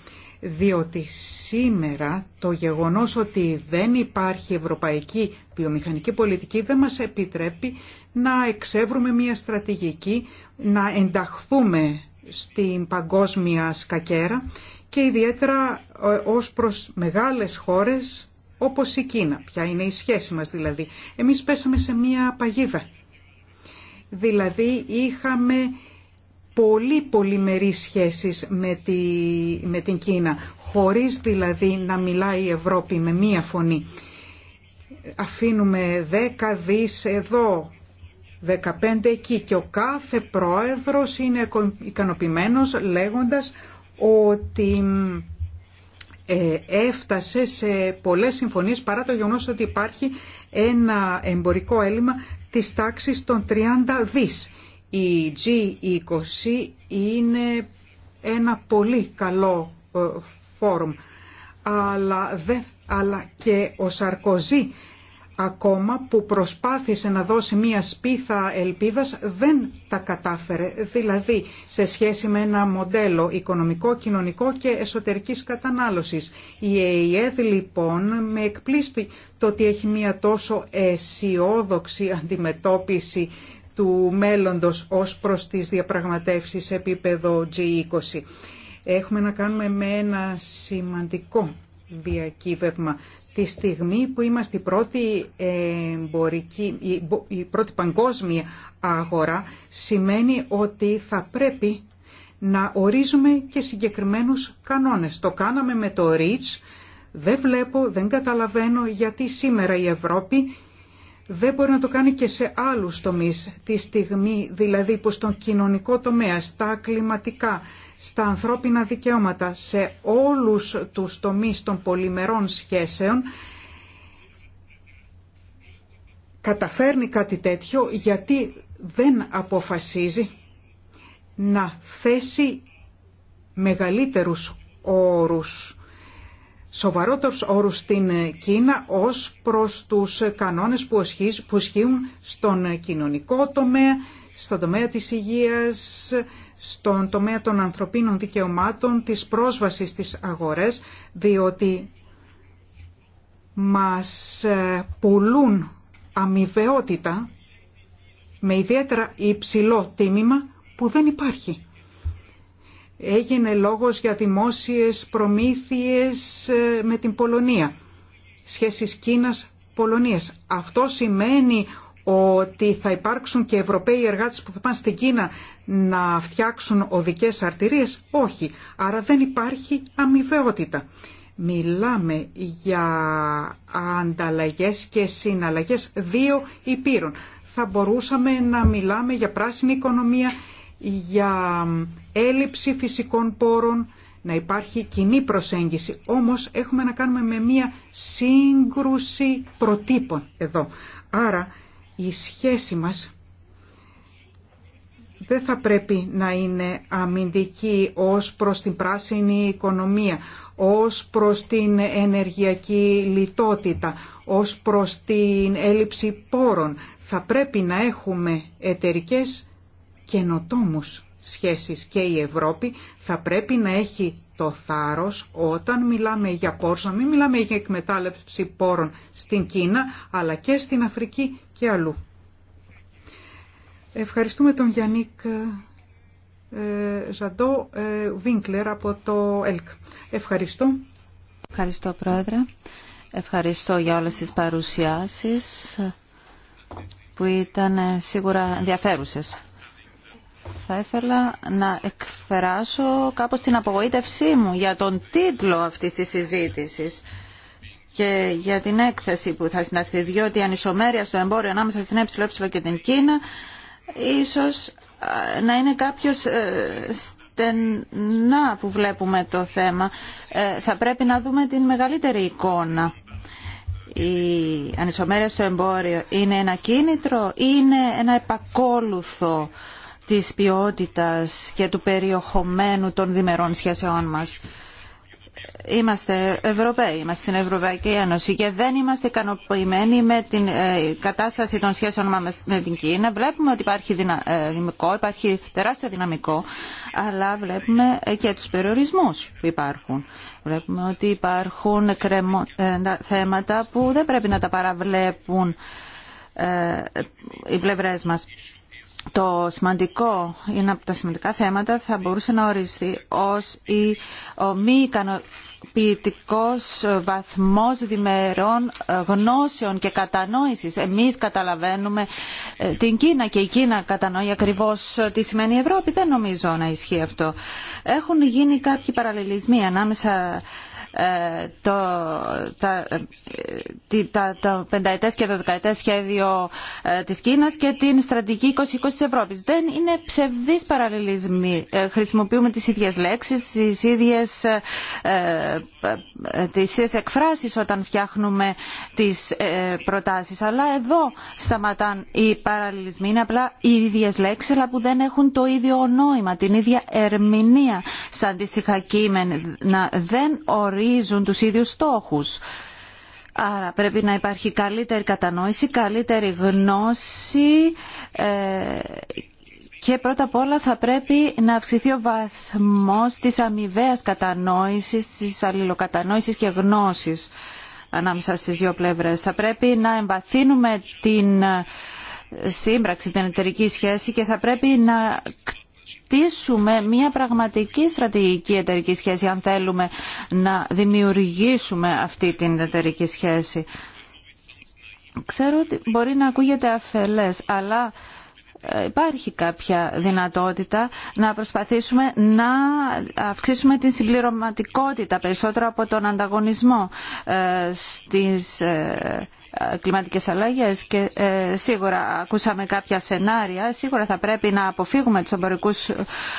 διότι σήμερα το γεγονός ότι δεν υπάρχει ευρωπαϊκή βιομηχανική πολιτική δεν μας επιτρέπει να εξεύρουμε μια στρατηγική, να ενταχθούμε στην παγκόσμια σκακέρα και ιδιαίτερα ε, ως προς μεγάλες χώρες όπως η Κίνα. Ποια είναι η σχέση μας δηλαδή. Εμείς πέσαμε σε μια παγίδα. Δηλαδή είχαμε πολύ πολυμερείς σχέσεις με, τη, με την Κίνα, χωρίς δηλαδή να μιλάει η Ευρώπη με μία φωνή. Αφήνουμε 10 δις εδώ, 15 εκεί και ο κάθε πρόεδρος είναι ικανοποιημένος λέγοντας ότι ε, έφτασε σε πολλές συμφωνίες παρά το γεγονός ότι υπάρχει ένα εμπορικό έλλειμμα της τάξης των 30 δις η G20 είναι ένα πολύ καλό ε, φόρουμ, αλλά, αλλά και ο Σαρκοζή ακόμα που προσπάθησε να δώσει μία σπίθα ελπίδας δεν τα κατάφερε, δηλαδή σε σχέση με ένα μοντέλο οικονομικό, κοινωνικό και εσωτερικής κατανάλωσης. Η ΕΕΔ λοιπόν με εκπλήστη το ότι έχει μία τόσο αισιόδοξη αντιμετώπιση του μέλλοντος ως προς τις διαπραγματεύσεις σε επίπεδο G20. Έχουμε να κάνουμε με ένα σημαντικό διακύβευμα. Τη στιγμή που είμαστε η πρώτη, εμπορική, η πρώτη παγκόσμια αγορά σημαίνει ότι θα πρέπει να ορίζουμε και συγκεκριμένους κανόνες. Το κάναμε με το REACH. Δεν βλέπω, δεν καταλαβαίνω γιατί σήμερα η Ευρώπη δεν μπορεί να το κάνει και σε άλλους τομείς τη στιγμή, δηλαδή που στον κοινωνικό τομέα, στα κλιματικά, στα ανθρώπινα δικαιώματα, σε όλους τους τομείς των πολυμερών σχέσεων, καταφέρνει κάτι τέτοιο γιατί δεν αποφασίζει να θέσει μεγαλύτερους όρους σοβαρότερους όρους στην Κίνα ως προς τους κανόνες που ισχύουν στον κοινωνικό τομέα, στον τομέα της υγείας, στον τομέα των ανθρωπίνων δικαιωμάτων, της πρόσβασης στις αγορές, διότι μας ε, πουλούν αμοιβαιότητα με ιδιαίτερα υψηλό τίμημα που δεν υπάρχει έγινε λόγος για δημόσιες προμήθειες ε, με την Πολωνία, σχέσεις Κίνας-Πολωνίας. Αυτό σημαίνει ότι θα υπάρξουν και Ευρωπαίοι εργάτες που θα πάνε στην Κίνα να φτιάξουν οδικές αρτηρίες. Όχι. Άρα δεν υπάρχει αμοιβαιότητα. Μιλάμε για ανταλλαγές και συναλλαγές δύο υπήρων. Θα μπορούσαμε να μιλάμε για πράσινη οικονομία, για έλλειψη φυσικών πόρων, να υπάρχει κοινή προσέγγιση. Όμως έχουμε να κάνουμε με μία σύγκρουση προτύπων εδώ. Άρα η σχέση μας δεν θα πρέπει να είναι αμυντική ως προς την πράσινη οικονομία, ως προς την ενεργειακή λιτότητα, ως προς την έλλειψη πόρων. Θα πρέπει να έχουμε εταιρικές καινοτόμους σχέσεις και η Ευρώπη θα πρέπει να έχει το θάρρος όταν μιλάμε για πόρους, να μην μιλάμε για εκμετάλλευση πόρων στην Κίνα, αλλά και στην Αφρική και αλλού. Ευχαριστούμε τον Γιάννικ ε, Ζαντό ε, Βίνκλερ από το ΕΛΚ. Ευχαριστώ. Ευχαριστώ Πρόεδρε. Ευχαριστώ για όλες τις παρουσιάσεις που ήταν ε, σίγουρα ενδιαφέρουσες. Θα ήθελα να εκφράσω κάπως την απογοήτευσή μου για τον τίτλο αυτής της συζήτησης και για την έκθεση που θα συνταχθεί, διότι η ανισομέρεια στο εμπόριο ανάμεσα στην ΕΕ και την Κίνα ίσως να είναι κάποιος ε, στενά που βλέπουμε το θέμα. Ε, θα πρέπει να δούμε την μεγαλύτερη εικόνα. Η ανισομέρεια στο εμπόριο είναι ένα κίνητρο ή είναι ένα επακόλουθο της ποιότητας και του περιεχομένου των διμερών σχέσεών μας. Είμαστε Ευρωπαίοι, είμαστε στην Ευρωπαϊκή Ένωση και δεν είμαστε ικανοποιημένοι με την ε, κατάσταση των σχέσεων μας με την Κίνα. Βλέπουμε ότι υπάρχει ε, δυναμικό, υπάρχει τεράστιο δυναμικό, αλλά βλέπουμε ε, και τους περιορισμούς που υπάρχουν. Βλέπουμε ότι υπάρχουν θέματα που δεν πρέπει να τα παραβλέπουν οι πλευρές μας το σημαντικό, είναι από τα σημαντικά θέματα, θα μπορούσε να οριστεί ως η, ο μη ικανοποιητικός βαθμός διμερών γνώσεων και κατανόησης. Εμείς καταλαβαίνουμε ε, την Κίνα και η Κίνα κατανοεί ακριβώς ε, τι σημαίνει η Ευρώπη. Δεν νομίζω να ισχύει αυτό. Έχουν γίνει κάποιοι παραλληλισμοί ανάμεσα ε, το, τα, ε, τα, το πενταετές και δωδεκαετές σχέδιο ε, της Κίνας και την στρατηγική 2020 της Ευρώπης. Δεν είναι ψευδείς παραλληλισμοί. Χρησιμοποιούμε τις ίδιες λέξεις, τις ίδιες, τις ίδιες εκφράσεις όταν φτιάχνουμε τις προτάσεις. Αλλά εδώ σταματάν οι παραλληλισμοί. Είναι απλά οι ίδιες λέξεις αλλά που δεν έχουν το ίδιο νόημα, την ίδια ερμηνεία. Σαν αντίστοιχα κείμενα δεν ορίζουν τους ίδιους στόχους. Άρα πρέπει να υπάρχει καλύτερη κατανόηση, καλύτερη γνώση ε, και πρώτα απ' όλα θα πρέπει να αυξηθεί ο βαθμός της αμοιβαία κατανόησης, της αλληλοκατανόησης και γνώσης ανάμεσα στις δύο πλευρές. Θα πρέπει να εμβαθύνουμε την ε, σύμπραξη, την εταιρική σχέση και θα πρέπει να μια πραγματική στρατηγική εταιρική σχέση αν θέλουμε να δημιουργήσουμε αυτή την εταιρική σχέση. Ξέρω ότι μπορεί να ακούγεται αφελές, αλλά ε, υπάρχει κάποια δυνατότητα να προσπαθήσουμε να αυξήσουμε την συμπληρωματικότητα περισσότερο από τον ανταγωνισμό ε, στις ε, ε, κλιματικές αλλαγές και ε, σίγουρα ακούσαμε κάποια σενάρια. Σίγουρα θα πρέπει να αποφύγουμε τους εμπορικού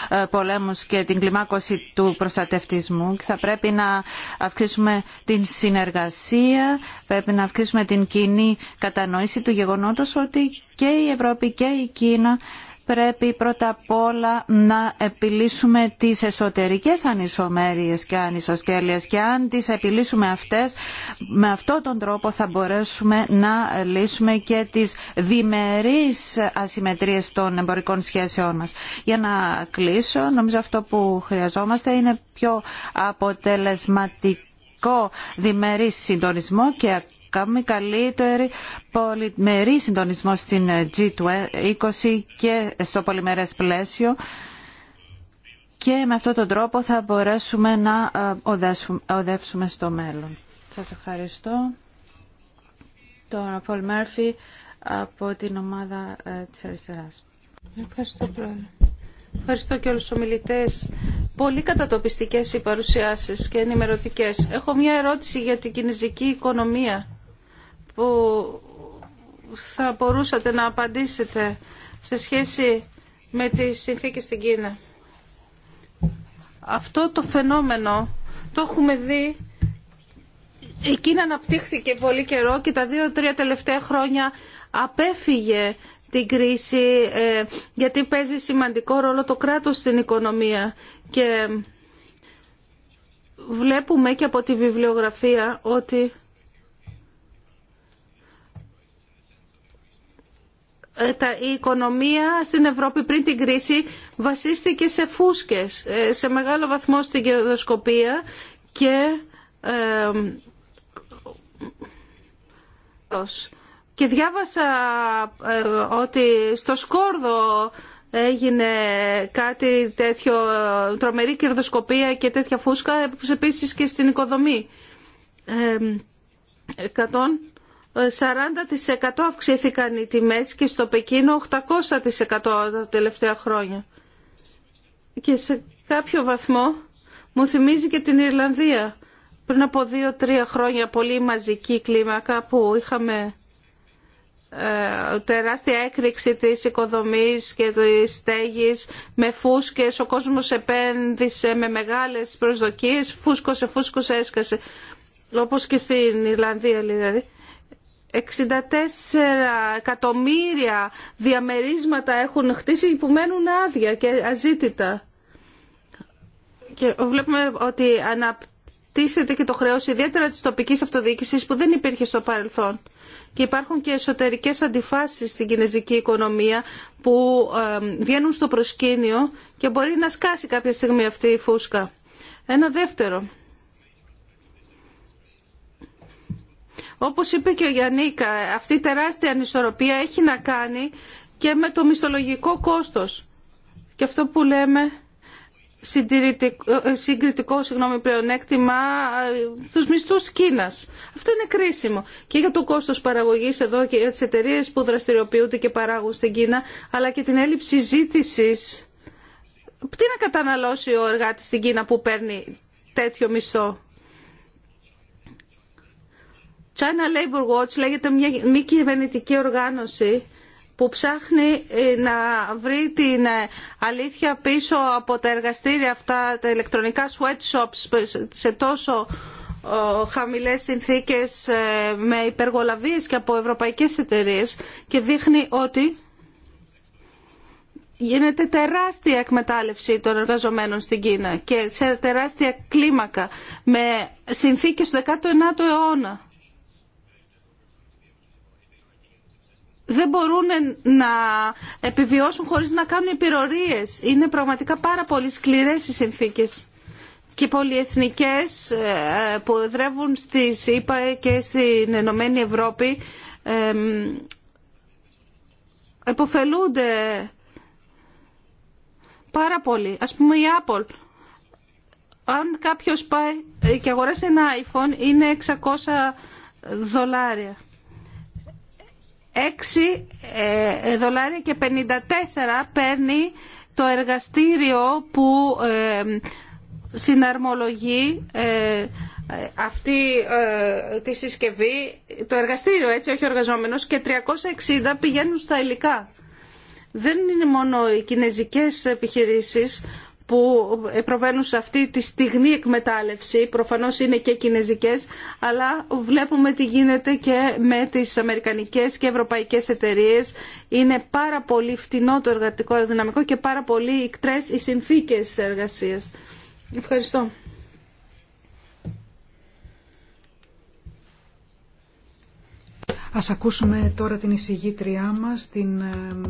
ε, πολέμους και την κλιμάκωση του προστατευτισμού και θα πρέπει να αυξήσουμε την συνεργασία, πρέπει να αυξήσουμε την κοινή κατανόηση του γεγονότος ότι και η Ευρώπη και η Κίνα πρέπει πρώτα απ' όλα να επιλύσουμε τις εσωτερικές ανισομέρειες και ανισοσκέλειες και αν τις επιλύσουμε αυτές με αυτόν τον τρόπο θα μπορέσουμε να λύσουμε και τις διμερείς ασυμμετρίες των εμπορικών σχέσεών μας. Για να κλείσω, νομίζω αυτό που χρειαζόμαστε είναι πιο αποτελεσματικό διμερής συντονισμό και κάνουμε καλύτερη πολυμερή συντονισμό στην ε, G20 και στο πολυμερές πλαίσιο και με αυτόν τον τρόπο θα μπορέσουμε να ε, οδεύσουμε στο μέλλον. Σας ευχαριστώ. Τον Πολ Μέρφυ από την ομάδα ε, της Αριστεράς. Ευχαριστώ, Πρόεδρε. Ευχαριστώ και όλους τους ομιλητές. Πολύ κατατοπιστικές οι παρουσιάσεις και ενημερωτικές. Έχω μια ερώτηση για την κινέζικη οικονομία που θα μπορούσατε να απαντήσετε σε σχέση με τις συνθήκες στην Κίνα. Αυτό το φαινόμενο το έχουμε δει η Κίνα αναπτύχθηκε πολύ καιρό και τα δύο-τρία τελευταία χρόνια απέφυγε την κρίση ε, γιατί παίζει σημαντικό ρόλο το κράτος στην οικονομία και βλέπουμε και από τη βιβλιογραφία ότι Ε, η οικονομία στην Ευρώπη πριν την κρίση βασίστηκε σε φούσκες, ε, σε μεγάλο βαθμό στην κερδοσκοπία και, ε, και διάβασα ότι στο Σκόρδο έγινε κάτι τέτοιο, τρομερή κερδοσκοπία και τέτοια φούσκα, επίσης και στην οικοδομή. 100 40% αυξήθηκαν οι τιμές και στο Πεκίνο 800% τα τελευταία χρόνια. Και σε κάποιο βαθμό μου θυμίζει και την Ιρλανδία. Πριν από δύο-τρία χρόνια πολύ μαζική κλίμακα που είχαμε ε, τεράστια έκρηξη της οικοδομής και της στέγης με φούσκες, ο κόσμος επένδυσε με μεγάλες προσδοκίες, φούσκωσε, φούσκωσε, έσκασε, όπως και στην Ιρλανδία δηλαδή. 64 εκατομμύρια διαμερίσματα έχουν χτίσει που μένουν άδεια και αζήτητα. Και βλέπουμε ότι αναπτύσσεται και το χρέος ιδιαίτερα της τοπικής αυτοδιοίκησης που δεν υπήρχε στο παρελθόν. Και υπάρχουν και εσωτερικές αντιφάσεις στην κινέζικη οικονομία που βγαίνουν στο προσκήνιο και μπορεί να σκάσει κάποια στιγμή αυτή η φούσκα. Ένα δεύτερο Όπως είπε και ο Γιαννίκα, αυτή η τεράστια ανισορροπία έχει να κάνει και με το μισθολογικό κόστος. Και αυτό που λέμε ε, συγκριτικό συγγνώμη, πλεονέκτημα ε, τους μισθούς Κίνας. Αυτό είναι κρίσιμο και για το κόστος παραγωγής εδώ και για τις εταιρείες που δραστηριοποιούνται και παράγουν στην Κίνα, αλλά και την έλλειψη ζήτηση. Τι να καταναλώσει ο εργάτης στην Κίνα που παίρνει τέτοιο μισθό. China Labor Watch λέγεται μια μη κυβερνητική οργάνωση που ψάχνει ε, να βρει την ε, αλήθεια πίσω από τα εργαστήρια αυτά, τα ηλεκτρονικά sweatshops σε τόσο χαμηλές συνθήκες ε, με υπεργολαβίες και από ευρωπαϊκές εταιρείες και δείχνει ότι γίνεται τεράστια εκμετάλλευση των εργαζομένων στην Κίνα και σε τεράστια κλίμακα με συνθήκες του 19ου αιώνα. δεν μπορούν να επιβιώσουν χωρίς να κάνουν υπηρορίες. Είναι πραγματικά πάρα πολύ σκληρές οι συνθήκες και οι πολυεθνικές ε, που εδρεύουν στη ΣΥΠΑ και στην Ενωμένη ΕΕ Ευρώπη εποφελούνται πάρα πολύ. Ας πούμε η Apple. Αν κάποιος πάει και αγοράσει ένα iPhone είναι 600 δολάρια. 6 ε, δολάρια και 54 παίρνει το εργαστήριο που ε, συναρμολογεί ε, αυτή τη συσκευή, το εργαστήριο έτσι, όχι ο και 360 πηγαίνουν στα υλικά. Δεν είναι μόνο οι κινέζικες επιχειρήσεις που προβαίνουν σε αυτή τη στιγμή εκμετάλλευση. Προφανώς είναι και κινέζικες, αλλά βλέπουμε τι γίνεται και με τις αμερικανικές και ευρωπαϊκές εταιρείες. Είναι πάρα πολύ φτηνό το εργατικό δυναμικό και πάρα πολύ ικτρές οι συνθήκες εργασίας. Ευχαριστώ. Ας ακούσουμε τώρα την εισηγήτριά μας, την ε,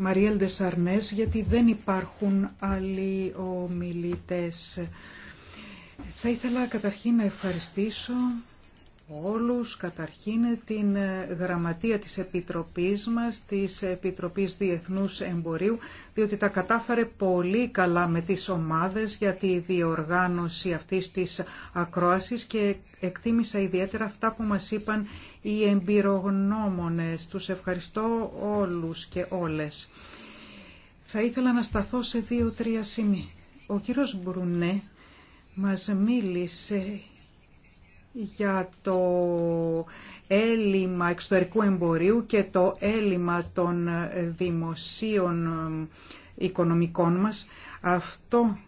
Μαριέλ Ντεσαρνές γιατί δεν υπάρχουν άλλοι ομιλητές. Θα ήθελα καταρχήν να ευχαριστήσω όλους, καταρχήν την ε, γραμματεία της Επιτροπής μας, της Επιτροπής Διεθνούς Εμπορίου, διότι τα κατάφερε πολύ καλά με τις ομάδες για τη διοργάνωση αυτής της ακρόασης και εκτίμησα ιδιαίτερα αυτά που μας είπαν οι εμπειρογνώμονες. Τους ευχαριστώ όλους και όλες. Θα ήθελα να σταθώ σε δύο-τρία σημεία. Ο κύριος Μπρουνέ μας μίλησε για το έλλειμμα εξωτερικού εμπορίου και το έλλειμμα των δημοσίων οικονομικών μας. Αυτό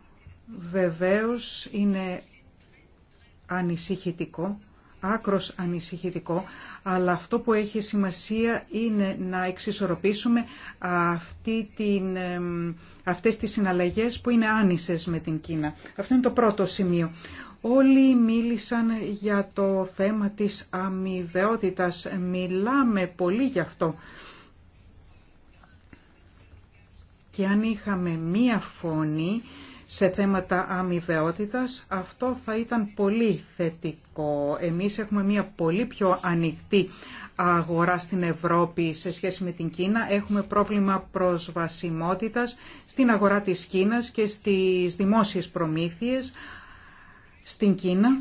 βεβαίως είναι ανησυχητικό, άκρος ανησυχητικό, αλλά αυτό που έχει σημασία είναι να εξισορροπήσουμε αυτή την, αυτές τις συναλλαγές που είναι άνισες με την Κίνα. Αυτό είναι το πρώτο σημείο. Όλοι μίλησαν για το θέμα της αμοιβαιότητας. Μιλάμε πολύ γι' αυτό. Και αν είχαμε μία φωνή σε θέματα αμοιβαιότητας, αυτό θα ήταν πολύ θετικό. Εμείς έχουμε μία πολύ πιο ανοιχτή αγορά στην Ευρώπη σε σχέση με την Κίνα. Έχουμε πρόβλημα προσβασιμότητας στην αγορά της Κίνας και στις δημόσιες προμήθειες, στην Κίνα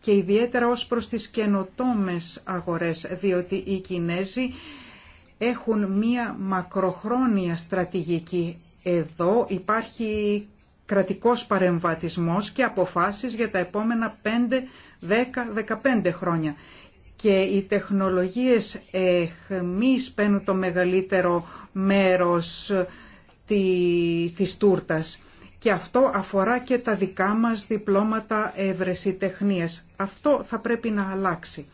και ιδιαίτερα ως προς τις καινοτόμες αγορές, διότι οι Κινέζοι έχουν μία μακροχρόνια στρατηγική. Εδώ υπάρχει κρατικός παρεμβατισμός και αποφάσεις για τα επόμενα 5, 10, 15 χρόνια. Και οι τεχνολογίες εχμής παίρνουν το μεγαλύτερο μέρος της τούρτας. Και αυτό αφορά και τα δικά μας διπλώματα ευρεσιτεχνίας. Αυτό θα πρέπει να αλλάξει.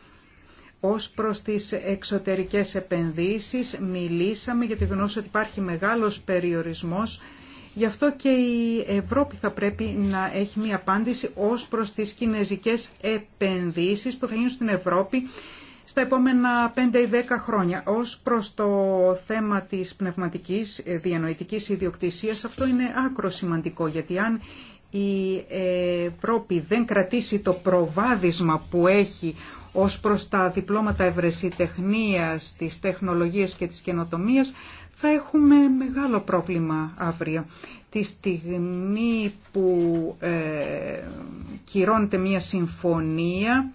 Ως προς τις εξωτερικές επενδύσεις μιλήσαμε για τη γνώση ότι υπάρχει μεγάλος περιορισμός Γι' αυτό και η Ευρώπη θα πρέπει να έχει μια απάντηση ως προς τις κινέζικες επενδύσεις που θα γίνουν στην Ευρώπη στα επόμενα 5 ή 10 χρόνια. Ως προς το θέμα της πνευματικής ε, διανοητικής ιδιοκτησίας, αυτό είναι άκρο σημαντικό, γιατί αν η ε, Ευρώπη δεν κρατήσει το προβάδισμα που έχει ως προς τα διπλώματα ευρεσιτεχνίας, της τεχνολογίας και της καινοτομίας, θα έχουμε μεγάλο πρόβλημα αύριο. Τη στιγμή που ε, κυρώνεται μια συμφωνία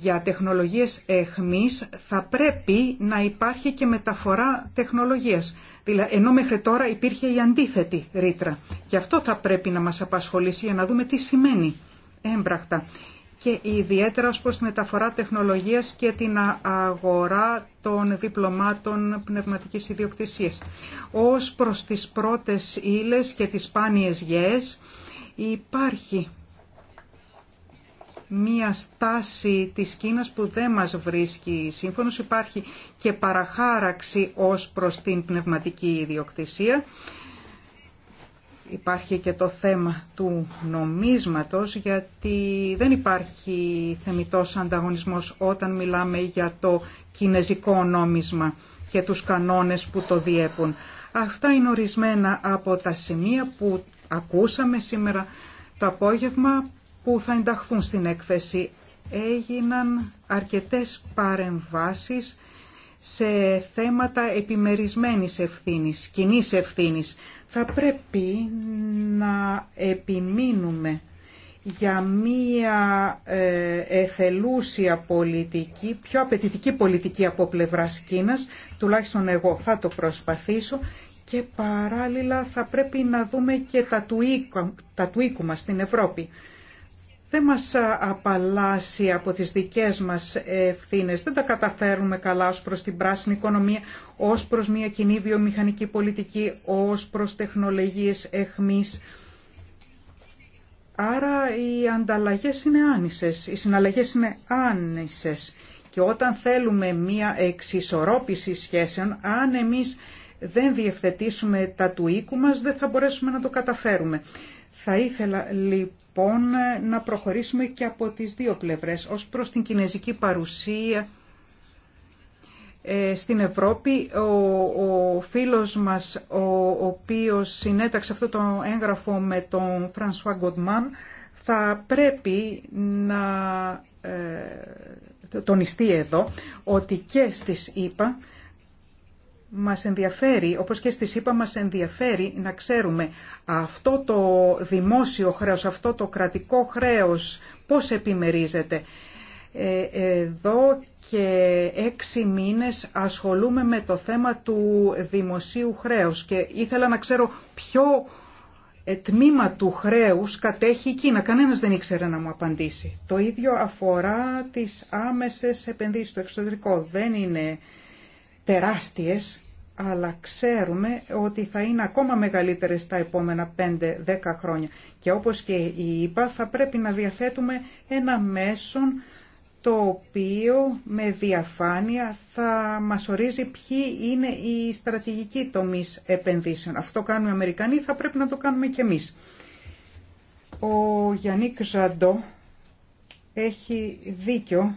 για τεχνολογίες εχμής θα πρέπει να υπάρχει και μεταφορά τεχνολογίας. Δηλαδή, ενώ μέχρι τώρα υπήρχε η αντίθετη ρήτρα. Και αυτό θα πρέπει να μας απασχολήσει για να δούμε τι σημαίνει έμπρακτα. Και ιδιαίτερα ως προς τη μεταφορά τεχνολογίας και την αγορά των διπλωμάτων πνευματικής ιδιοκτησίας. Ως προς τις πρώτες ύλες και τις σπάνιες γέες υπάρχει μία στάση της Κίνας που δεν μας βρίσκει σύμφωνος. Υπάρχει και παραχάραξη ως προς την πνευματική ιδιοκτησία. Υπάρχει και το θέμα του νομίσματος γιατί δεν υπάρχει θεμητός ανταγωνισμός όταν μιλάμε για το κινέζικο νόμισμα και τους κανόνες που το διέπουν. Αυτά είναι ορισμένα από τα σημεία που ακούσαμε σήμερα το απόγευμα που θα ενταχθούν στην έκθεση. Έγιναν αρκετές παρεμβάσεις σε θέματα επιμερισμένης ευθύνης, κοινή ευθύνης. Θα πρέπει να επιμείνουμε για μία ε, εθελούσια πολιτική, πιο απαιτητική πολιτική από πλευράς Κίνας, τουλάχιστον εγώ θα το προσπαθήσω, και παράλληλα θα πρέπει να δούμε και τα του οίκου μας στην Ευρώπη δεν μας απαλλάσσει από τις δικές μας ευθύνες. Δεν τα καταφέρουμε καλά ως προς την πράσινη οικονομία, ως προς μια κοινή βιομηχανική πολιτική, ως προς τεχνολογίες εχμής. Άρα οι ανταλλαγές είναι άνισες, οι συναλλαγές είναι άνισες. Και όταν θέλουμε μια εξισορρόπηση σχέσεων, αν εμείς δεν διευθετήσουμε τα του οίκου μας, δεν θα μπορέσουμε να το καταφέρουμε. Θα ήθελα λοιπόν λοιπόν ε, να προχωρήσουμε και από τις δύο πλευρές ως προς την κινέζικη παρουσία ε, στην Ευρώπη. Ο, ο φίλος μας, ο οποίος συνέταξε αυτό το έγγραφο με τον Φρανσουά Γκοντμάν, θα πρέπει να ε, τονιστεί εδώ ότι και στις ΗΠΑ μας ενδιαφέρει, όπως και στις είπα, μας ενδιαφέρει να ξέρουμε αυτό το δημόσιο χρέος, αυτό το κρατικό χρέος, πώς επιμερίζεται. Ε, εδώ και έξι μήνες ασχολούμαι με το θέμα του δημοσίου χρέους και ήθελα να ξέρω ποιο ε, τμήμα του χρέους κατέχει η Κίνα. Κανένας δεν ήξερε να μου απαντήσει. Το ίδιο αφορά τις άμεσες επενδύσεις στο εξωτερικό. Δεν είναι τεράστιες, αλλά ξέρουμε ότι θα είναι ακόμα μεγαλύτερες τα επόμενα 5-10 χρόνια. Και όπως και είπα, θα πρέπει να διαθέτουμε ένα μέσον το οποίο με διαφάνεια θα μας ορίζει ποιοι είναι οι στρατηγικοί τομείς επενδύσεων. Αυτό κάνουν οι Αμερικανοί, θα πρέπει να το κάνουμε και εμείς. Ο Γιάννικ Ζαντό έχει δίκιο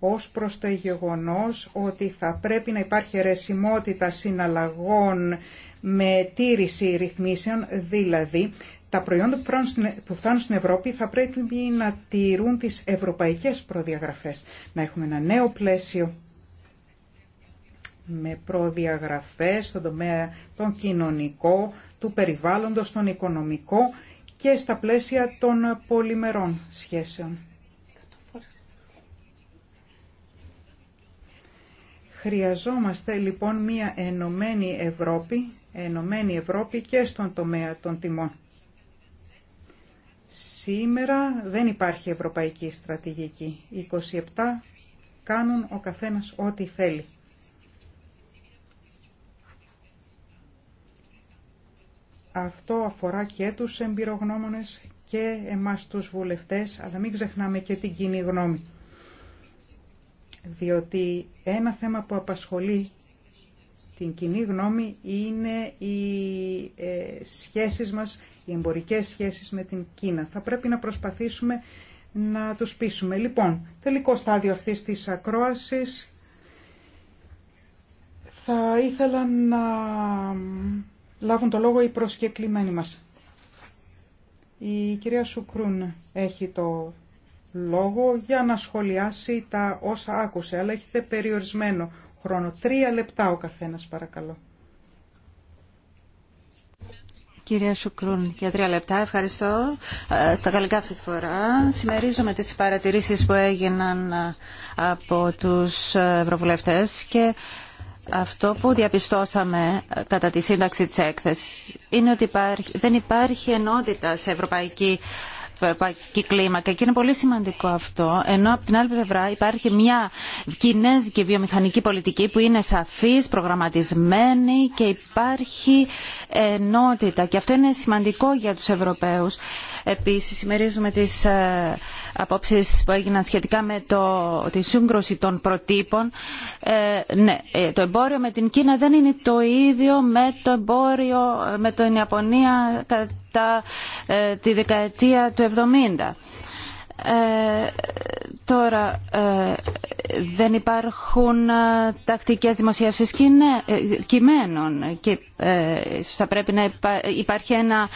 ως προς το γεγονός ότι θα πρέπει να υπάρχει ρεσιμότητα συναλλαγών με τήρηση ρυθμίσεων, δηλαδή τα προϊόντα ε- που φτάνουν στην Ευρώπη θα πρέπει να τηρούν τις ευρωπαϊκές προδιαγραφές. Να έχουμε ένα νέο πλαίσιο με προδιαγραφές στον τομέα των κοινωνικό, του περιβάλλοντος, τον οικονομικό και στα πλαίσια των πολυμερών σχέσεων. Χρειαζόμαστε λοιπόν μια ενωμένη Ευρώπη, ενωμένη Ευρώπη και στον τομέα των τιμών. Σήμερα δεν υπάρχει ευρωπαϊκή στρατηγική. 27 κάνουν ο καθένας ό,τι θέλει. Αυτό αφορά και τους εμπειρογνώμονες και εμάς τους βουλευτές, αλλά μην ξεχνάμε και την κοινή γνώμη διότι ένα θέμα που απασχολεί την κοινή γνώμη είναι οι ε, σχέσεις μας, οι εμπορικές σχέσεις με την Κίνα. Θα πρέπει να προσπαθήσουμε να τους πείσουμε. Λοιπόν, τελικό στάδιο αυτής της ακρόασης. Θα ήθελα να λάβουν το λόγο οι προσκεκλημένοι μας. Η κυρία Σουκρούν έχει το λόγο για να σχολιάσει τα όσα άκουσε, αλλά έχετε περιορισμένο χρόνο. Τρία λεπτά ο καθένας παρακαλώ. Κυρία Σουκρούν, για τρία λεπτά. Ευχαριστώ. Ε, στα γαλλικά αυτή τη φορά συμμερίζομαι τις παρατηρήσεις που έγιναν ε, από τους ε, ευρωβουλευτές και αυτό που διαπιστώσαμε κατά τη σύνταξη της έκθεσης είναι ότι δεν υπάρχει ενότητα σε ευρωπαϊκή ευρωπαϊκή κλίμακα και είναι πολύ σημαντικό αυτό, ενώ από την άλλη πλευρά υπάρχει μια κινέζικη βιομηχανική πολιτική που είναι σαφής, προγραμματισμένη και υπάρχει ενότητα και αυτό είναι σημαντικό για τους Ευρωπαίους. Επίση, συμμερίζουμε τις ε, απόψεις που έγιναν σχετικά με το, τη σύγκρουση των προτύπων. Ε, ναι, ε, το εμπόριο με την Κίνα δεν είναι το ίδιο με το εμπόριο με την Ιαπωνία κατά ε, τη δεκαετία του 70. Ε, Τώρα, ε, δεν υπάρχουν ε, τακτικές δημοσίευσεις ε, κειμένων και ίσως θα πρέπει να υπάρχει ένα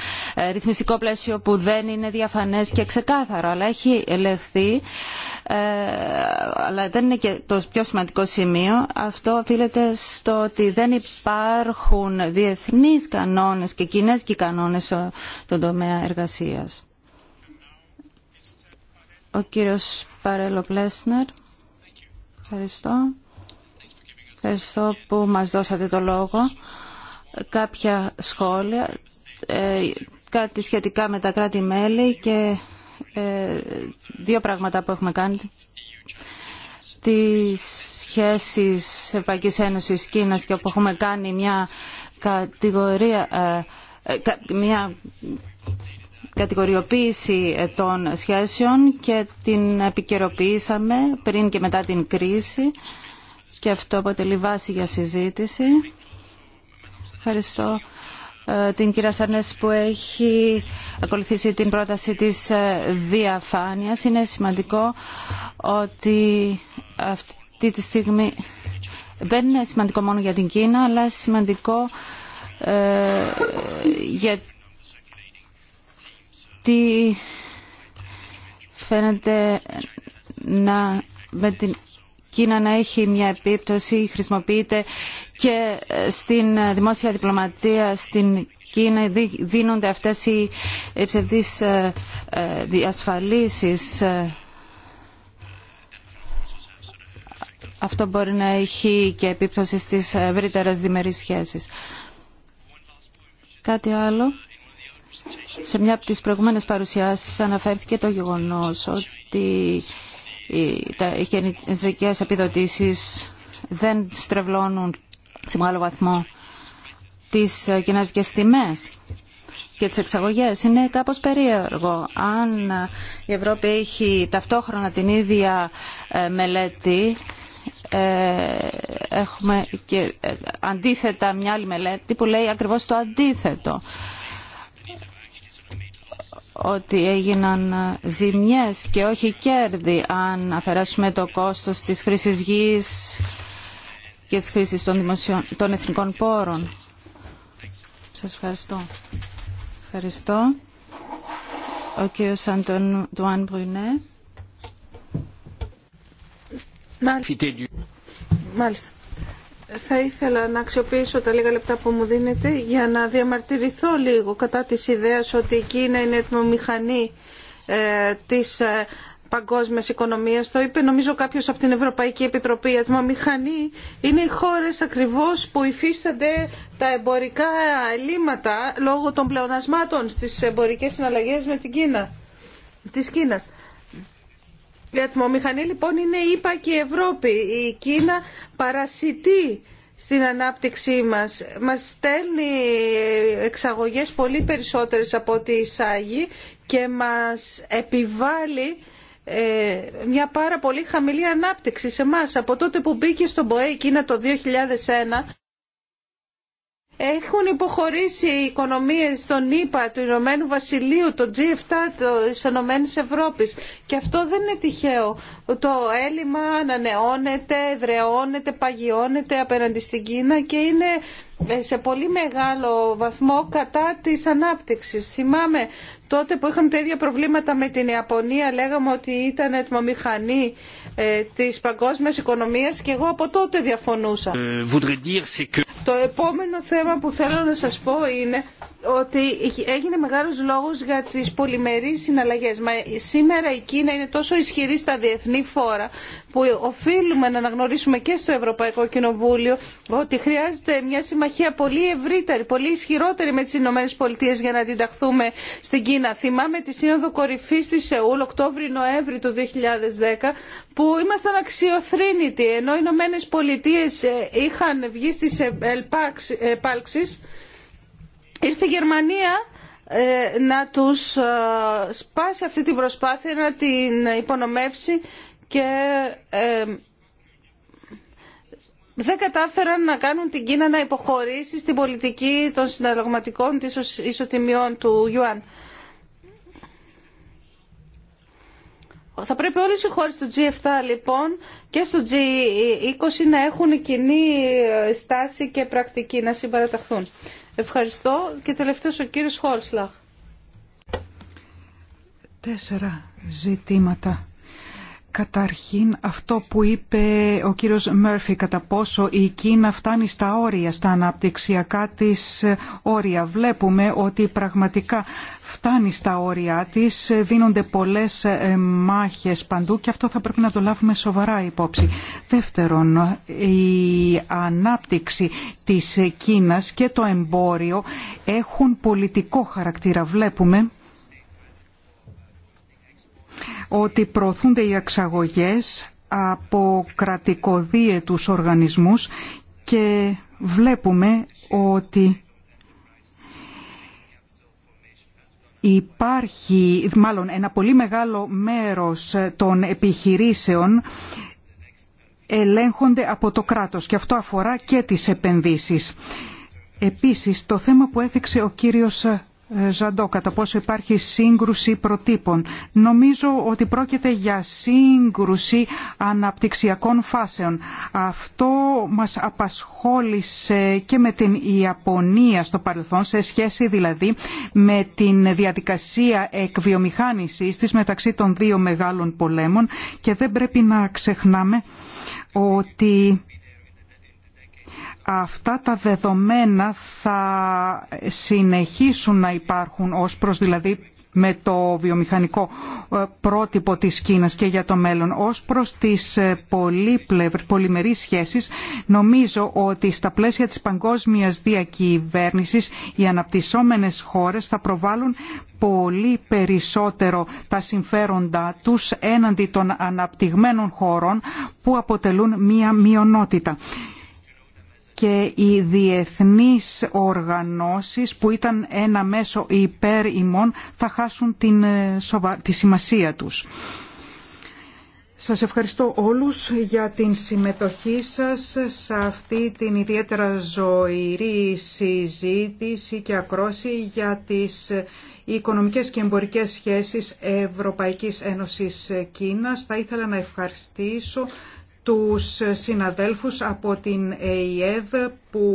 ρυθμιστικό πλαίσιο που δεν είναι διαφανές και ξεκάθαρο, αλλά έχει ελεγχθεί, αλλά δεν είναι και το πιο σημαντικό σημείο. Αυτό οφείλεται στο ότι δεν υπάρχουν διεθνείς κανόνες και κοινές και κανόνες στον τομέα εργασίας. Ο κύριος Παρέλο Πλέσνερ. Ευχαριστώ. Ευχαριστώ που μας δώσατε το λόγο. Κάποια σχόλια, ε, κάτι σχετικά με τα κράτη-μέλη και ε, δύο πράγματα που έχουμε κάνει τις σχέσεις Ευρωπαϊκής Ένωσης Κίνας και όπου έχουμε κάνει μια κατηγορία ε, μια κατηγοριοποίηση ε, των σχέσεων και την επικαιροποιήσαμε πριν και μετά την κρίση και αυτό αποτελεί βάση για συζήτηση. Ευχαριστώ ε, την κυρία Σανές που έχει ακολουθήσει την πρόταση της ε, διαφάνειας. Είναι σημαντικό ότι αυτή τη στιγμή δεν είναι σημαντικό μόνο για την Κίνα αλλά σημαντικό για τι φαίνεται να με την Κίνα να έχει μια επίπτωση, χρησιμοποιείται και στην δημόσια διπλωματία στην Κίνα δίνονται αυτές οι ψευδείς ε, ε, διασφαλίσεις. Αυτό μπορεί να έχει και επίπτωση στις ευρύτερες διμερείς σχέσεις. Κάτι άλλο σε μια από τις προηγούμενες παρουσιάσεις αναφέρθηκε το γεγονός ότι οι γενικές επιδοτήσεις δεν στρεβλώνουν σε μεγάλο βαθμό τις γυναστικές ε, τιμές και τις εξαγωγές. Είναι κάπως περίεργο. Αν ε, η Ευρώπη έχει ταυτόχρονα την ίδια ε, μελέτη, έχουμε και αντίθετα μια άλλη μελέτη που λέει ακριβώς το αντίθετο ότι έγιναν ζημιές και όχι κέρδη αν αφαιρέσουμε το κόστος της χρήσης γης και της χρήσης των, δημοσιών, των εθνικών πόρων. Σας ευχαριστώ. Ευχαριστώ. Ο κύριος Αντων Ντουάν Μπρουνέ. Μάλιστα. Θα ήθελα να αξιοποιήσω τα λίγα λεπτά που μου δίνετε για να διαμαρτυρηθώ λίγο κατά της ιδέας ότι η Κίνα είναι η ε, της ε, παγκόσμιας οικονομίας. Το είπε νομίζω κάποιος από την Ευρωπαϊκή Επιτροπή. Η είναι οι χώρες ακριβώς που υφίστανται τα εμπορικά ελλείμματα λόγω των πλεονασμάτων στις εμπορικές συναλλαγές με την Κίνα, της Κίνας. Η ατμομηχανή λοιπόν είναι η και η Ευρώπη. Η Κίνα παρασιτεί στην ανάπτυξή μας. Μας στέλνει εξαγωγές πολύ περισσότερες από ό,τι εισάγει και μας επιβάλλει ε, μια πάρα πολύ χαμηλή ανάπτυξη σε εμά. Από τότε που μπήκε στον ΠΟΕ η Κίνα το 2001 έχουν υποχωρήσει οι οικονομίες των ΗΠΑ, του Ηνωμένου Βασιλείου, το G7, τη Ηνωμένης Ευρώπης. Και αυτό δεν είναι τυχαίο. Το έλλειμμα ανανεώνεται, εδρεώνεται, παγιώνεται απέναντι στην Κίνα και είναι ε, σε πολύ μεγάλο βαθμό κατά της ανάπτυξης. Θυμάμαι Τότε που είχαμε τα ίδια προβλήματα με την Ιαπωνία λέγαμε ότι ήταν ατμομηχανή ε, της παγκόσμιας οικονομίας και εγώ από τότε διαφωνούσα. Ε, que... Το επόμενο θέμα που θέλω να σας πω είναι ότι έγινε μεγάλος λόγος για τις πολυμερείς συναλλαγές. Μα σήμερα η Κίνα είναι τόσο ισχυρή στα διεθνή φόρα που οφείλουμε να αναγνωρίσουμε και στο Ευρωπαϊκό Κοινοβούλιο ότι χρειάζεται μια συμμαχία πολύ ευρύτερη, πολύ ισχυρότερη με τις Ηνωμένες Πολιτείες για να αντιταχθούμε στην Κίνα. Θυμάμαι τη Σύνοδο κορυφή της Σεούλ, Οκτώβρη-Νοέμβρη του 2010, που ήμασταν αξιοθρύνητοι, ενώ οι Ηνωμένες Πολιτείες ε, είχαν βγει στις επάλξεις ήρθε η Γερμανία ε, να τους ε, σπάσει αυτή την προσπάθεια, να την υπονομεύσει και ε, δεν κατάφεραν να κάνουν την Κίνα να υποχωρήσει στην πολιτική των συναλλαγματικών της ισοτιμιών του Ιουάν. Θα πρέπει όλες οι χώρες του G7 λοιπόν και στο G20 να έχουν κοινή στάση και πρακτική να συμπαραταχθούν. Ευχαριστώ και τελευταίος ο κύριος Χόλσλαχ. Τέσσερα ζητήματα. Καταρχήν αυτό που είπε ο κύριος Μέρφυ κατά πόσο η Κίνα φτάνει στα όρια, στα αναπτυξιακά της όρια. Βλέπουμε ότι πραγματικά φτάνει στα όρια της, δίνονται πολλές ε, μάχες παντού και αυτό θα πρέπει να το λάβουμε σοβαρά υπόψη. Δεύτερον, η ανάπτυξη της Κίνας και το εμπόριο έχουν πολιτικό χαρακτήρα. Βλέπουμε ότι προωθούνται οι εξαγωγές από κρατικοδίαιτους οργανισμούς και βλέπουμε ότι Υπάρχει μάλλον ένα πολύ μεγάλο μέρος των επιχειρήσεων ελέγχονται από το κράτος και αυτό αφορά και τις επενδύσεις. Επίσης, το θέμα που έθιξε ο κύριος ε, Ζαντό, κατά πόσο υπάρχει σύγκρουση προτύπων. Νομίζω ότι πρόκειται για σύγκρουση αναπτυξιακών φάσεων. Αυτό μας απασχόλησε και με την Ιαπωνία στο παρελθόν, σε σχέση δηλαδή με την διαδικασία εκβιομηχάνησης της μεταξύ των δύο μεγάλων πολέμων και δεν πρέπει να ξεχνάμε ότι αυτά τα δεδομένα θα συνεχίσουν να υπάρχουν ως προς δηλαδή με το βιομηχανικό ε, πρότυπο της Κίνας και για το μέλλον. Ως προς τις ε, πολυμερείς σχέσεις, νομίζω ότι στα πλαίσια της παγκόσμιας διακυβέρνησης οι αναπτυσσόμενες χώρες θα προβάλλουν πολύ περισσότερο τα συμφέροντά τους έναντι των αναπτυγμένων χωρών που αποτελούν μία μειονότητα και οι διεθνείς οργανώσεις που ήταν ένα μέσο υπέρ ημών θα χάσουν την, ε, τη σημασία τους. Σας ευχαριστώ όλους για την συμμετοχή σας σε αυτή την ιδιαίτερα ζωηρή συζήτηση και ακρόση για τις ε, οικονομικές και εμπορικές σχέσεις Ευρωπαϊκής Ένωσης Κίνας. Θα ήθελα να ευχαριστήσω τους συναδέλφους από την ΕΙΕΔ που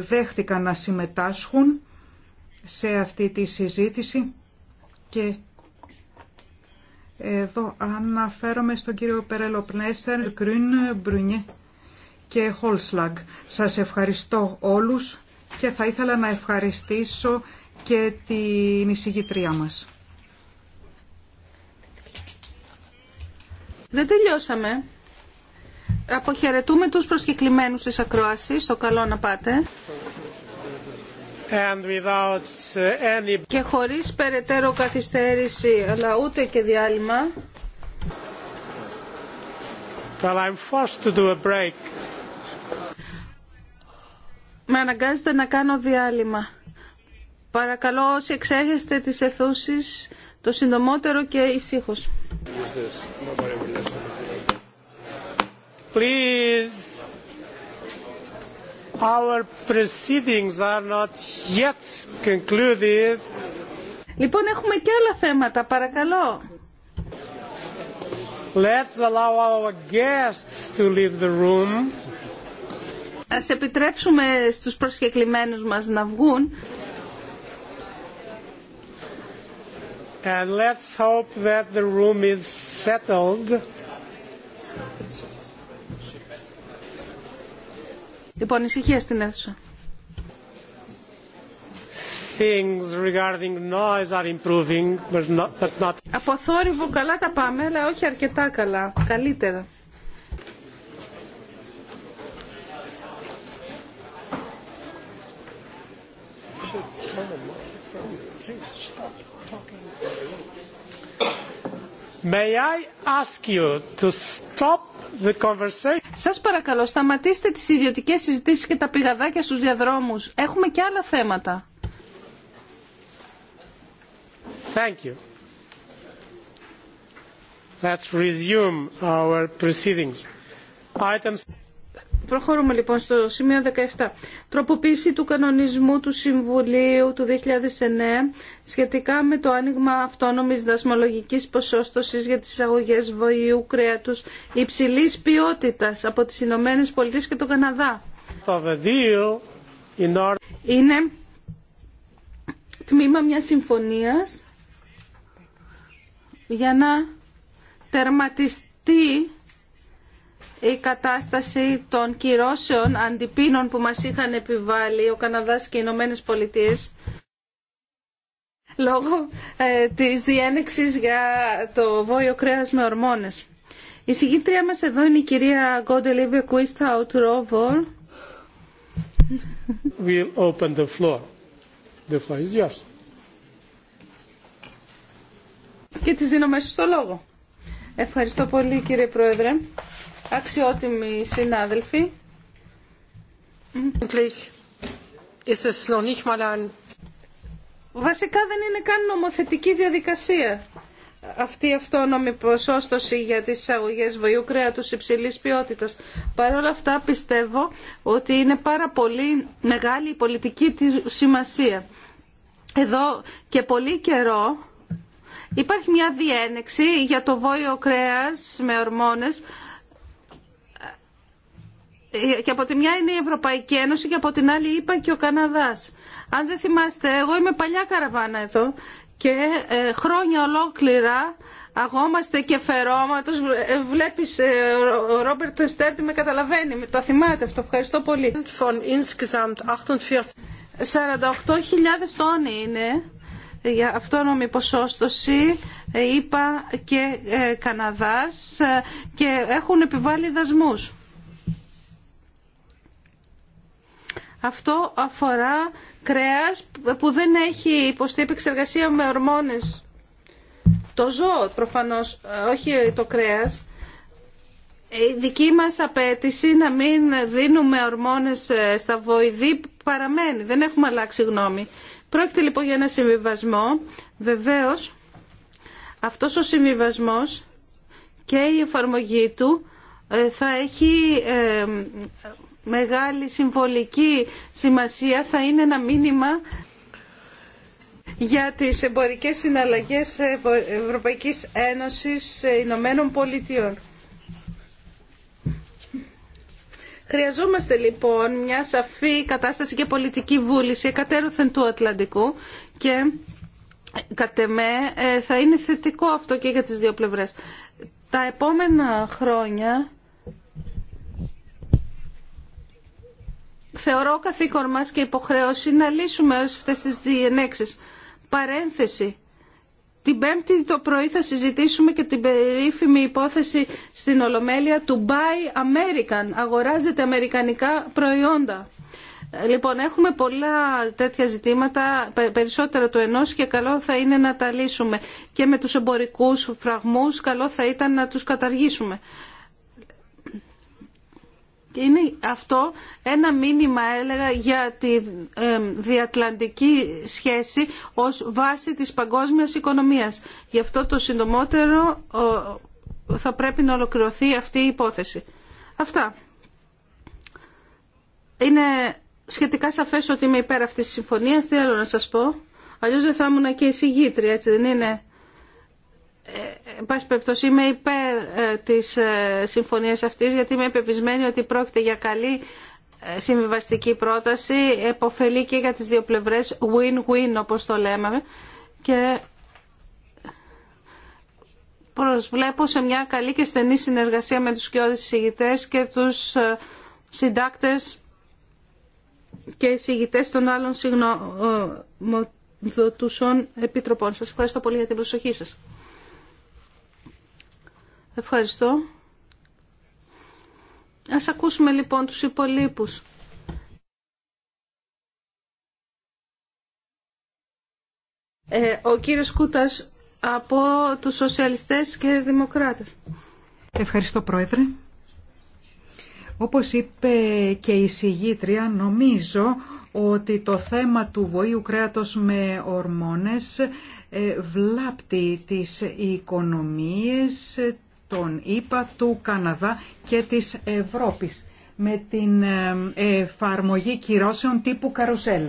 δέχτηκαν να συμμετάσχουν σε αυτή τη συζήτηση και εδώ αναφέρομαι στον κύριο Περέλο Πνέστερ, Κρίν Μπρουνιέ και Χολσλαγκ. Σας ευχαριστώ όλους και θα ήθελα να ευχαριστήσω και την εισηγητρία μας. Δεν τελειώσαμε. Αποχαιρετούμε τους προσκεκλημένους της ακρόασης. Το καλό να πάτε. Και χωρίς περαιτέρω καθυστέρηση, αλλά ούτε και διάλειμμα. to break. Με αναγκάζεται να κάνω διάλειμμα. Παρακαλώ όσοι εξέχεστε τις αιθούσεις, το συντομότερο και ησύχως please. Our proceedings are not yet concluded. Λοιπόν, έχουμε και άλλα θέματα, παρακαλώ. Let's allow our guests to leave the room. Ας επιτρέψουμε στους προσκεκλημένους μας να βγουν. And let's hope that the room is settled. Λοιπόν, ησυχία στην αίθουσα. Things regarding noise are improving, but not, but not. Από θόρυβο καλά τα πάμε, αλλά όχι αρκετά καλά. Καλύτερα. May I ask you to stop the Σας παρακαλώ, σταματήστε τις ιδιωτικές συζητήσεις και τα πηγαδάκια στους διαδρόμους. Έχουμε και άλλα θέματα. Thank you. Let's resume our proceedings. Items... Προχωρούμε λοιπόν στο σημείο 17. Τροποποίηση του κανονισμού του Συμβουλίου του 2009 σχετικά με το άνοιγμα αυτόνομης δασμολογικής ποσόστοσης για τις αγωγές βοηού κρέατους υψηλής ποιότητας από τις Ηνωμένε Πολιτείες και τον Καναδά. Είναι τμήμα μιας συμφωνίας για να τερματιστεί η κατάσταση των κυρώσεων αντιπίνων που μας είχαν επιβάλει ο Καναδάς και οι Ηνωμένε Πολιτείε λόγω ε, της διένεξης για το βόλιο κρέας με ορμόνες. Η συγκήτρια μας εδώ είναι η κυρία Γκόντελίβε Κουίσταουτ Ρόβορ. The Και της δίνω μέσα στο λόγο. Ευχαριστώ πολύ κύριε Πρόεδρε. Αξιότιμοι συνάδελφοι, βασικά δεν είναι καν νομοθετική διαδικασία αυτή η αυτόνομη ποσόστοση για τις εισαγωγέ βοηού κρέατος υψηλής ποιότητας. Παρ' όλα αυτά πιστεύω ότι είναι πάρα πολύ μεγάλη η πολιτική της σημασία. Εδώ και πολύ καιρό υπάρχει μια διένεξη για το βόηο κρέας με ορμόνες και από τη μια είναι η Ευρωπαϊκή Ένωση και από την άλλη είπα και ο Καναδάς. Αν δεν θυμάστε, εγώ είμαι παλιά καραβάνα εδώ και ε, χρόνια ολόκληρα αγόμαστε και φερόματος. Ε, βλέπεις, ε, ο Ρόμπερτ Στέρτη με καταλαβαίνει. Το θυμάται αυτό. Ευχαριστώ πολύ. 48.000 τόνοι είναι για αυτόνομη ποσόστοση είπα και Καναδάς και έχουν επιβάλει δασμούς. Αυτό αφορά κρέας που δεν έχει υποστεί επεξεργασία με ορμόνες. Το ζώο προφανώς, όχι το κρέας. Η δική μας απέτηση να μην δίνουμε ορμόνες ε, στα βοηδή παραμένει. Δεν έχουμε αλλάξει γνώμη. Πρόκειται λοιπόν για ένα συμβιβασμό. Βεβαίως, αυτός ο συμβιβασμός και η εφαρμογή του ε, θα έχει ε, μεγάλη συμβολική σημασία θα είναι ένα μήνυμα για τις εμπορικές συναλλαγές Ευρωπαϊκής Ένωσης Ηνωμένων Πολιτειών. Χρειαζόμαστε λοιπόν μια σαφή κατάσταση και πολιτική βούληση εκατέρωθεν του Ατλαντικού και κατ' εμέ ε, θα είναι θετικό αυτό και για τις δύο πλευρές. Τα επόμενα χρόνια θεωρώ καθήκον μας και υποχρέωση να λύσουμε αυτές τις διενέξεις. Παρένθεση. Την Πέμπτη το πρωί θα συζητήσουμε και την περίφημη υπόθεση στην Ολομέλεια του Buy American. Αγοράζεται αμερικανικά προϊόντα. Λοιπόν, έχουμε πολλά τέτοια ζητήματα, περισσότερα του ενός και καλό θα είναι να τα λύσουμε. Και με τους εμπορικούς φραγμούς καλό θα ήταν να τους καταργήσουμε είναι αυτό ένα μήνυμα, έλεγα, για τη διατλαντική σχέση ως βάση της παγκόσμιας οικονομίας. Γι' αυτό το συντομότερο θα πρέπει να ολοκληρωθεί αυτή η υπόθεση. Αυτά. Είναι σχετικά σαφές ότι είμαι υπέρ αυτής της συμφωνίας. Τι άλλο να σας πω. Αλλιώς δεν θα ήμουν και εισηγήτρια, έτσι δεν είναι. Ε, εν πάση περιπτώσει είμαι υπέρ ε, της ε, συμφωνίας αυτής γιατί είμαι πεπισμένη ότι πρόκειται για καλή συμβιβαστική πρόταση εποφελεί και για τις δύο πλευρές win-win όπως το λέμε και προσβλέπω σε μια καλή και στενή συνεργασία με τους κοιόδης συγητές και τους συντάκτες και συγητές των άλλων συγγνωμοδοτουσών επιτροπών. Σας ευχαριστώ πολύ για την προσοχή σας. Ευχαριστώ. Ας ακούσουμε λοιπόν τους υπολείπους. Ε, ο κύριος Κούτας από τους Σοσιαλιστές και Δημοκράτες. Ευχαριστώ Πρόεδρε. Όπως είπε και η συγγήτρια, νομίζω ότι το θέμα του βοήου κρέατος με ορμόνες ε, βλάπτει τις οικονομίες, τον ΗΠΑ, του Καναδά και της Ευρώπης με την ε, εφαρμογή κυρώσεων τύπου καρουσέλ.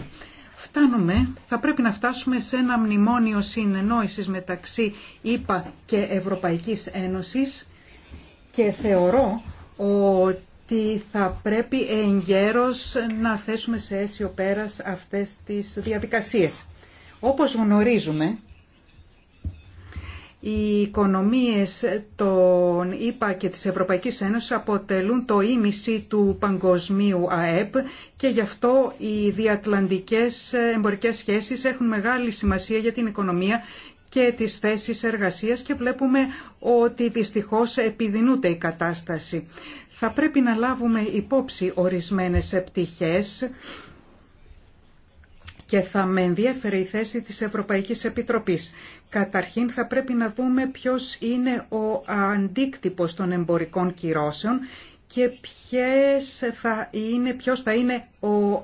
Φτάνουμε, θα πρέπει να φτάσουμε σε ένα μνημόνιο συνεννόησης μεταξύ ΗΠΑ και Ευρωπαϊκής Ένωσης και θεωρώ ότι θα πρέπει εγκαίρως να θέσουμε σε αίσιο πέρας αυτές τις διαδικασίες. Όπως γνωρίζουμε, οι οικονομίες των ΗΠΑ και της Ευρωπαϊκής Ένωσης αποτελούν το ίμιση του παγκοσμίου ΑΕΠ και γι' αυτό οι διατλαντικές εμπορικές σχέσεις έχουν μεγάλη σημασία για την οικονομία και τις θέσεις εργασίας και βλέπουμε ότι δυστυχώς επιδεινούται η κατάσταση. Θα πρέπει να λάβουμε υπόψη ορισμένες επιτυχές και θα με ενδιέφερε η θέση της Ευρωπαϊκής Επιτροπής. Καταρχήν θα πρέπει να δούμε ποιος είναι ο αντίκτυπος των εμπορικών κυρώσεων και ποιες θα είναι, ποιος θα είναι ο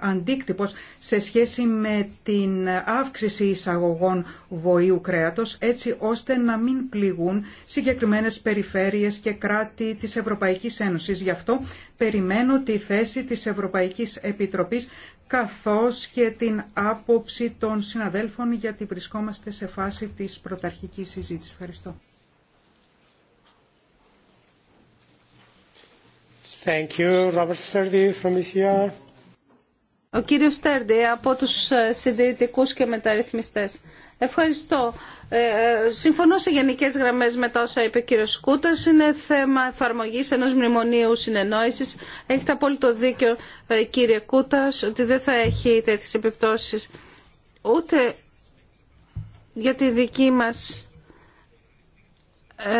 αντίκτυπος σε σχέση με την αύξηση εισαγωγών βοήου κρέατος, έτσι ώστε να μην πληγούν συγκεκριμένες περιφέρειες και κράτη της Ευρωπαϊκής Ένωσης. Γι' αυτό περιμένω τη θέση της Ευρωπαϊκής Επιτροπής καθώς και την άποψη των συναδέλφων γιατί βρισκόμαστε σε φάση της πρωταρχικής συζήτησης. Ευχαριστώ. Thank you. Robert from e Ο κύριος Στέρντι από τους συντηρητικούς και μεταρρυθμιστές. Ευχαριστώ. Ε, ε, συμφωνώ σε γενικέ γραμμέ με τα όσα είπε ο κύριο Κούτα. Είναι θέμα εφαρμογή ενό μνημονίου συνεννόηση. Έχετε απόλυτο δίκιο, ε, κύριε Κούτα, ότι δεν θα έχει τέτοιε επιπτώσει ούτε για τη δική μας ε,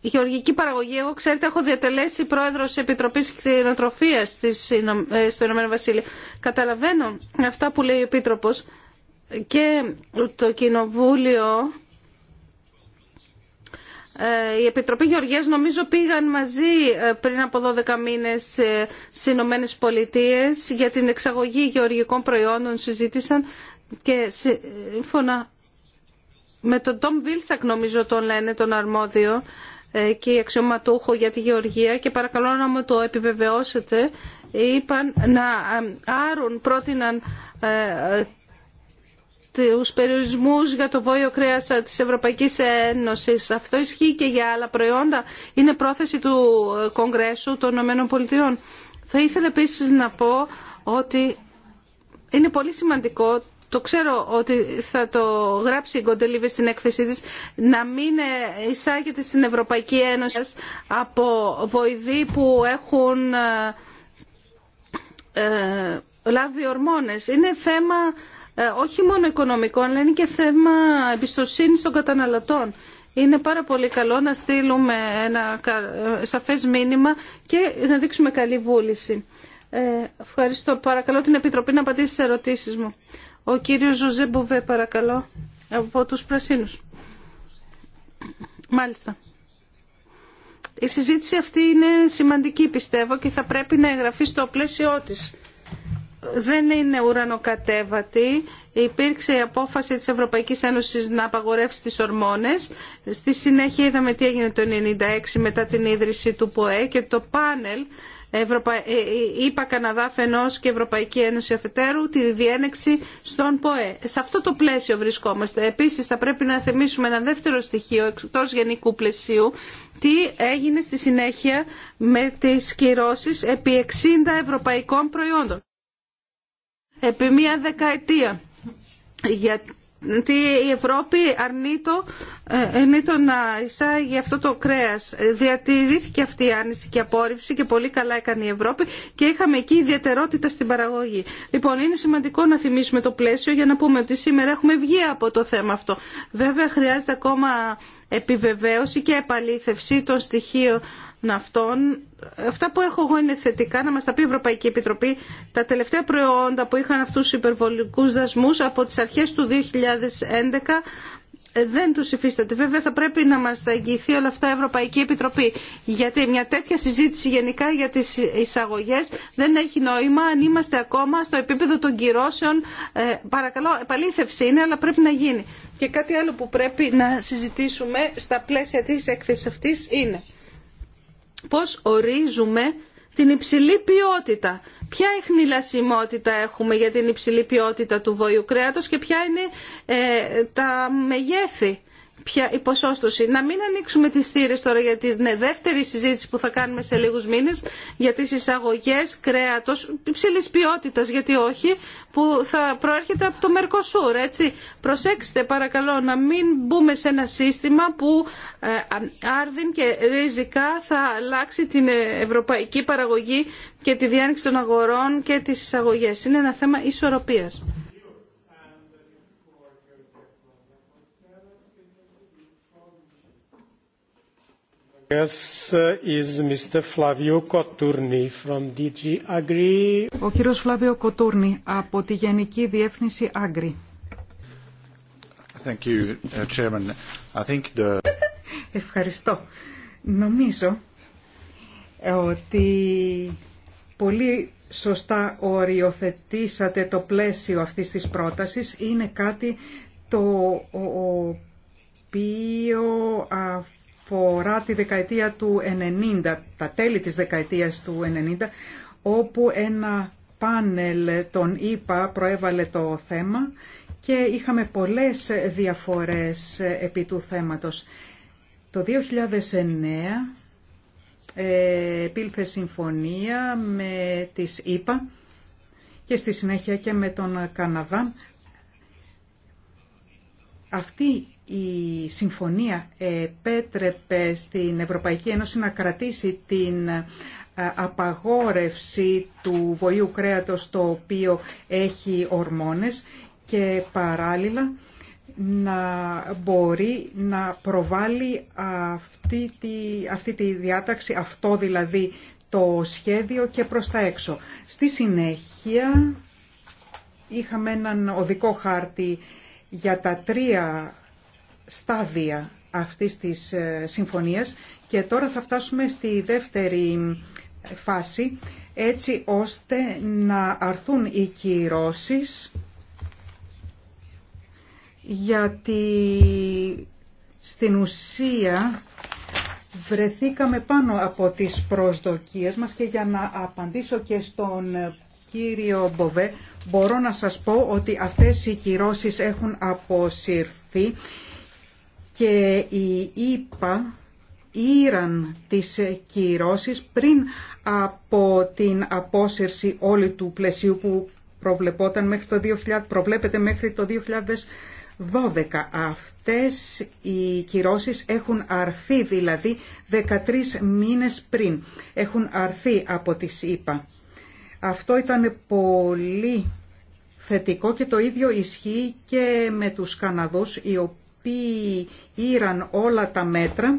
γεωργική παραγωγή. Εγώ, ξέρετε, έχω διατελέσει πρόεδρος Επιτροπής Κτηνοτροφία ε, στο Ηνωμένο Βασίλειο. Καταλαβαίνω αυτά που λέει ο επίτροπο και το Κοινοβούλιο ε, η Επιτροπή Γεωργίας νομίζω πήγαν μαζί ε, πριν από 12 μήνες ε, στι Ηνωμένε Πολιτείε για την εξαγωγή γεωργικών προϊόντων συζήτησαν και σύμφωνα με τον Τόμ Βίλσακ νομίζω τον λένε τον αρμόδιο και αξιωματούχο για τη γεωργία και παρακαλώ να μου το επιβεβαιώσετε είπαν να άρουν πρότειναν τους περιορισμούς για το βόλιο κρέας της Ευρωπαϊκής Ένωσης. Αυτό ισχύει και για άλλα προϊόντα. Είναι πρόθεση του Κογκρέσου των ΗΠΑ. Θα ήθελα επίσης να πω ότι είναι πολύ σημαντικό το ξέρω ότι θα το γράψει η Γκοντελίβη στην έκθεσή της, να μην εισάγεται στην Ευρωπαϊκή Ένωση από βοηθοί που έχουν ε, λάβει ορμόνες. Είναι θέμα ε, όχι μόνο οικονομικό, αλλά είναι και θέμα εμπιστοσύνη των καταναλωτών. Είναι πάρα πολύ καλό να στείλουμε ένα ε, σαφές μήνυμα και να δείξουμε καλή βούληση. Ε, ευχαριστώ. Παρακαλώ την Επιτροπή να απαντήσει σε ερωτήσεις μου. Ο κύριος Ζωζέ Μποβέ, παρακαλώ, από τους Πρασίνους. Μάλιστα. Η συζήτηση αυτή είναι σημαντική, πιστεύω, και θα πρέπει να εγγραφεί στο πλαίσιο της δεν είναι ουρανοκατέβατη. Υπήρξε η απόφαση της Ευρωπαϊκής Ένωσης να απαγορεύσει τις ορμόνες. Στη συνέχεια είδαμε τι έγινε το 1996 μετά την ίδρυση του ΠΟΕ και το πάνελ Ευρωπα... Ε, ε, είπα Καναδά Φενός και Ευρωπαϊκή Ένωση αφετέρου τη διένεξη στον ΠΟΕ. Σε αυτό το πλαίσιο βρισκόμαστε. Επίσης θα πρέπει να θεμίσουμε ένα δεύτερο στοιχείο εκτός γενικού πλαισίου τι έγινε στη συνέχεια με τις κυρώσεις επί 60 ευρωπαϊκών προϊόντων επί μία δεκαετία. Γιατί η Ευρώπη αρνείτο, ε, αρνείτο να εισάγει αυτό το κρέας. Διατηρήθηκε αυτή η άνηση και απόρριψη και πολύ καλά έκανε η Ευρώπη και είχαμε εκεί ιδιαιτερότητα στην παραγωγή. Λοιπόν, είναι σημαντικό να θυμίσουμε το πλαίσιο για να πούμε ότι σήμερα έχουμε βγει από το θέμα αυτό. Βέβαια, χρειάζεται ακόμα επιβεβαίωση και επαλήθευση των στοιχείων Αυτά που έχω εγώ είναι θετικά, να μα τα πει η Ευρωπαϊκή Επιτροπή. Τα τελευταία προϊόντα που είχαν αυτού του υπερβολικού δασμού από τι αρχέ του 2011 δεν του υφίσταται. Βέβαια θα πρέπει να μα τα εγγυηθεί όλα αυτά η Ευρωπαϊκή Επιτροπή. Γιατί μια τέτοια συζήτηση γενικά για τι εισαγωγέ δεν έχει νόημα αν είμαστε ακόμα στο επίπεδο των κυρώσεων. Ε, παρακαλώ, επαλήθευση είναι, αλλά πρέπει να γίνει. Και κάτι άλλο που πρέπει να συζητήσουμε στα πλαίσια τη έκθεση αυτή είναι πώς ορίζουμε την υψηλή ποιότητα. Ποια εχνηλασιμότητα έχουμε για την υψηλή ποιότητα του βοηού και ποια είναι ε, τα μεγέθη ποια η ποσόστοση. Να μην ανοίξουμε τις θύρες τώρα για τη δεύτερη συζήτηση που θα κάνουμε σε λίγους μήνες για τις εισαγωγές κρέατος υψηλή ποιότητα, γιατί όχι, που θα προέρχεται από το Μερκοσούρ, έτσι. Προσέξτε παρακαλώ να μην μπούμε σε ένα σύστημα που ε, άρδιν και ριζικά θα αλλάξει την ε, ευρωπαϊκή παραγωγή και τη διάνοιξη των αγορών και τις εισαγωγές. Είναι ένα θέμα ισορροπίας. Uh, ο κύριος Φλάβιο Κοτούρνη από τη Γενική Διεύθυνση Άγκρη. Uh, Ευχαριστώ. Νομίζω ε, ότι πολύ σωστά οριοθετήσατε το πλαίσιο αυτής της πρότασης. Είναι κάτι το οποίο φορά τη δεκαετία του 90, τα τέλη της δεκαετίας του 90, όπου ένα πάνελ των ΙΠΑ προέβαλε το θέμα και είχαμε πολλές διαφορές επί του θέματος. Το 2009 ε, επήλθε συμφωνία με τις ΙΠΑ και στη συνέχεια και με τον Καναδά. Αυτή η συμφωνία επέτρεπε στην Ευρωπαϊκή Ένωση να κρατήσει την ε, απαγόρευση του βοήου κρέατος το οποίο έχει ορμόνες και παράλληλα να μπορεί να προβάλλει αυτή τη, αυτή τη διάταξη, αυτό δηλαδή το σχέδιο και προς τα έξω. Στη συνέχεια είχαμε έναν οδικό χάρτη για τα τρία στάδια αυτής της ε, συμφωνίας και τώρα θα φτάσουμε στη δεύτερη φάση έτσι ώστε να αρθούν οι κυρώσεις γιατί στην ουσία βρεθήκαμε πάνω από τις προσδοκίες μας και για να απαντήσω και στον κύριο Μποβέ μπορώ να σας πω ότι αυτές οι κυρώσεις έχουν αποσυρθεί και η ΕΠΑ ήραν τις κυρώσεις πριν από την απόσυρση όλη του πλαισίου που προβλεπόταν μέχρι το 2000, προβλέπεται μέχρι το 2012. Αυτές οι κυρώσεις έχουν αρθεί δηλαδή 13 μήνες πριν. Έχουν αρθεί από τη ΕΠΑ. Αυτό ήταν πολύ θετικό και το ίδιο ισχύει και με τους Καναδούς οι οποίοι ήραν όλα τα μέτρα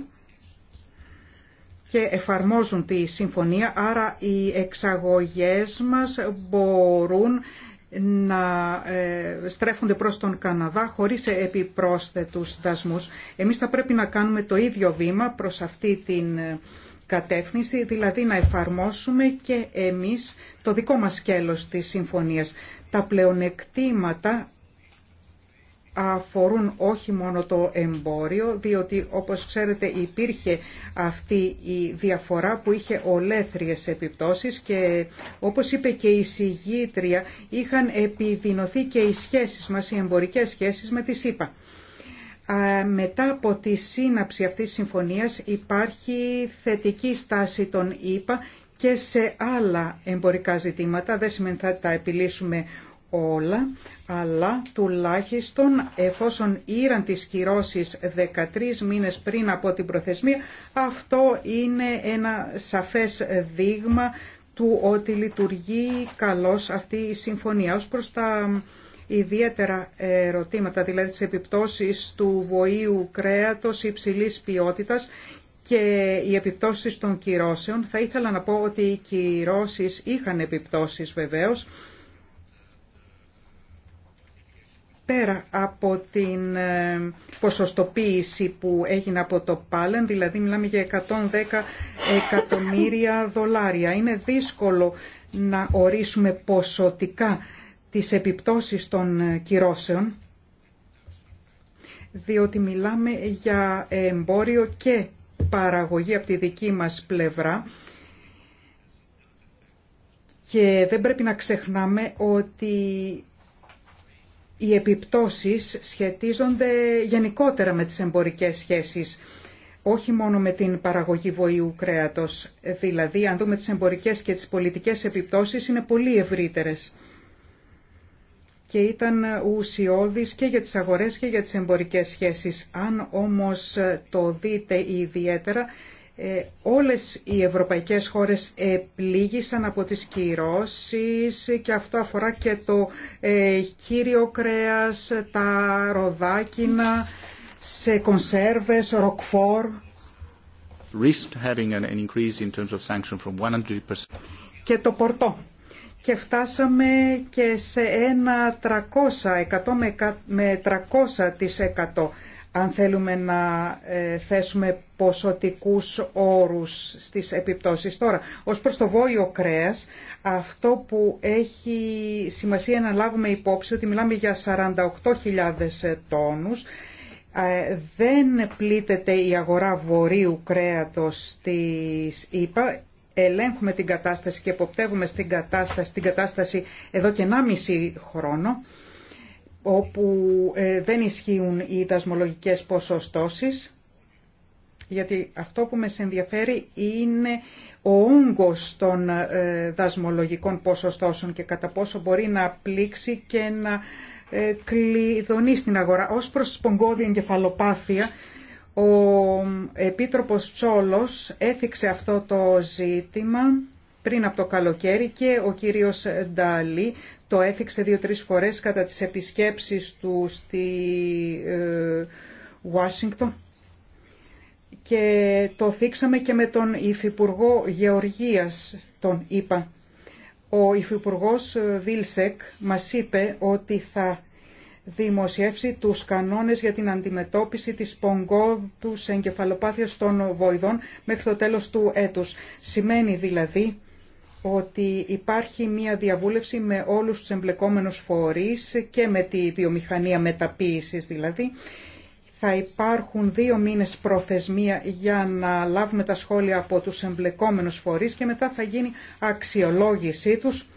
και εφαρμόζουν τη συμφωνία, άρα οι εξαγωγές μας μπορούν να ε, στρέφονται προς τον Καναδά χωρίς επιπρόσθετους δασμούς. Εμείς θα πρέπει να κάνουμε το ίδιο βήμα προς αυτή την ε, κατεύθυνση, δηλαδή να εφαρμόσουμε και εμείς το δικό μας σκέλος της συμφωνίας. Τα πλεονεκτήματα αφορούν όχι μόνο το εμπόριο, διότι όπως ξέρετε υπήρχε αυτή η διαφορά που είχε ολέθριες επιπτώσεις και όπως είπε και η συγγήτρια είχαν επιδεινωθεί και οι σχέσεις μας, οι εμπορικές σχέσεις με τη ΣΥΠΑ. Μετά από τη σύναψη αυτής της συμφωνίας υπάρχει θετική στάση των ΙΠΑ και σε άλλα εμπορικά ζητήματα. Δεν σημαίνει θα τα επιλύσουμε όλα, αλλά τουλάχιστον εφόσον ήραν τις κυρώσεις 13 μήνες πριν από την προθεσμία, αυτό είναι ένα σαφές δείγμα του ότι λειτουργεί καλώς αυτή η συμφωνία. Ως προς τα ιδιαίτερα ερωτήματα, δηλαδή τις επιπτώσεις του βοήου κρέατος υψηλής ποιότητας και οι επιπτώσεις των κυρώσεων, θα ήθελα να πω ότι οι κυρώσεις είχαν επιπτώσεις βεβαίως, πέρα από την ε, ποσοστοποίηση που έγινε από το Πάλεν, δηλαδή μιλάμε για 110 εκατομμύρια δολάρια. Είναι δύσκολο να ορίσουμε ποσοτικά τις επιπτώσεις των ε, κυρώσεων, διότι μιλάμε για εμπόριο και παραγωγή από τη δική μας πλευρά. Και δεν πρέπει να ξεχνάμε ότι οι επιπτώσεις σχετίζονται γενικότερα με τις εμπορικές σχέσεις, όχι μόνο με την παραγωγή βοηού κρέατος. Δηλαδή, αν δούμε τις εμπορικές και τις πολιτικές επιπτώσεις, είναι πολύ ευρύτερες. Και ήταν ουσιώδης και για τις αγορές και για τις εμπορικές σχέσεις. Αν όμως το δείτε ιδιαίτερα, ε, όλες οι ευρωπαϊκές χώρες πλήγησαν από τις κυρώσεις και αυτό αφορά και το ε, κύριο κρέας, τα ροδάκινα, σε κονσέρβες, ροκφόρ. Και το πορτό. Και φτάσαμε και σε ένα 300, 100 με 300% αν θέλουμε να ε, θέσουμε ποσοτικούς όρους στις επιπτώσεις. Τώρα, ως προς το βόλιο κρέας, αυτό που έχει σημασία να λάβουμε υπόψη ότι μιλάμε για 48.000 τόνους, ε, δεν πλήττεται η αγορά βορείου κρέατος στις ΗΠΑ, ελέγχουμε την κατάσταση και εποπτεύουμε στην κατάσταση, την κατάσταση εδώ και 1,5 χρόνο όπου ε, δεν ισχύουν οι δασμολογικές ποσοστώσεις, γιατί αυτό που με ενδιαφέρει είναι ο όγκος των ε, δασμολογικών ποσοστώσεων και κατά πόσο μπορεί να πλήξει και να ε, κλειδωνεί στην αγορά. Ως προς σπογγόδια εγκεφαλοπάθεια, ο Επίτροπος Τσόλος έθιξε αυτό το ζήτημα πριν από το καλοκαίρι και ο κύριος Νταλή το έθιξε δύο-τρεις φορές κατά τις επισκέψεις του στη ε, Ουάσιγκτον και το θίξαμε και με τον Υφυπουργό Γεωργίας, τον είπα. Ο Υφυπουργός Βίλσεκ μας είπε ότι θα δημοσιεύσει τους κανόνες για την αντιμετώπιση της πογκόδους εγκεφαλοπάθειας των βοηδών μέχρι το τέλος του έτους. Σημαίνει δηλαδή ότι υπάρχει μία διαβούλευση με όλους τους εμπλεκόμενους φορείς και με τη βιομηχανία μεταποίησης δηλαδή. Θα υπάρχουν δύο μήνες προθεσμία για να λάβουμε τα σχόλια από τους εμπλεκόμενους φορείς και μετά θα γίνει αξιολόγησή τους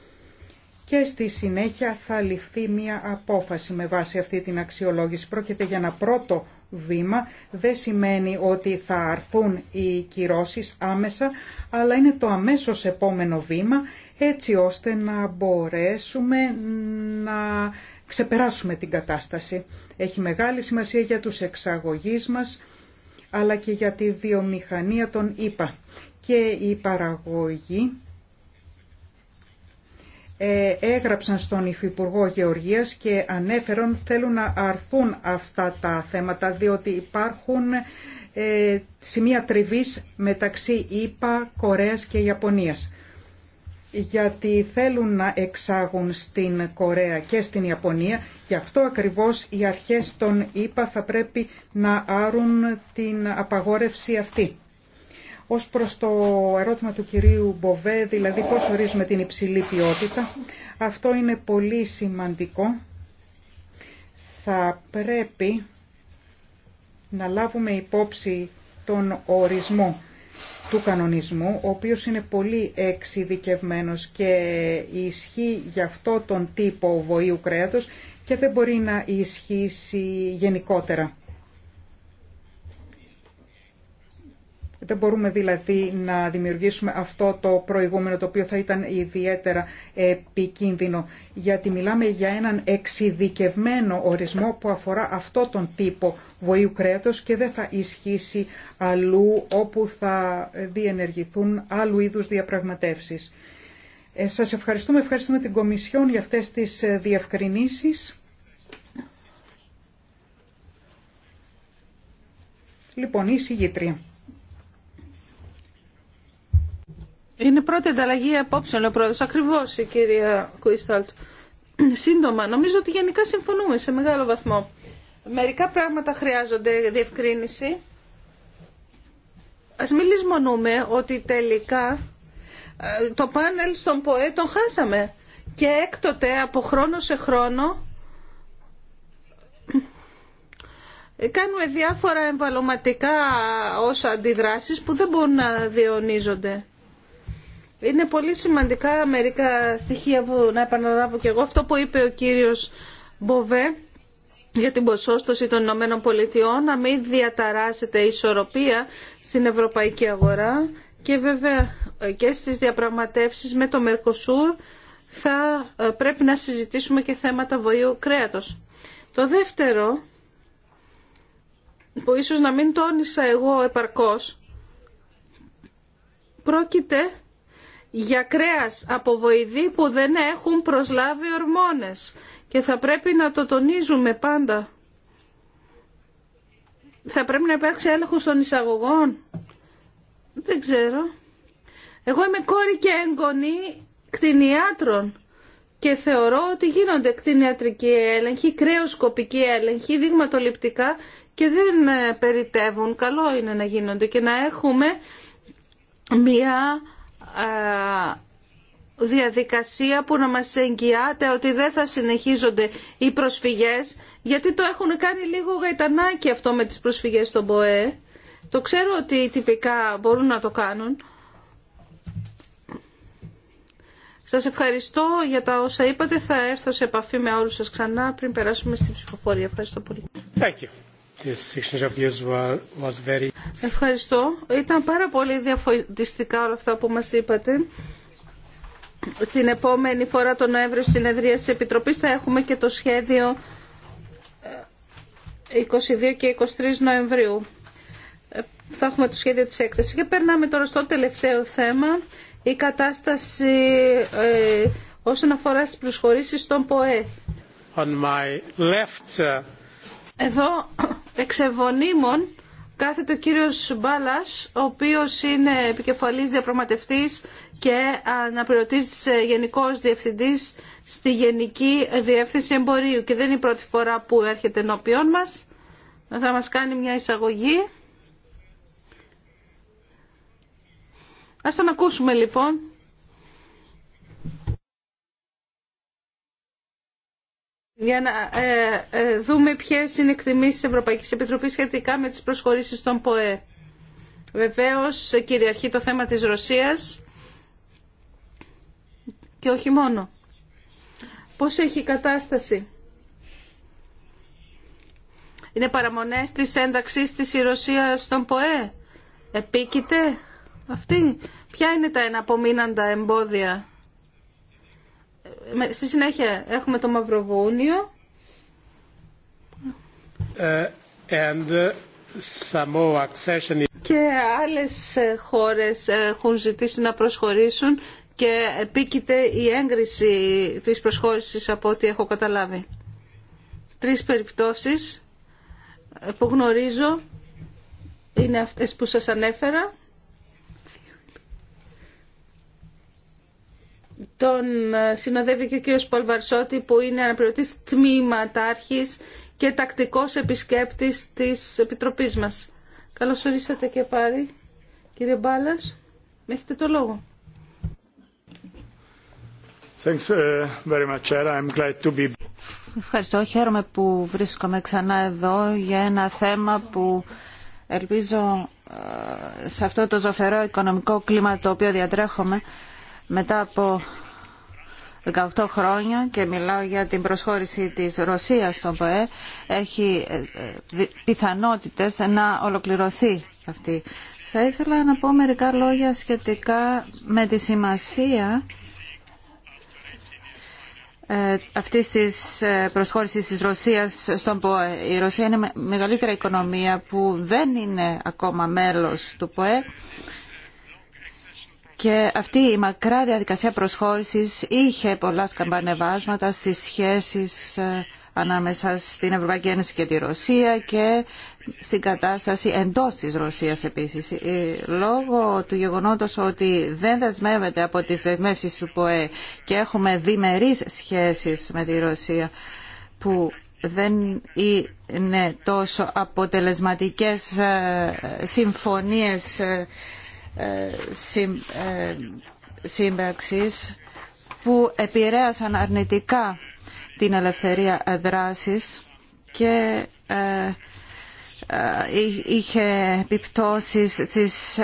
και στη συνέχεια θα ληφθεί μία απόφαση με βάση αυτή την αξιολόγηση. Πρόκειται για ένα πρώτο βήμα, δεν σημαίνει ότι θα αρθούν οι κυρώσεις άμεσα, αλλά είναι το αμέσως επόμενο βήμα έτσι ώστε να μπορέσουμε να ξεπεράσουμε την κατάσταση. Έχει μεγάλη σημασία για τους εξαγωγείς μας, αλλά και για τη βιομηχανία των ΙΠΑ. Και οι παραγωγοί ε, έγραψαν στον Υφυπουργό Γεωργίας και ανέφεραν θέλουν να αρθούν αυτά τα θέματα, διότι υπάρχουν ε, σημεία τριβής μεταξύ ΙΠΑ, Κορέας και Ιαπωνίας. Γιατί θέλουν να εξάγουν στην Κορέα και στην Ιαπωνία, γι' αυτό ακριβώς οι αρχές των ΙΠΑ θα πρέπει να άρουν την απαγόρευση αυτή. Ως προς το ερώτημα του κυρίου Μποβέ, δηλαδή πώς ορίζουμε την υψηλή ποιότητα, αυτό είναι πολύ σημαντικό. Θα πρέπει να λάβουμε υπόψη τον ορισμό του κανονισμού, ο οποίος είναι πολύ εξειδικευμένος και ισχύει για αυτό τον τύπο βοήου κρέατος και δεν μπορεί να ισχύσει γενικότερα. Δεν μπορούμε δηλαδή να δημιουργήσουμε αυτό το προηγούμενο το οποίο θα ήταν ιδιαίτερα επικίνδυνο γιατί μιλάμε για έναν εξειδικευμένο ορισμό που αφορά αυτό τον τύπο βοήου κρέατος και δεν θα ισχύσει αλλού όπου θα διενεργηθούν άλλου είδους διαπραγματεύσεις. Ε, σας ευχαριστούμε, ευχαριστούμε την Κομισιόν για αυτές τις ε, διευκρινήσεις. Λοιπόν, η συγγήτρια. Είναι πρώτη ανταλλαγή απόψεων ο πρόεδρος, ακριβώς η κυρία Κουίσταλτ. Σύντομα, νομίζω ότι γενικά συμφωνούμε σε μεγάλο βαθμό. Μερικά πράγματα χρειάζονται διευκρίνηση. Ας μην λησμονούμε ότι τελικά ε, το πάνελ στον ΠΟΕ τον χάσαμε και έκτοτε από χρόνο σε χρόνο κάνουμε διάφορα εμβαλωματικά όσα αντιδράσεις που δεν μπορούν να διονίζονται. Είναι πολύ σημαντικά μερικά στοιχεία που να επαναλάβω και εγώ. Αυτό που είπε ο κύριος Μποβέ για την ποσόστοση των Ηνωμένων Πολιτειών, να μην διαταράσσεται η ισορροπία στην ευρωπαϊκή αγορά και βέβαια και στις διαπραγματεύσεις με το Μερκοσούρ θα ε, πρέπει να συζητήσουμε και θέματα βοήου κρέατος. Το δεύτερο, που ίσως να μην τόνισα εγώ επαρκώς, πρόκειται για κρέας από βοηδή που δεν έχουν προσλάβει ορμόνες και θα πρέπει να το τονίζουμε πάντα. Θα πρέπει να υπάρξει έλεγχος των εισαγωγών. Δεν ξέρω. Εγώ είμαι κόρη και εγγονή κτηνιάτρων και θεωρώ ότι γίνονται κτηνιατρικοί έλεγχοι, κρέοσκοπικοί έλεγχοι, δειγματοληπτικά και δεν ε, περιτεύουν. Καλό είναι να γίνονται και να έχουμε μία ε, διαδικασία που να μας εγγυάται ότι δεν θα συνεχίζονται οι προσφυγές, γιατί το έχουν κάνει λίγο γαϊτανάκι αυτό με τις προσφυγές στον ΠΟΕ. Το ξέρω ότι τυπικά μπορούν να το κάνουν. Σας ευχαριστώ για τα όσα είπατε. Θα έρθω σε επαφή με όλους σας ξανά πριν περάσουμε στην ψηφοφορία. Ευχαριστώ πολύ. Thank Ευχαριστώ. Ήταν πάρα πολύ διαφορετικά όλα αυτά που μας είπατε. Την επόμενη φορά τον Νοέμβριο στη συνεδρία της Επιτροπής θα έχουμε και το σχέδιο 22 ε, και 23 Νοεμβρίου. Ε, θα έχουμε το σχέδιο της έκθεσης. Και περνάμε τώρα στο τελευταίο θέμα, η κατάσταση ε, όσον αφορά στις προσχωρήσεις των ΠΟΕ. On my left, uh, εδώ εξεβονίμων κάθεται ο κύριος Μπάλας, ο οποίος είναι επικεφαλής διαπραγματευτής και αναπληρωτής ε, γενικός διευθυντής στη Γενική Διεύθυνση Εμπορίου και δεν είναι η πρώτη φορά που έρχεται ενώπιόν μας. Θα μας κάνει μια εισαγωγή. Ας τον ακούσουμε λοιπόν. για να ε, ε, δούμε ποιες είναι εκτιμήσει της Ευρωπαϊκής Επιτροπής σχετικά με τις προσχωρήσεις των ΠΟΕ. Βεβαίως κυριαρχεί το θέμα της Ρωσίας και όχι μόνο. Πώς έχει η κατάσταση. Είναι παραμονές της ένταξης της η Ρωσία στον ΠΟΕ. Επίκειται αυτή. Ποια είναι τα εναπομείναντα εμπόδια Στη συνέχεια έχουμε το Μαυροβούνιο. Uh, and Samoa accession... Και άλλες ε, χώρες ε, έχουν ζητήσει να προσχωρήσουν και επίκειται η έγκριση της προσχώρησης από ό,τι έχω καταλάβει. Τρεις περιπτώσεις που γνωρίζω είναι αυτές που σας ανέφερα Τον ε, συνοδεύει και ο κύριος Πολβαρσότη που είναι αναπληρωτής τμήματάρχης και τακτικός επισκέπτης της Επιτροπής μας. Καλώς ορίσατε και πάλι. Κύριε Μπάλας, έχετε το λόγο. Thanks ε, very much, I'm glad to be... Ευχαριστώ. Χαίρομαι που βρίσκομαι ξανά εδώ για ένα θέμα που ελπίζω ε, σε αυτό το ζωφερό οικονομικό κλίμα το οποίο διατρέχομαι μετά από 18 χρόνια και μιλάω για την προσχώρηση της Ρωσίας στον ΠΟΕ έχει ε, ε, πιθανότητες να ολοκληρωθεί αυτή. Θα ήθελα να πω μερικά λόγια σχετικά με τη σημασία ε, αυτής της προσχώρησης της Ρωσίας στον ΠΟΕ. Η Ρωσία είναι μεγαλύτερη οικονομία που δεν είναι ακόμα μέλος του ΠΟΕ και αυτή η μακρά διαδικασία προσχώρησης είχε πολλά σκαμπανεβάσματα στις σχέσεις ε, ανάμεσα στην Ευρωπαϊκή Ένωση και τη Ρωσία και στην κατάσταση εντός της Ρωσίας επίσης. Ε, λόγω του γεγονότος ότι δεν δεσμεύεται από τις δεσμεύσεις του ΠΟΕ και έχουμε διμερείς σχέσεις με τη Ρωσία που δεν είναι τόσο αποτελεσματικές ε, συμφωνίες ε, ε, σύμπραξης που επηρέασαν αρνητικά την ελευθερία ε, δράσης και είχε επιπτώσεις στις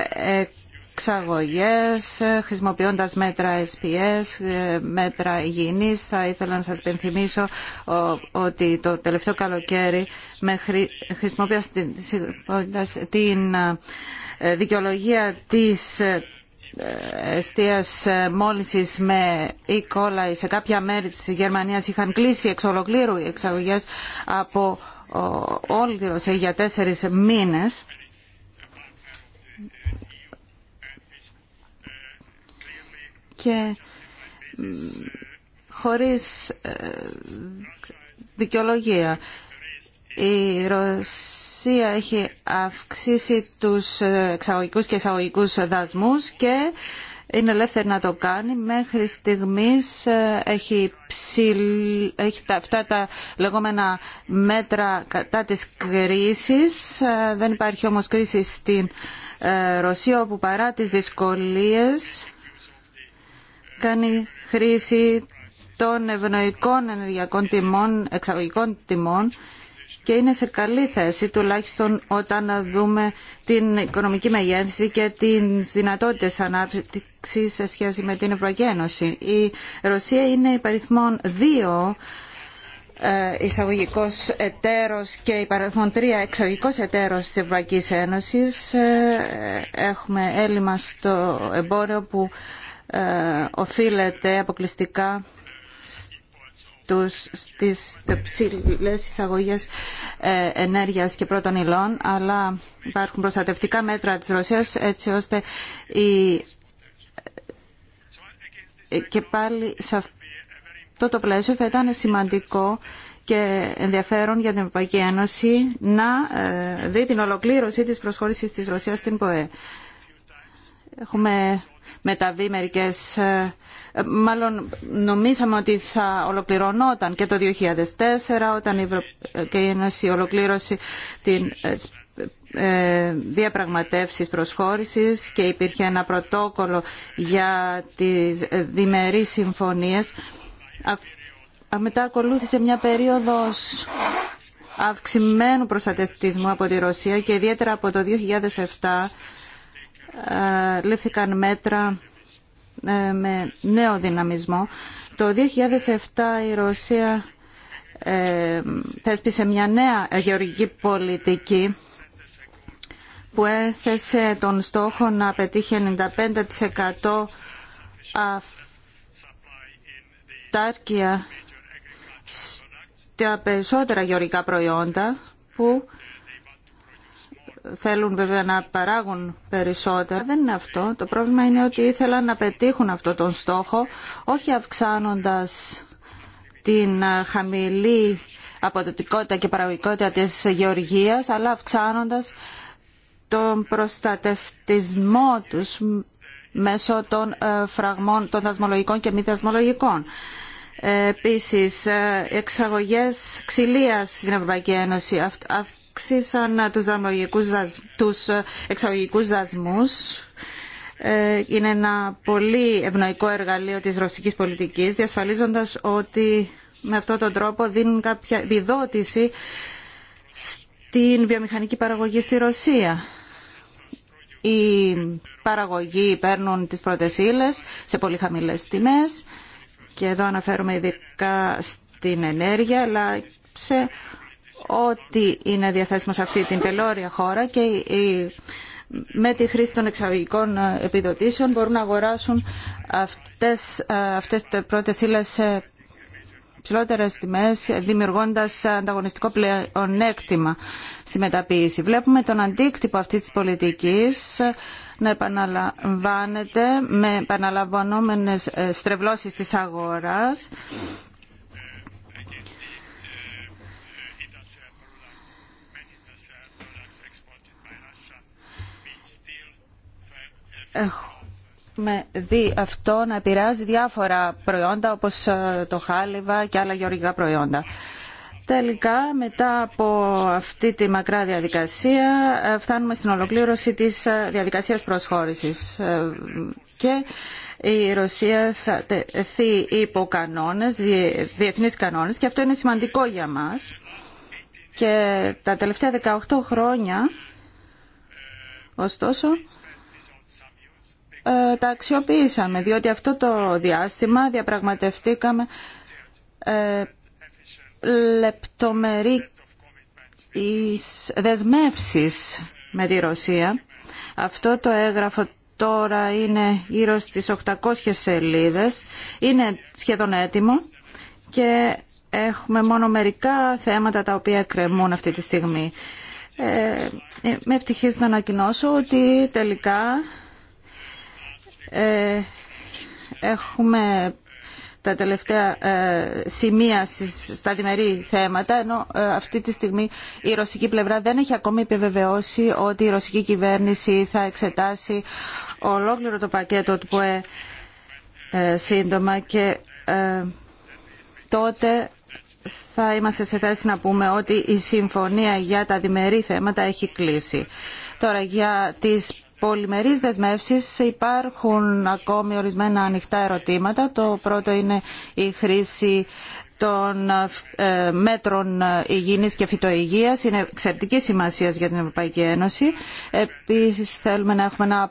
εξαγωγές χρησιμοποιώντας μέτρα SPS, μέτρα υγιεινής. Θα ήθελα να σας πενθυμίσω ότι το τελευταίο καλοκαίρι χρησιμοποιώντας την δικαιολογία της ε, εστίας ε, μόλυνσης με E. coli σε κάποια μέρη της Γερμανίας είχαν κλείσει εξ ολοκλήρου οι εξαγωγές από όλη για τέσσερις μήνες. Και χωρίς ε, δικαιολογία. Η Ρωσία έχει αυξήσει τους εξαγωγικούς και εισαγωγικούς δασμούς και είναι ελεύθερη να το κάνει. Μέχρι στιγμής ε, έχει, έχει τα... αυτά τα λεγόμενα μέτρα κατά της κρίσης. Ε, δεν υπάρχει όμως κρίση στην ε, Ρωσία όπου παρά τις δυσκολίες κάνει χρήση των ευνοϊκών ενεργειακών τιμών, εξαγωγικών τιμών και είναι σε καλή θέση τουλάχιστον όταν δούμε την οικονομική μεγέθυνση και τις δυνατότητες ανάπτυξης σε σχέση με την Ευρωπαϊκή Ένωση. Η Ρωσία είναι υπαριθμόν δύο ε, εισαγωγικός εταίρος και υπαριθμόν τρία εξαγωγικός εταίρος της Ευρωπαϊκής Ένωσης. Ε, έχουμε έλλειμμα στο εμπόριο που ε, οφείλεται αποκλειστικά τους στις ψηλές εισαγωγές ε, ενέργειας και πρώτων υλών, αλλά υπάρχουν προστατευτικά μέτρα της Ρωσίας έτσι ώστε ε, και πάλι σε αυτό το πλαίσιο θα ήταν σημαντικό και ενδιαφέρον για την Ευρωπαϊκή Ένωση να ε, δει την ολοκλήρωση της προσχώρησης της Ρωσίας στην ΠΟΕ. Έχουμε μεταβεί μερικές, ε, μάλλον νομίζαμε ότι θα ολοκληρωνόταν και το 2004 όταν η Ευρωπαϊκή Ένωση ολοκλήρωσε την ε, ε, διαπραγματεύσεις προσχώρησης και υπήρχε ένα πρωτόκολλο για τις διμερείς συμφωνίες. Μετά ακολούθησε μια περίοδος αυξημένου προστατευτισμού από τη Ρωσία και ιδιαίτερα από το 2007 ε, λήφθηκαν μέτρα ε, με νέο δυναμισμό. Το 2007 η Ρωσία ε, θέσπισε μια νέα γεωργική πολιτική που έθεσε τον στόχο να πετύχει 95% αυτάρκεια στα περισσότερα γεωργικά προϊόντα που θέλουν βέβαια να παράγουν περισσότερα. Δεν είναι αυτό. Το πρόβλημα είναι ότι ήθελαν να πετύχουν αυτό τον στόχο, όχι αυξάνοντας την ε, χαμηλή αποδοτικότητα και παραγωγικότητα της γεωργίας, αλλά αυξάνοντας τον προστατευτισμό τους μέσω των ε, φραγμών των δασμολογικών και μη δασμολογικών. Ε, επίσης, εξαγωγές ξυλίας στην Ευρωπαϊκή Ένωση αύξησαν ε, τους, ε, εξαγωγικού δασμού. Ε, είναι ένα πολύ ευνοϊκό εργαλείο της ρωσικής πολιτικής διασφαλίζοντας ότι με αυτόν τον τρόπο δίνουν κάποια επιδότηση στην βιομηχανική παραγωγή στη Ρωσία. Οι παραγωγοί παίρνουν τις πρώτε ύλες σε πολύ χαμηλές τιμές και εδώ αναφέρομαι ειδικά στην ενέργεια αλλά σε ό,τι είναι διαθέσιμο σε αυτή την πελώρια χώρα και με τη χρήση των εξαγωγικών ε, επιδοτήσεων μπορούν να αγοράσουν αυτές, ε, αυτές τις πρώτες ύλες σε ψηλότερες τιμές, δημιουργώντας ανταγωνιστικό πλεονέκτημα στη μεταποίηση. Βλέπουμε τον αντίκτυπο αυτής της πολιτικής να επαναλαμβάνεται με επαναλαμβανόμενες ε, στρεβλώσεις της αγοράς έχουμε δει αυτό να επηρεάζει διάφορα προϊόντα όπως ε, το χάλιβα και άλλα γεωργικά προϊόντα. Τελικά, μετά από αυτή τη μακρά διαδικασία, ε, φτάνουμε στην ολοκλήρωση της ε, διαδικασίας προσχώρησης. Και η Ρωσία θα τεθεί υπό κανόνες, διεθνείς κανόνες, και αυτό είναι σημαντικό για μας. Και τα τελευταία 18 χρόνια, ωστόσο, ε, τα αξιοποιήσαμε, διότι αυτό το διάστημα διαπραγματευτήκαμε ε, λεπτομερή δεσμεύσεις με τη Ρωσία. Αυτό το έγγραφο τώρα είναι γύρω στις 800 σελίδες. Είναι σχεδόν έτοιμο και έχουμε μόνο μερικά θέματα τα οποία κρεμούν αυτή τη στιγμή. Ε, με ευτυχής να ανακοινώσω ότι τελικά ε, έχουμε τα τελευταία ε, σημεία στα διμερή θέματα ενώ ε, αυτή τη στιγμή η ρωσική πλευρά δεν έχει ακόμη επιβεβαιώσει ότι η ρωσική κυβέρνηση θα εξετάσει ολόκληρο το πακέτο του ΠΟΕ σύντομα και τότε θα είμαστε σε θέση να πούμε ότι η συμφωνία για τα διμερή θέματα έχει κλείσει. Τώρα για τις πολυμερείς δεσμεύσεις υπάρχουν ακόμη ορισμένα ανοιχτά ερωτήματα. Το πρώτο είναι η χρήση των ε, μέτρων υγιεινής και φυτοϊγείας είναι εξαιρετική σημασία για την Ευρωπαϊκή Ένωση. Επίσης θέλουμε να έχουμε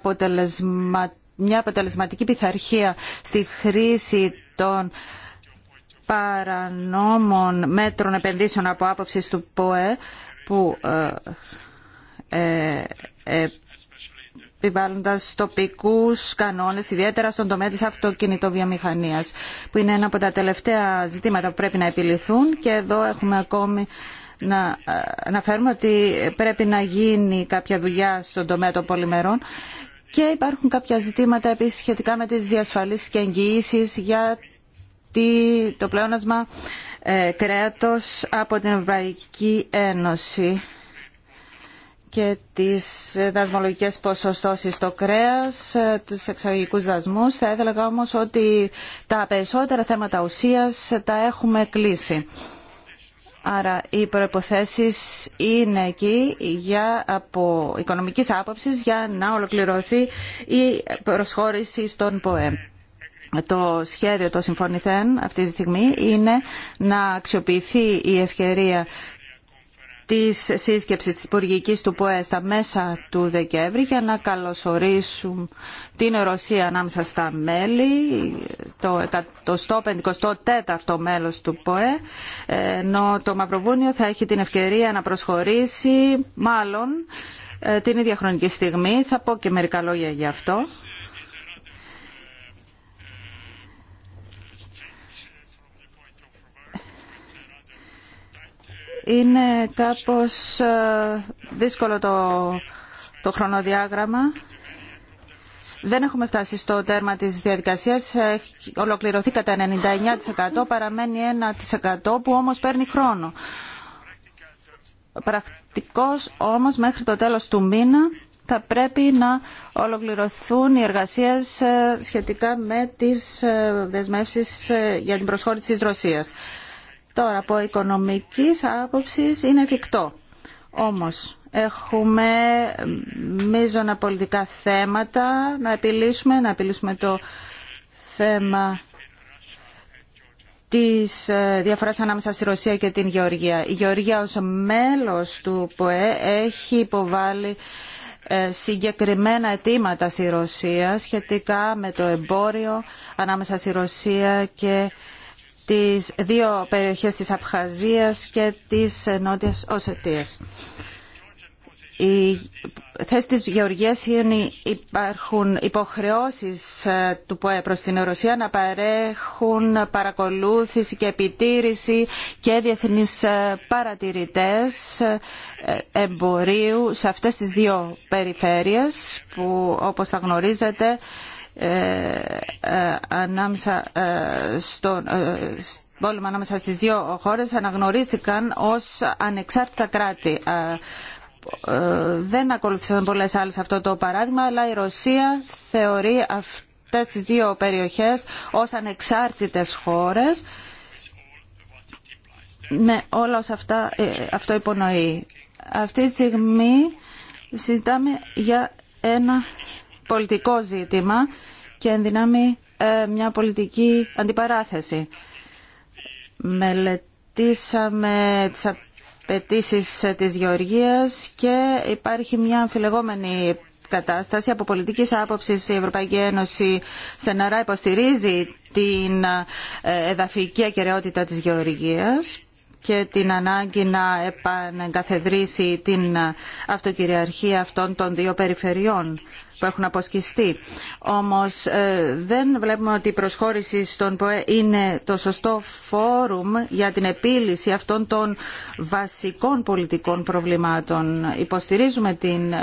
μια αποτελεσματική πειθαρχία στη χρήση των παρανόμων μέτρων επενδύσεων από άποψη του ΠΟΕ που ε, ε, επιβάλλοντα τοπικού κανόνε ιδιαίτερα στον τομέα της αυτοκινητοβιομηχανία, που είναι ένα από τα τελευταία ζητήματα που πρέπει να επιληθούν και εδώ έχουμε ακόμη να ε, αναφέρουμε ότι πρέπει να γίνει κάποια δουλειά στον τομέα των πολυμερών και υπάρχουν κάποια ζητήματα επίσης σχετικά με τις διασφαλίσεις και εγγυήσεις για το πλεόνασμα ε, κρέατος από την Ευρωπαϊκή Ένωση και τις δασμολογικές ποσοστώσεις στο κρέας, ε, τους εξαγωγικούς δασμούς. Θα έλεγα όμως ότι τα περισσότερα θέματα ουσίας τα έχουμε κλείσει. Άρα οι προϋποθέσεις είναι εκεί για, από οικονομικής άποψης για να ολοκληρωθεί η προσχώρηση στον ΠΟΕ. Το σχέδιο το συμφωνηθέν αυτή τη στιγμή είναι να αξιοποιηθεί η ευκαιρία της σύσκεψης της υπουργική του ΠΟΕ στα μέσα του Δεκέμβρη για να καλωσορίσουν την Ρωσία ανάμεσα στα μέλη, το 154ο μέλος του ΠΟΕ, ενώ το Μαυροβούνιο θα έχει την ευκαιρία να προσχωρήσει μάλλον ε, την ίδια χρονική στιγμή. Θα πω και μερικά λόγια γι' αυτό. Είναι κάπως ε, δύσκολο το, το χρονοδιάγραμμα. Δεν έχουμε φτάσει στο τέρμα της διαδικασίας. Έχει ολοκληρωθεί κατά 99%. Παραμένει 1% που όμως παίρνει χρόνο. Πρακτικώς όμως μέχρι το τέλος του μήνα θα πρέπει να ολοκληρωθούν οι εργασίες ε, σχετικά με τις ε, δεσμεύσεις για την προσχώρηση της Ρωσίας. Τώρα από οικονομικής άποψης είναι εφικτό. Όμως έχουμε μείζωνα πολιτικά θέματα να επιλύσουμε, να επιλύσουμε το θέμα της ε, διαφοράς ανάμεσα στη Ρωσία και την Γεωργία. Η Γεωργία ως μέλος του ΠΟΕ έχει υποβάλει ε, συγκεκριμένα αιτήματα στη Ρωσία σχετικά με το εμπόριο ανάμεσα στη Ρωσία και τις δύο περιοχές της Απχαζίας και της Νότιας Οσετίας. Η θέση της Γεωργίας είναι υπάρχουν υποχρεώσεις ε, του ΠΟΕ προς την Ρωσία να παρέχουν παρακολούθηση και επιτήρηση και διεθνείς ε, παρατηρητές ε, εμπορίου σε αυτές τις δύο περιφέρειες που όπως θα γνωρίζετε ε, ε, ανάμεσα ε, στον πόλεμο ανάμεσα στις δύο χώρες αναγνωρίστηκαν ως ανεξάρτητα κράτη. Δεν ακολούθησαν πολλές άλλες αυτό το παράδειγμα, αλλά η Ρωσία θεωρεί αυτές τις δύο περιοχές ως ανεξάρτητες χώρες. με ναι, όλα όσα αυτά, αυτό υπονοεί. Αυτή τη στιγμή συζητάμε για ένα πολιτικό ζήτημα και ενδυνάμει ε, μια πολιτική αντιπαράθεση. Μελετήσαμε τις απαιτήσει ε, της Γεωργίας και υπάρχει μια αμφιλεγόμενη κατάσταση. Από πολιτικής άποψης η Ευρωπαϊκή Ένωση στεναρά υποστηρίζει την ε, εδαφική ακεραιότητα της Γεωργίας και την ανάγκη να επανεγκαθεδρίσει την αυτοκυριαρχία αυτών των δύο περιφερειών που έχουν αποσκιστεί. Όμως ε, δεν βλέπουμε ότι η προσχώρηση στον ΠΟΕ είναι το σωστό φόρουμ για την επίλυση αυτών των βασικών πολιτικών προβλημάτων. Υποστηρίζουμε την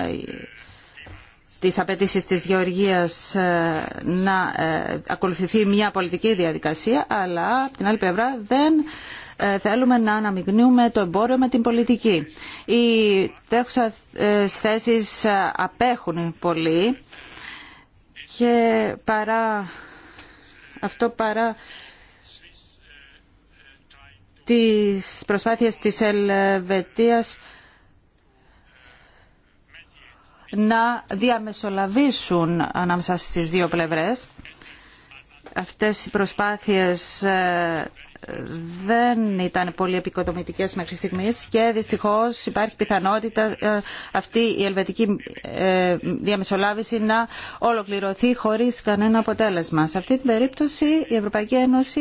τις απαιτήσει της γεωργίας ε, να ε, ακολουθηθεί μια πολιτική διαδικασία αλλά από την άλλη πλευρά δεν ε, θέλουμε να αναμειγνύουμε το εμπόριο με την πολιτική. Οι τρέχουσα θέσεις απέχουν πολύ και παρά αυτό παρά τις προσπάθειες της Ελβετίας να διαμεσολαβήσουν ανάμεσα στις δύο πλευρές. Αυτές οι προσπάθειες ε, δεν ήταν πολύ επικοδομητικές μέχρι στιγμής και δυστυχώς υπάρχει πιθανότητα ε, αυτή η ελβετική ε, διαμεσολάβηση να ολοκληρωθεί χωρίς κανένα αποτέλεσμα. Σε αυτή την περίπτωση η Ευρωπαϊκή Ένωση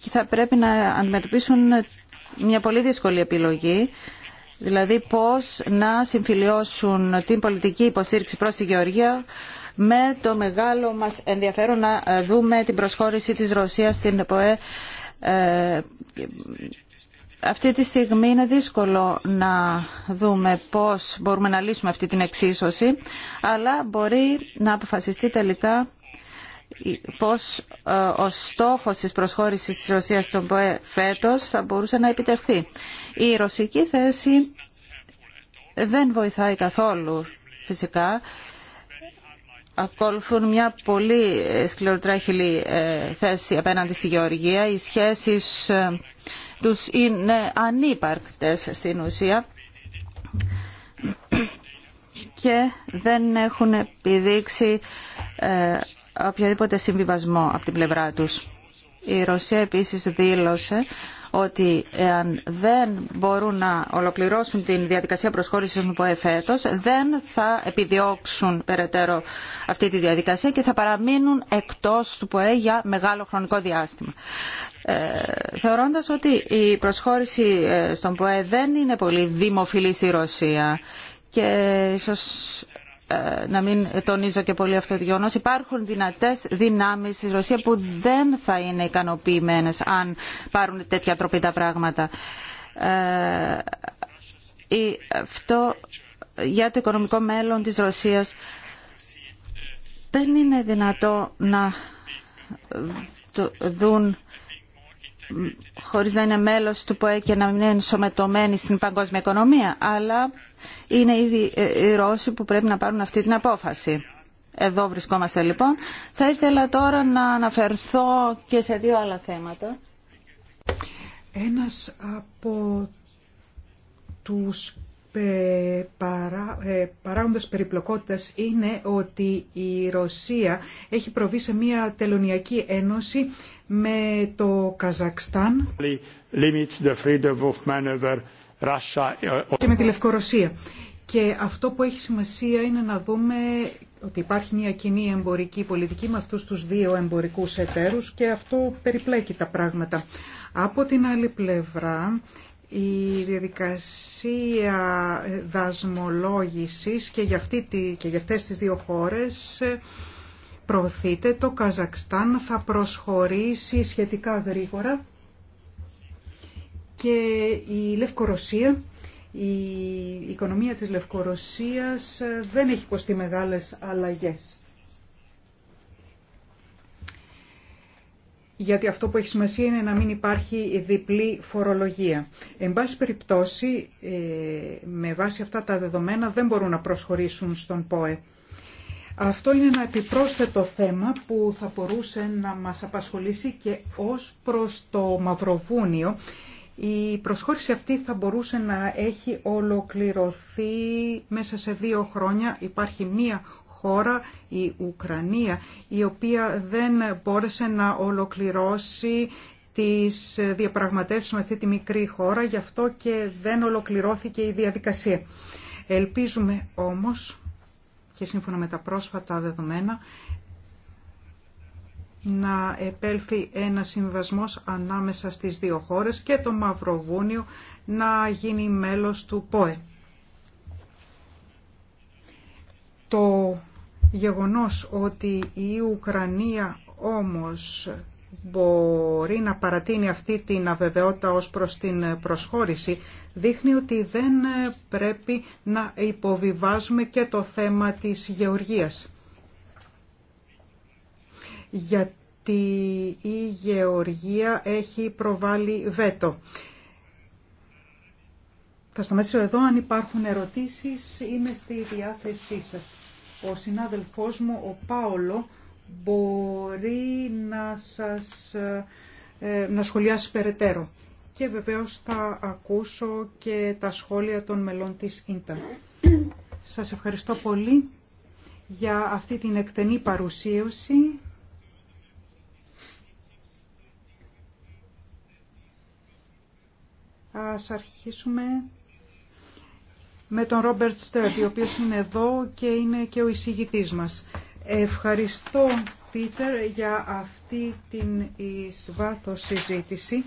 θα πρέπει να αντιμετωπίσουν μια πολύ δύσκολη επιλογή Δηλαδή πώς να συμφιλιώσουν την πολιτική υποστήριξη προς τη Γεωργία με το μεγάλο μας ενδιαφέρον να δούμε την προσχώρηση της Ρωσίας στην ΕΠΟΕ. Ε, αυτή τη στιγμή είναι δύσκολο να δούμε πώς μπορούμε να λύσουμε αυτή την εξίσωση, αλλά μπορεί να αποφασιστεί τελικά πώς ε, ο στόχος της προσχώρησης της Ρωσίας στον ΠΟΕ φέτος θα μπορούσε να επιτευχθεί. Η ρωσική θέση δεν βοηθάει καθόλου φυσικά. Ακολουθούν μια πολύ σκληροτράχηλη ε, θέση απέναντι στη Γεωργία. Οι σχέσεις ε, τους είναι ανύπαρκτες στην ουσία και δεν έχουν επιδείξει οποιοδήποτε συμβιβασμό από την πλευρά τους. Η Ρωσία επίσης δήλωσε ότι εάν δεν μπορούν να ολοκληρώσουν την διαδικασία προσχώρησης του ΠΟΕ δεν θα επιδιώξουν περαιτέρω αυτή τη διαδικασία και θα παραμείνουν εκτός του ΠΟΕ για μεγάλο χρονικό διάστημα. Ε, θεωρώντας ότι η προσχώρηση ε, στον ΠΟΕ δεν είναι πολύ δημοφιλή στη Ρωσία και ίσως ε, να μην τονίζω και πολύ αυτό το γεγονό. Υπάρχουν δυνατές δυνάμεις στη Ρωσία που δεν θα είναι ικανοποιημένε αν πάρουν τέτοια τροπή τα πράγματα. Ε, αυτό για το οικονομικό μέλλον της Ρωσίας δεν είναι δυνατό να το δουν χωρίς να είναι μέλος του ΠΟΕ και να μην είναι ενσωματωμένοι στην παγκόσμια οικονομία, αλλά είναι ήδη ε, οι Ρώσοι που πρέπει να πάρουν αυτή την απόφαση. Εδώ βρισκόμαστε λοιπόν. Θα ήθελα τώρα να αναφερθώ και σε δύο άλλα θέματα. Ένας από τους παρά, ε, παράγοντες περιπλοκότητας είναι ότι η Ρωσία έχει προβεί σε μια τελωνιακή ένωση με το Καζακστάν. Uh, και με τη Λευκορωσία. Και αυτό που έχει σημασία είναι να δούμε ότι υπάρχει μια κοινή εμπορική πολιτική με αυτούς τους δύο εμπορικούς εταίρους και αυτό περιπλέκει τα πράγματα. Από την άλλη πλευρά, η διαδικασία δασμολόγησης και για, αυτή, και για αυτές τις δύο χώρες προωθείται. Το Καζακστάν θα προσχωρήσει σχετικά γρήγορα και η Λευκορωσία, η οικονομία της Λευκορωσίας ε, δεν έχει υποστεί μεγάλες αλλαγές. γιατί αυτό που έχει σημασία είναι να μην υπάρχει διπλή φορολογία. Εν πάση περιπτώσει, ε, με βάση αυτά τα δεδομένα δεν μπορούν να προσχωρήσουν στον ΠΟΕ. Αυτό είναι ένα επιπρόσθετο θέμα που θα μπορούσε να μας απασχολήσει και ως προς το Μαυροβούνιο η προσχώρηση αυτή θα μπορούσε να έχει ολοκληρωθεί μέσα σε δύο χρόνια. Υπάρχει μία χώρα, η Ουκρανία, η οποία δεν μπόρεσε να ολοκληρώσει τις διαπραγματεύσεις με αυτή τη μικρή χώρα, γι' αυτό και δεν ολοκληρώθηκε η διαδικασία. Ελπίζουμε όμως και σύμφωνα με τα πρόσφατα δεδομένα να επέλθει ένα συμβασμός ανάμεσα στις δύο χώρες και το Μαυροβούνιο να γίνει μέλος του ΠΟΕ. Το γεγονός ότι η Ουκρανία όμως μπορεί να παρατείνει αυτή την αβεβαιότητα ως προς την προσχώρηση δείχνει ότι δεν πρέπει να υποβιβάζουμε και το θέμα της γεωργίας γιατί η Γεωργία έχει προβάλει βέτο. Θα σταματήσω εδώ. Αν υπάρχουν ερωτήσεις, είμαι στη διάθεσή σας. Ο συνάδελφός μου, ο Πάολο, μπορεί να σας ε, να σχολιάσει περαιτέρω. Και βεβαίως θα ακούσω και τα σχόλια των μελών της Ίντα. Σας ευχαριστώ πολύ για αυτή την εκτενή παρουσίωση Ας αρχίσουμε με τον Ρόμπερτ Στέρτ, ο οποίος είναι εδώ και είναι και ο εισηγητής μας. Ευχαριστώ, Πίτερ, για αυτή την εισβάθο συζήτηση.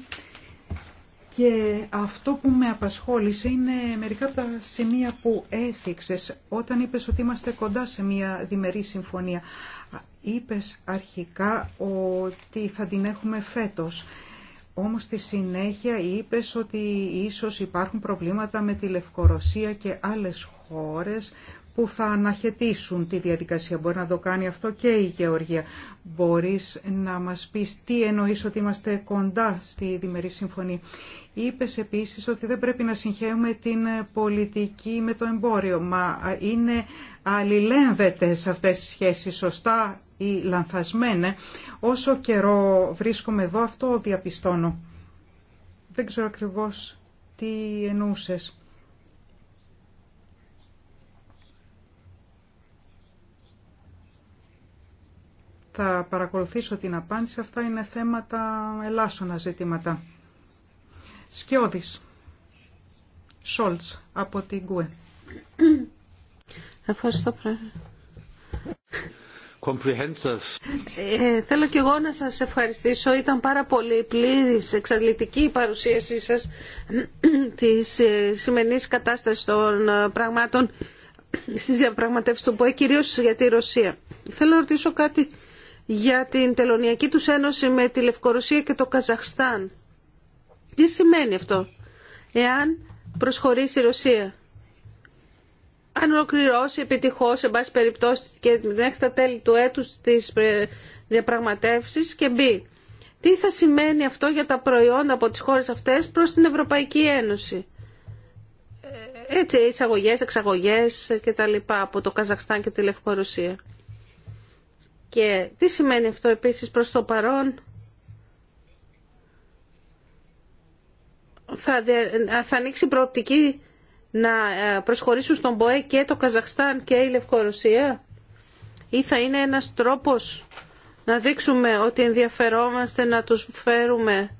Και αυτό που με απασχόλησε είναι μερικά από τα σημεία που έθιξες όταν είπες ότι είμαστε κοντά σε μια διμερή συμφωνία. Είπες αρχικά ότι θα την έχουμε φέτος. Όμως στη συνέχεια είπες ότι ίσως υπάρχουν προβλήματα με τη Λευκορωσία και άλλες χώρες που θα αναχαιτήσουν τη διαδικασία. Μπορεί να το κάνει αυτό και η Γεωργία. Μπορείς να μας πεις τι εννοείς ότι είμαστε κοντά στη διμερή συμφωνία. είπε επίσης ότι δεν πρέπει να συγχαίουμε την πολιτική με το εμπόριο, μα είναι αλληλένδετες αυτές οι σχέσεις, σωστά ή λανθασμένε. Όσο καιρό βρίσκομαι εδώ αυτό διαπιστώνω. Δεν ξέρω ακριβώς τι εννοούσες. θα παρακολουθήσω την απάντηση. Αυτά είναι θέματα ελάσσονα ζητήματα. Σκιώδης. Σόλτς από την ΚΟΕ. Ευχαριστώ πρόεδρε. Ε, θέλω και εγώ να σας ευχαριστήσω. Ήταν πάρα πολύ πλήρης, εξαντλητική η παρουσίασή σας της ε, σημερινής κατάστασης των ε, πραγμάτων στις διαπραγματεύσεις του ΠΟΕ, κυρίως για τη Ρωσία. Θέλω να ρωτήσω κάτι για την τελωνιακή τους ένωση με τη Λευκορωσία και το Καζαχστάν. Τι σημαίνει αυτό, εάν προσχωρήσει η Ρωσία. Αν ολοκληρώσει επιτυχώς, εν πάση περιπτώσει, και μέχρι τα τέλη του έτους της διαπραγματεύσεις και μπει. Τι θα σημαίνει αυτό για τα προϊόντα από τις χώρες αυτές προς την Ευρωπαϊκή Ένωση. Ε, έτσι, εισαγωγές, εξαγωγές και τα λοιπά από το Καζαχστάν και τη Λευκορωσία. Και τι σημαίνει αυτό επίσης προς το παρόν. Θα, θα ανοίξει προοπτική να ε, προσχωρήσουν στον ΠΟΕ και το Καζαχστάν και η Λευκορωσία ή θα είναι ένας τρόπος να δείξουμε ότι ενδιαφερόμαστε να τους φέρουμε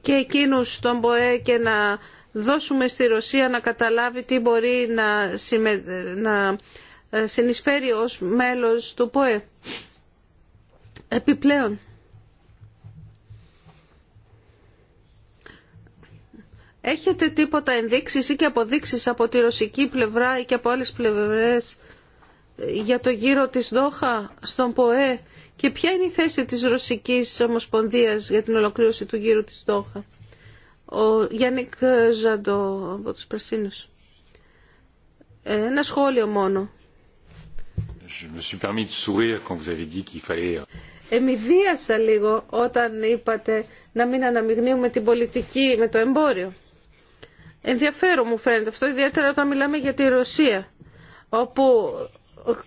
και εκείνους στον ΠΟΕ και να δώσουμε στη Ρωσία να καταλάβει τι μπορεί να, να ε, συνεισφέρει ως μέλος του ΠΟΕ. Επιπλέον, έχετε τίποτα ενδείξεις ή και αποδείξεις από τη ρωσική πλευρά ή και από άλλες πλευρές για το γύρο της Δόχα στον ΠΟΕ και ποια είναι η θέση της Ρωσικής Ομοσπονδίας για την ολοκλήρωση του γύρου της Δόχα. Ο Γιάννικ Ζαντο από τους Πρασίνους. Ε, ένα σχόλιο μόνο. Εμιδίασα λίγο όταν είπατε να μην αναμειγνύουμε την πολιτική με το εμπόριο. Ενδιαφέρον μου φαίνεται αυτό, ιδιαίτερα όταν μιλάμε για τη Ρωσία, όπου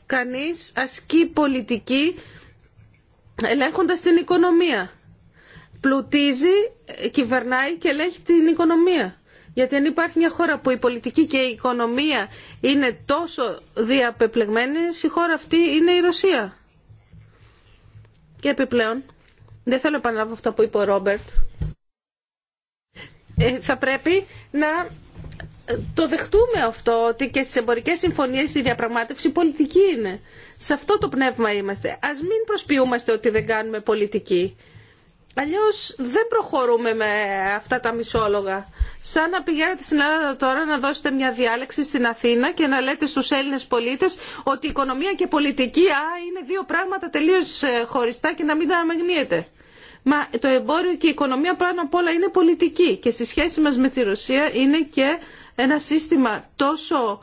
κανείς ασκεί πολιτική ελέγχοντας την οικονομία. Πλουτίζει, κυβερνάει και ελέγχει την οικονομία. Γιατί αν υπάρχει μια χώρα που η πολιτική και η οικονομία είναι τόσο διαπεπλεγμένες, η χώρα αυτή είναι η Ρωσία. Και επιπλέον, δεν θέλω να επαναλάβω αυτά που είπε ο Ρόμπερτ, ε, θα πρέπει να ε, το δεχτούμε αυτό ότι και στις εμπορικές συμφωνίες στη διαπραγμάτευση πολιτική είναι. Σε αυτό το πνεύμα είμαστε. Ας μην προσποιούμαστε ότι δεν κάνουμε πολιτική. Αλλιώς δεν προχωρούμε με αυτά τα μισόλογα. Σαν να πηγαίνετε στην Ελλάδα τώρα να δώσετε μια διάλεξη στην Αθήνα και να λέτε στους Έλληνες πολίτες ότι η οικονομία και η πολιτική α, είναι δύο πράγματα τελείως ε, χωριστά και να μην τα αναμεγνύεται. Μα το εμπόριο και η οικονομία πάνω απ' όλα είναι πολιτική και στη σχέση μας με τη Ρωσία είναι και ένα σύστημα τόσο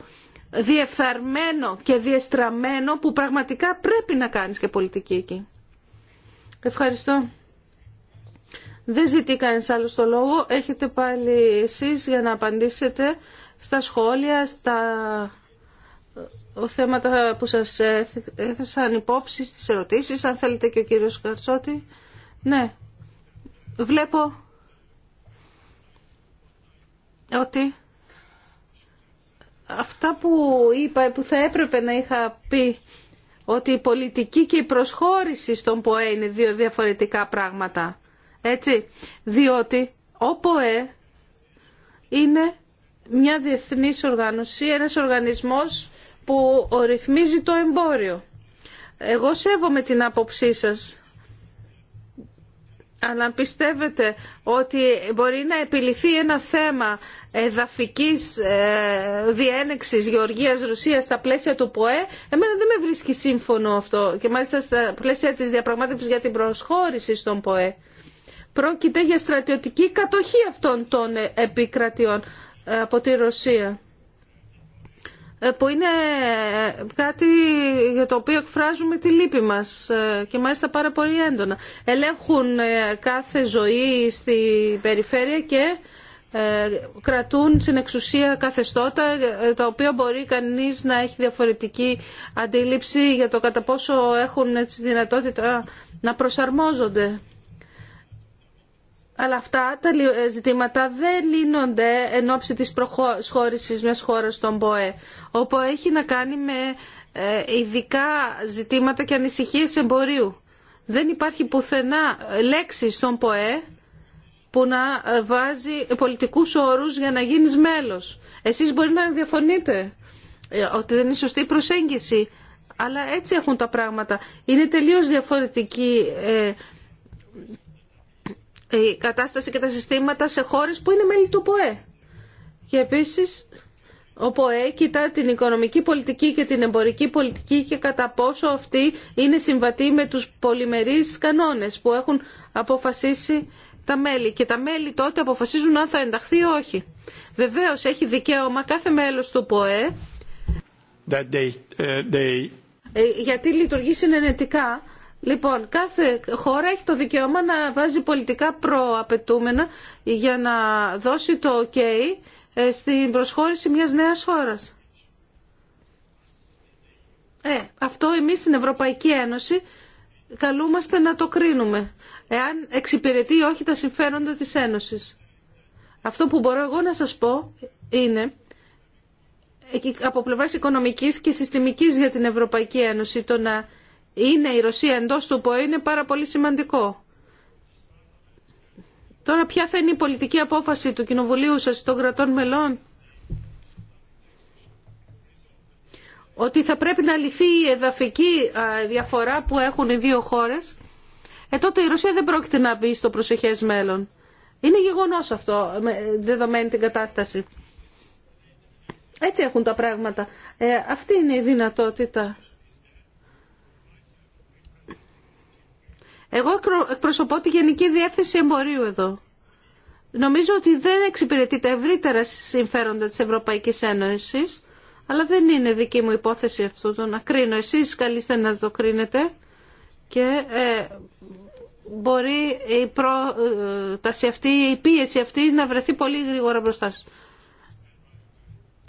διεφθαρμένο και διεστραμμένο που πραγματικά πρέπει να κάνεις και πολιτική εκεί. Ευχαριστώ. Δεν ζητεί κανείς άλλο το λόγο. Έχετε πάλι εσείς για να απαντήσετε στα σχόλια, στα ε, θέματα που σας έθεσαν υπόψη, στις ερωτήσεις, αν θέλετε και ο κύριος Καρσότη. Ναι, βλέπω ότι αυτά που είπα, που θα έπρεπε να είχα πει, ότι η πολιτική και η προσχώρηση στον ΠΟΕ είναι δύο διαφορετικά πράγματα. Έτσι, διότι ο ΠΟΕ είναι μια διεθνής οργάνωση, ένας οργανισμός που ρυθμίζει το εμπόριο. Εγώ σέβομαι την άποψή σας. Αλλά πιστεύετε ότι μπορεί να επιληθεί ένα θέμα εδαφικής ε, διένεξης Γεωργίας-Ρωσίας στα πλαίσια του ΠΟΕ, εμένα δεν με βρίσκει σύμφωνο αυτό. Και μάλιστα στα πλαίσια της διαπραγμάτευσης για την προσχώρηση στον ΠΟΕ. Πρόκειται για στρατιωτική κατοχή αυτών των ε, επικρατιών ε, από τη Ρωσία ε, που είναι κάτι για το οποίο εκφράζουμε τη λύπη μας και μάλιστα πάρα πολύ έντονα. Ελέγχουν κάθε ζωή στη περιφέρεια και κρατούν στην εξουσία καθεστώτα τα οποία μπορεί κανείς να έχει διαφορετική αντίληψη για το κατά πόσο έχουν τη δυνατότητα να προσαρμόζονται. Αλλά αυτά τα ε, ζητήματα δεν λύνονται εν ώψη της προσχώρησης μιας χώρας στον ΠΟΕ, όπου έχει να κάνει με ε, ειδικά ζητήματα και ανησυχίες εμπορίου. Δεν υπάρχει πουθενά λέξη στον ΠΟΕ που να ε, βάζει πολιτικούς όρους για να γίνεις μέλος. Εσείς μπορεί να διαφωνείτε ότι δεν είναι σωστή η προσέγγιση, αλλά έτσι έχουν τα πράγματα. Είναι τελείως διαφορετική η κατάσταση και τα συστήματα σε χώρες που είναι μέλη του ΠΟΕ. Και επίσης ο ΠΟΕ κοιτά την οικονομική πολιτική και την εμπορική πολιτική και κατά πόσο αυτή είναι συμβατή με τους πολυμερείς κανόνες που έχουν αποφασίσει τα μέλη. Και τα μέλη τότε αποφασίζουν αν θα ενταχθεί ή όχι. Βεβαίως έχει δικαίωμα κάθε μέλος του ΠΟΕ uh, ε, γιατί λειτουργεί συνενετικά Λοιπόν, κάθε χώρα έχει το δικαίωμα να βάζει πολιτικά προαπαιτούμενα για να δώσει το ok ε, στην προσχώρηση μιας νέας χώρας. Ε, αυτό εμείς στην Ευρωπαϊκή Ένωση καλούμαστε να το κρίνουμε, εάν εξυπηρετεί ή όχι τα συμφέροντα της Ένωσης. Αυτό που μπορώ εγώ να σας πω είναι ε, από πλευράς οικονομικής και συστημικής για την Ευρωπαϊκή Ένωση το να είναι η Ρωσία εντός του ΠΟΕ είναι πάρα πολύ σημαντικό. Τώρα ποια θα είναι η πολιτική απόφαση του Κοινοβουλίου σας των κρατών μελών. Ότι θα πρέπει να λυθεί η εδαφική διαφορά που έχουν οι δύο χώρες. Ε, τότε η Ρωσία δεν πρόκειται να μπει στο προσεχές μέλλον. Είναι γεγονός αυτό, δεδομένη την κατάσταση. Έτσι έχουν τα πράγματα. Ε, αυτή είναι η δυνατότητα. Εγώ εκπροσωπώ τη Γενική Διεύθυνση Εμπορίου εδώ. Νομίζω ότι δεν εξυπηρετεί τα ευρύτερα συμφέροντα της Ευρωπαϊκής Ένωσης, αλλά δεν είναι δική μου υπόθεση αυτό το να κρίνω. Εσείς καλείστε να το κρίνετε και ε, μπορεί η πρόταση ε, αυτή, η πίεση αυτή να βρεθεί πολύ γρήγορα μπροστά σας.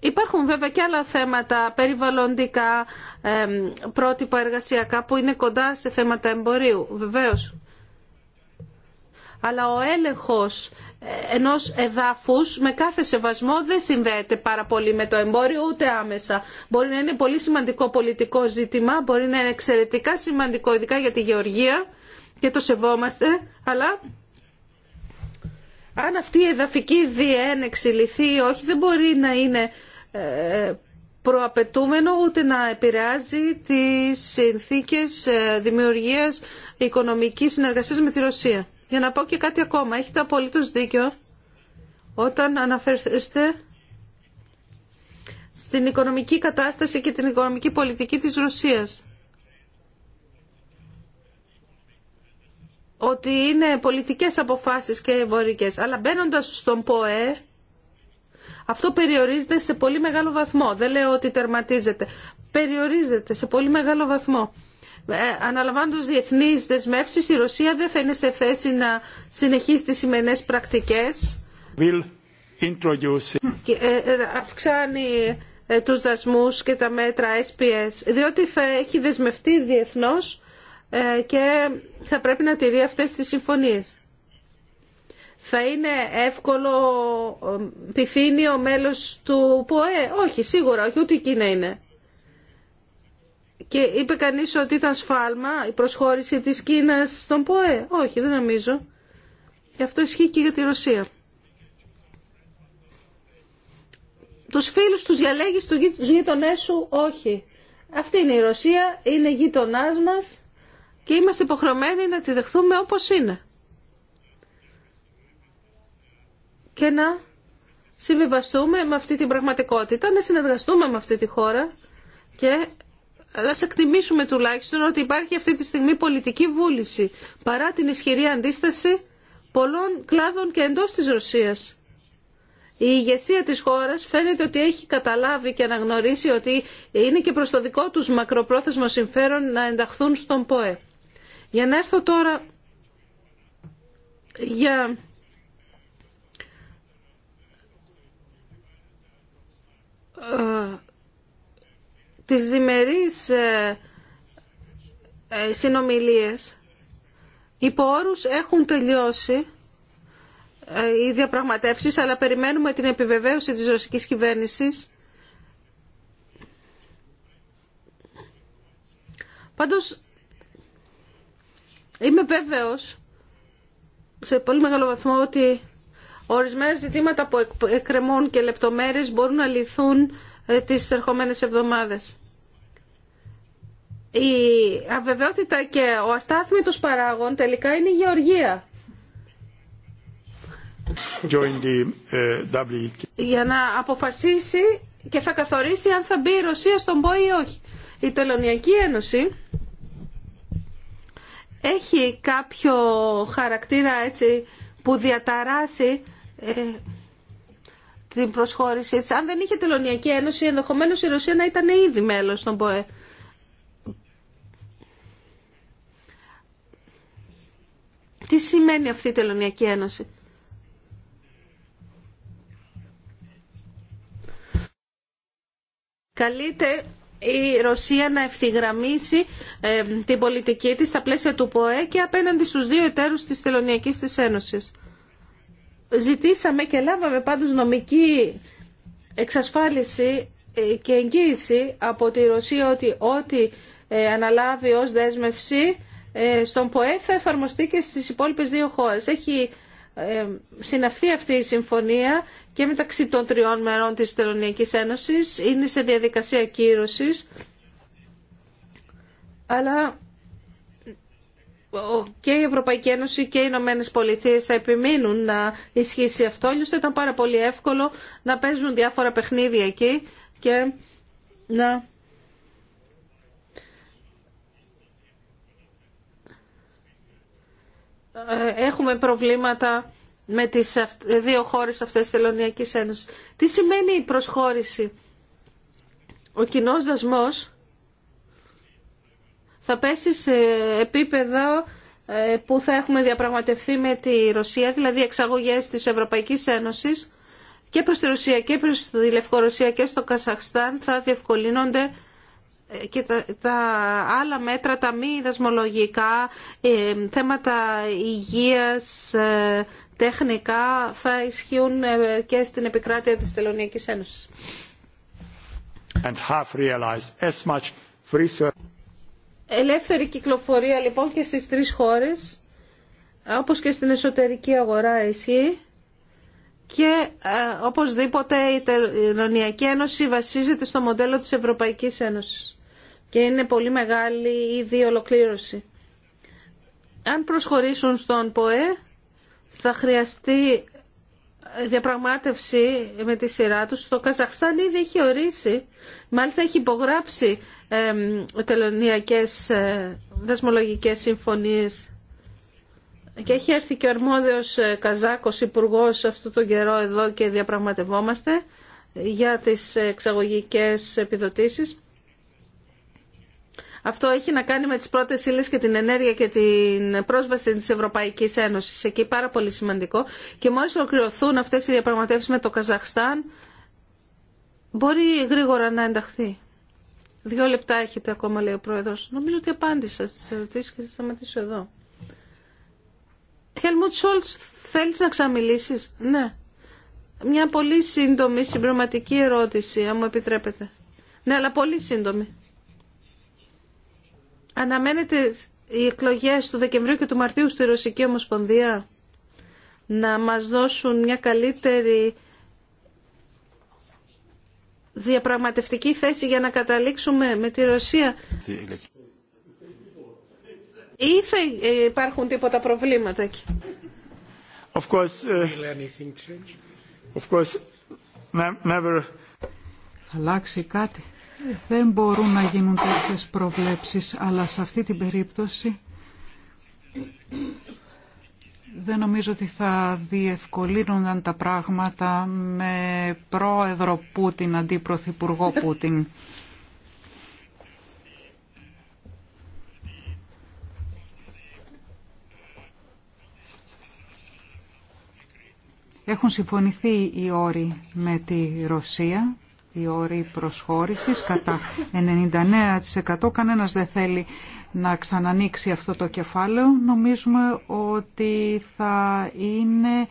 Υπάρχουν βέβαια και άλλα θέματα περιβαλλοντικά, πρότυπα εργασιακά που είναι κοντά σε θέματα εμπορίου, βεβαίως. Αλλά ο έλεγχος ε, ενός εδάφους με κάθε σεβασμό δεν συνδέεται πάρα πολύ με το εμπόριο ούτε άμεσα. Μπορεί να είναι πολύ σημαντικό πολιτικό ζήτημα, μπορεί να είναι εξαιρετικά σημαντικό ειδικά για τη γεωργία και το σεβόμαστε, αλλά αν αυτή η εδαφική διένεξη λυθεί ή όχι δεν μπορεί να είναι ε, προαπαιτούμενο ούτε να επηρεάζει τις συνθήκες ε, δημιουργίας οικονομικής συνεργασίας με τη Ρωσία. Για να πω και κάτι ακόμα, έχετε απολύτως δίκιο όταν αναφέρεστε στην οικονομική κατάσταση και την οικονομική πολιτική της Ρωσίας. Ότι είναι πολιτικές αποφάσεις και εμπορικές. Αλλά μπαίνοντας στον ΠΟΕ, αυτό περιορίζεται σε πολύ μεγάλο βαθμό. Δεν λέω ότι τερματίζεται. Περιορίζεται σε πολύ μεγάλο βαθμό. Ε, Αναλαμβάνοντα διεθνεί δεσμεύσει, η Ρωσία δεν θα είναι σε θέση να συνεχίσει τι σημερινέ πρακτικέ. Ε, ε, αυξάνει ε, τους δασμούς και τα μέτρα SPS, διότι θα έχει δεσμευτεί διεθνώς και θα πρέπει να τηρεί αυτές τις συμφωνίες θα είναι εύκολο ε, ο μέλος του ΠΟΕ. Όχι, σίγουρα, όχι, ούτε εκείνα είναι. Και είπε κανείς ότι ήταν σφάλμα η προσχώρηση της Κίνας στον ΠΟΕ. Όχι, δεν νομίζω. Γι' αυτό ισχύει και για τη Ρωσία. Τους φίλους τους διαλέγεις, του γείτονέ σου, όχι. Αυτή είναι η Ρωσία, είναι γείτονά μας και είμαστε υποχρεωμένοι να τη δεχθούμε όπως είναι. και να συμβιβαστούμε με αυτή την πραγματικότητα, να συνεργαστούμε με αυτή τη χώρα και να σε εκτιμήσουμε τουλάχιστον ότι υπάρχει αυτή τη στιγμή πολιτική βούληση παρά την ισχυρή αντίσταση πολλών κλάδων και εντός της Ρωσίας. Η ηγεσία της χώρας φαίνεται ότι έχει καταλάβει και αναγνωρίσει ότι είναι και προς το δικό τους μακροπρόθεσμο συμφέρον να ενταχθούν στον ΠΟΕ. Για να έρθω τώρα για Ε, τις διμερείς ε, ε, συνομιλίες υπό όρους έχουν τελειώσει οι διαπραγματεύσεις αλλά περιμένουμε την επιβεβαίωση της ρωσικής κυβέρνησης Πάντως είμαι βέβαιος σε πολύ μεγάλο βαθμό ότι Ορισμένα ζητήματα που εκκρεμούν και λεπτομέρειες μπορούν να λυθούν ε, τις ερχόμενες εβδομάδες. Η αβεβαιότητα και ο αστάθμητος παράγων τελικά είναι η γεωργία. Ε, Για να αποφασίσει και θα καθορίσει αν θα μπει η Ρωσία στον ΠΟΗ ή όχι. Η Τελωνιακή Ένωση έχει κάποιο χαρακτήρα έτσι που διαταράσει ε, την προσχώρησή Έτσι. Αν δεν είχε τελωνιακή ένωση, ενδεχομένως η Ρωσία να ήταν ήδη μέλος στον ΠΟΕ. Τι σημαίνει αυτή η τελωνιακή ένωση. Καλείται η Ρωσία να ευθυγραμμίσει ε, την πολιτική της στα πλαίσια του ΠΟΕ και απέναντι στους δύο εταίρους της Τελωνιακής της Ένωσης. Ζητήσαμε και λάβαμε πάντως νομική εξασφάλιση ε, και εγγύηση από τη Ρωσία ότι ό,τι ε, αναλάβει ως δέσμευση ε, στον ΠΟΕ θα εφαρμοστεί και στις υπόλοιπες δύο χώρες. Έχει συναυθεί αυτή η συμφωνία και μεταξύ των τριών μερών της Τελωνιακής Ένωσης. Είναι σε διαδικασία κύρωσης. Αλλά και η Ευρωπαϊκή Ένωση και οι Ηνωμένε Πολιτείε θα επιμείνουν να ισχύσει αυτό. ήταν πάρα πολύ εύκολο να παίζουν διάφορα παιχνίδια εκεί και να. Ε, έχουμε προβλήματα με τις δύο χώρες αυτές της Θελωνιακής Ένωσης. Τι σημαίνει η προσχώρηση. Ο κοινός δασμός θα πέσει σε επίπεδο ε, που θα έχουμε διαπραγματευτεί με τη Ρωσία, δηλαδή εξαγωγές της ευρωπαϊκή Ένωσης και προς τη Ρωσία και προς τη Λευκορωσία και στο Καζαχστάν θα διευκολύνονται ε, και τα, άλλα μέτρα, τα μη δασμολογικά, ε, θέματα υγείας, τεχνικά θα ισχύουν και στην επικράτεια της Τελωνιακή Ένωσης. And Ελεύθερη κυκλοφορία λοιπόν και στις τρεις χώρες, όπως και στην εσωτερική αγορά ισχύει και ε, οπωσδήποτε η Τελωνιακή Ένωση βασίζεται στο μοντέλο της Ευρωπαϊκής Ένωσης και είναι πολύ μεγάλη ήδη ολοκλήρωση. Αν προσχωρήσουν στον ΠΟΕ θα χρειαστεί διαπραγμάτευση με τη σειρά τους. Το Καζαχστάν ήδη έχει ορίσει, μάλιστα έχει υπογράψει ε, τελωνιακές ε, συμφωνίες και έχει έρθει και ο αρμόδιος ε, Καζάκος υπουργό αυτό τον καιρό εδώ και διαπραγματευόμαστε για τις εξαγωγικές επιδοτήσεις. Αυτό έχει να κάνει με τις πρώτες ύλε και την ενέργεια και την πρόσβαση της Ευρωπαϊκής Ένωσης. Εκεί πάρα πολύ σημαντικό. Και μόλις ολοκληρωθούν αυτές οι διαπραγματεύσεις με το Καζαχστάν, μπορεί γρήγορα να ενταχθεί. Δύο λεπτά έχετε ακόμα, λέει ο Πρόεδρος. Νομίζω ότι απάντησα στις ερωτήσεις και θα σταματήσω εδώ. Χελμούτ Σόλτς, θέλεις να ξαμιλήσεις. Ναι. Μια πολύ σύντομη συμπληρωματική ερώτηση, αν μου επιτρέπετε. Ναι, αλλά πολύ σύντομη αναμένεται οι εκλογές του Δεκεμβρίου και του Μαρτίου στη Ρωσική Ομοσπονδία να μας δώσουν μια καλύτερη διαπραγματευτική θέση για να καταλήξουμε με τη Ρωσία ή θα υπάρχουν τίποτα προβλήματα εκεί. Of course, uh, of course, never... Θα αλλάξει κάτι. Δεν μπορούν να γίνουν τέτοιες προβλέψεις, αλλά σε αυτή την περίπτωση δεν νομίζω ότι θα διευκολύνονταν τα πράγματα με πρόεδρο Πούτιν, πρωθυπουργό Πούτιν. Έχουν συμφωνηθεί οι όροι με τη Ρωσία η όροι προσχώρησης κατά 99% κανένας δεν θέλει να ξανανοίξει αυτό το κεφάλαιο νομίζουμε ότι θα είναι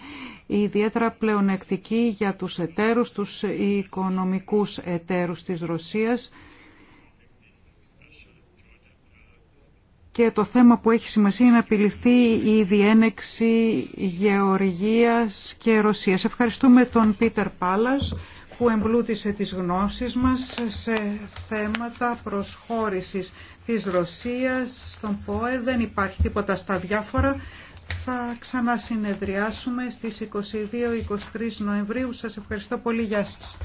ιδιαίτερα πλεονεκτική για τους ετερους τους οικονομικούς εταίρους της Ρωσίας και το θέμα που έχει σημασία είναι να επιληθεί η διένεξη Γεωργίας και Ρωσίας. Ευχαριστούμε τον Πίτερ Πάλας που εμπλούτησε τις γνώσεις μας σε θέματα προσχώρησης της Ρωσίας στον ΠΟΕ. Δεν υπάρχει τίποτα στα διάφορα. Θα ξανασυνεδριάσουμε στις 22-23 Νοεμβρίου. Σας ευχαριστώ πολύ. Γεια σας.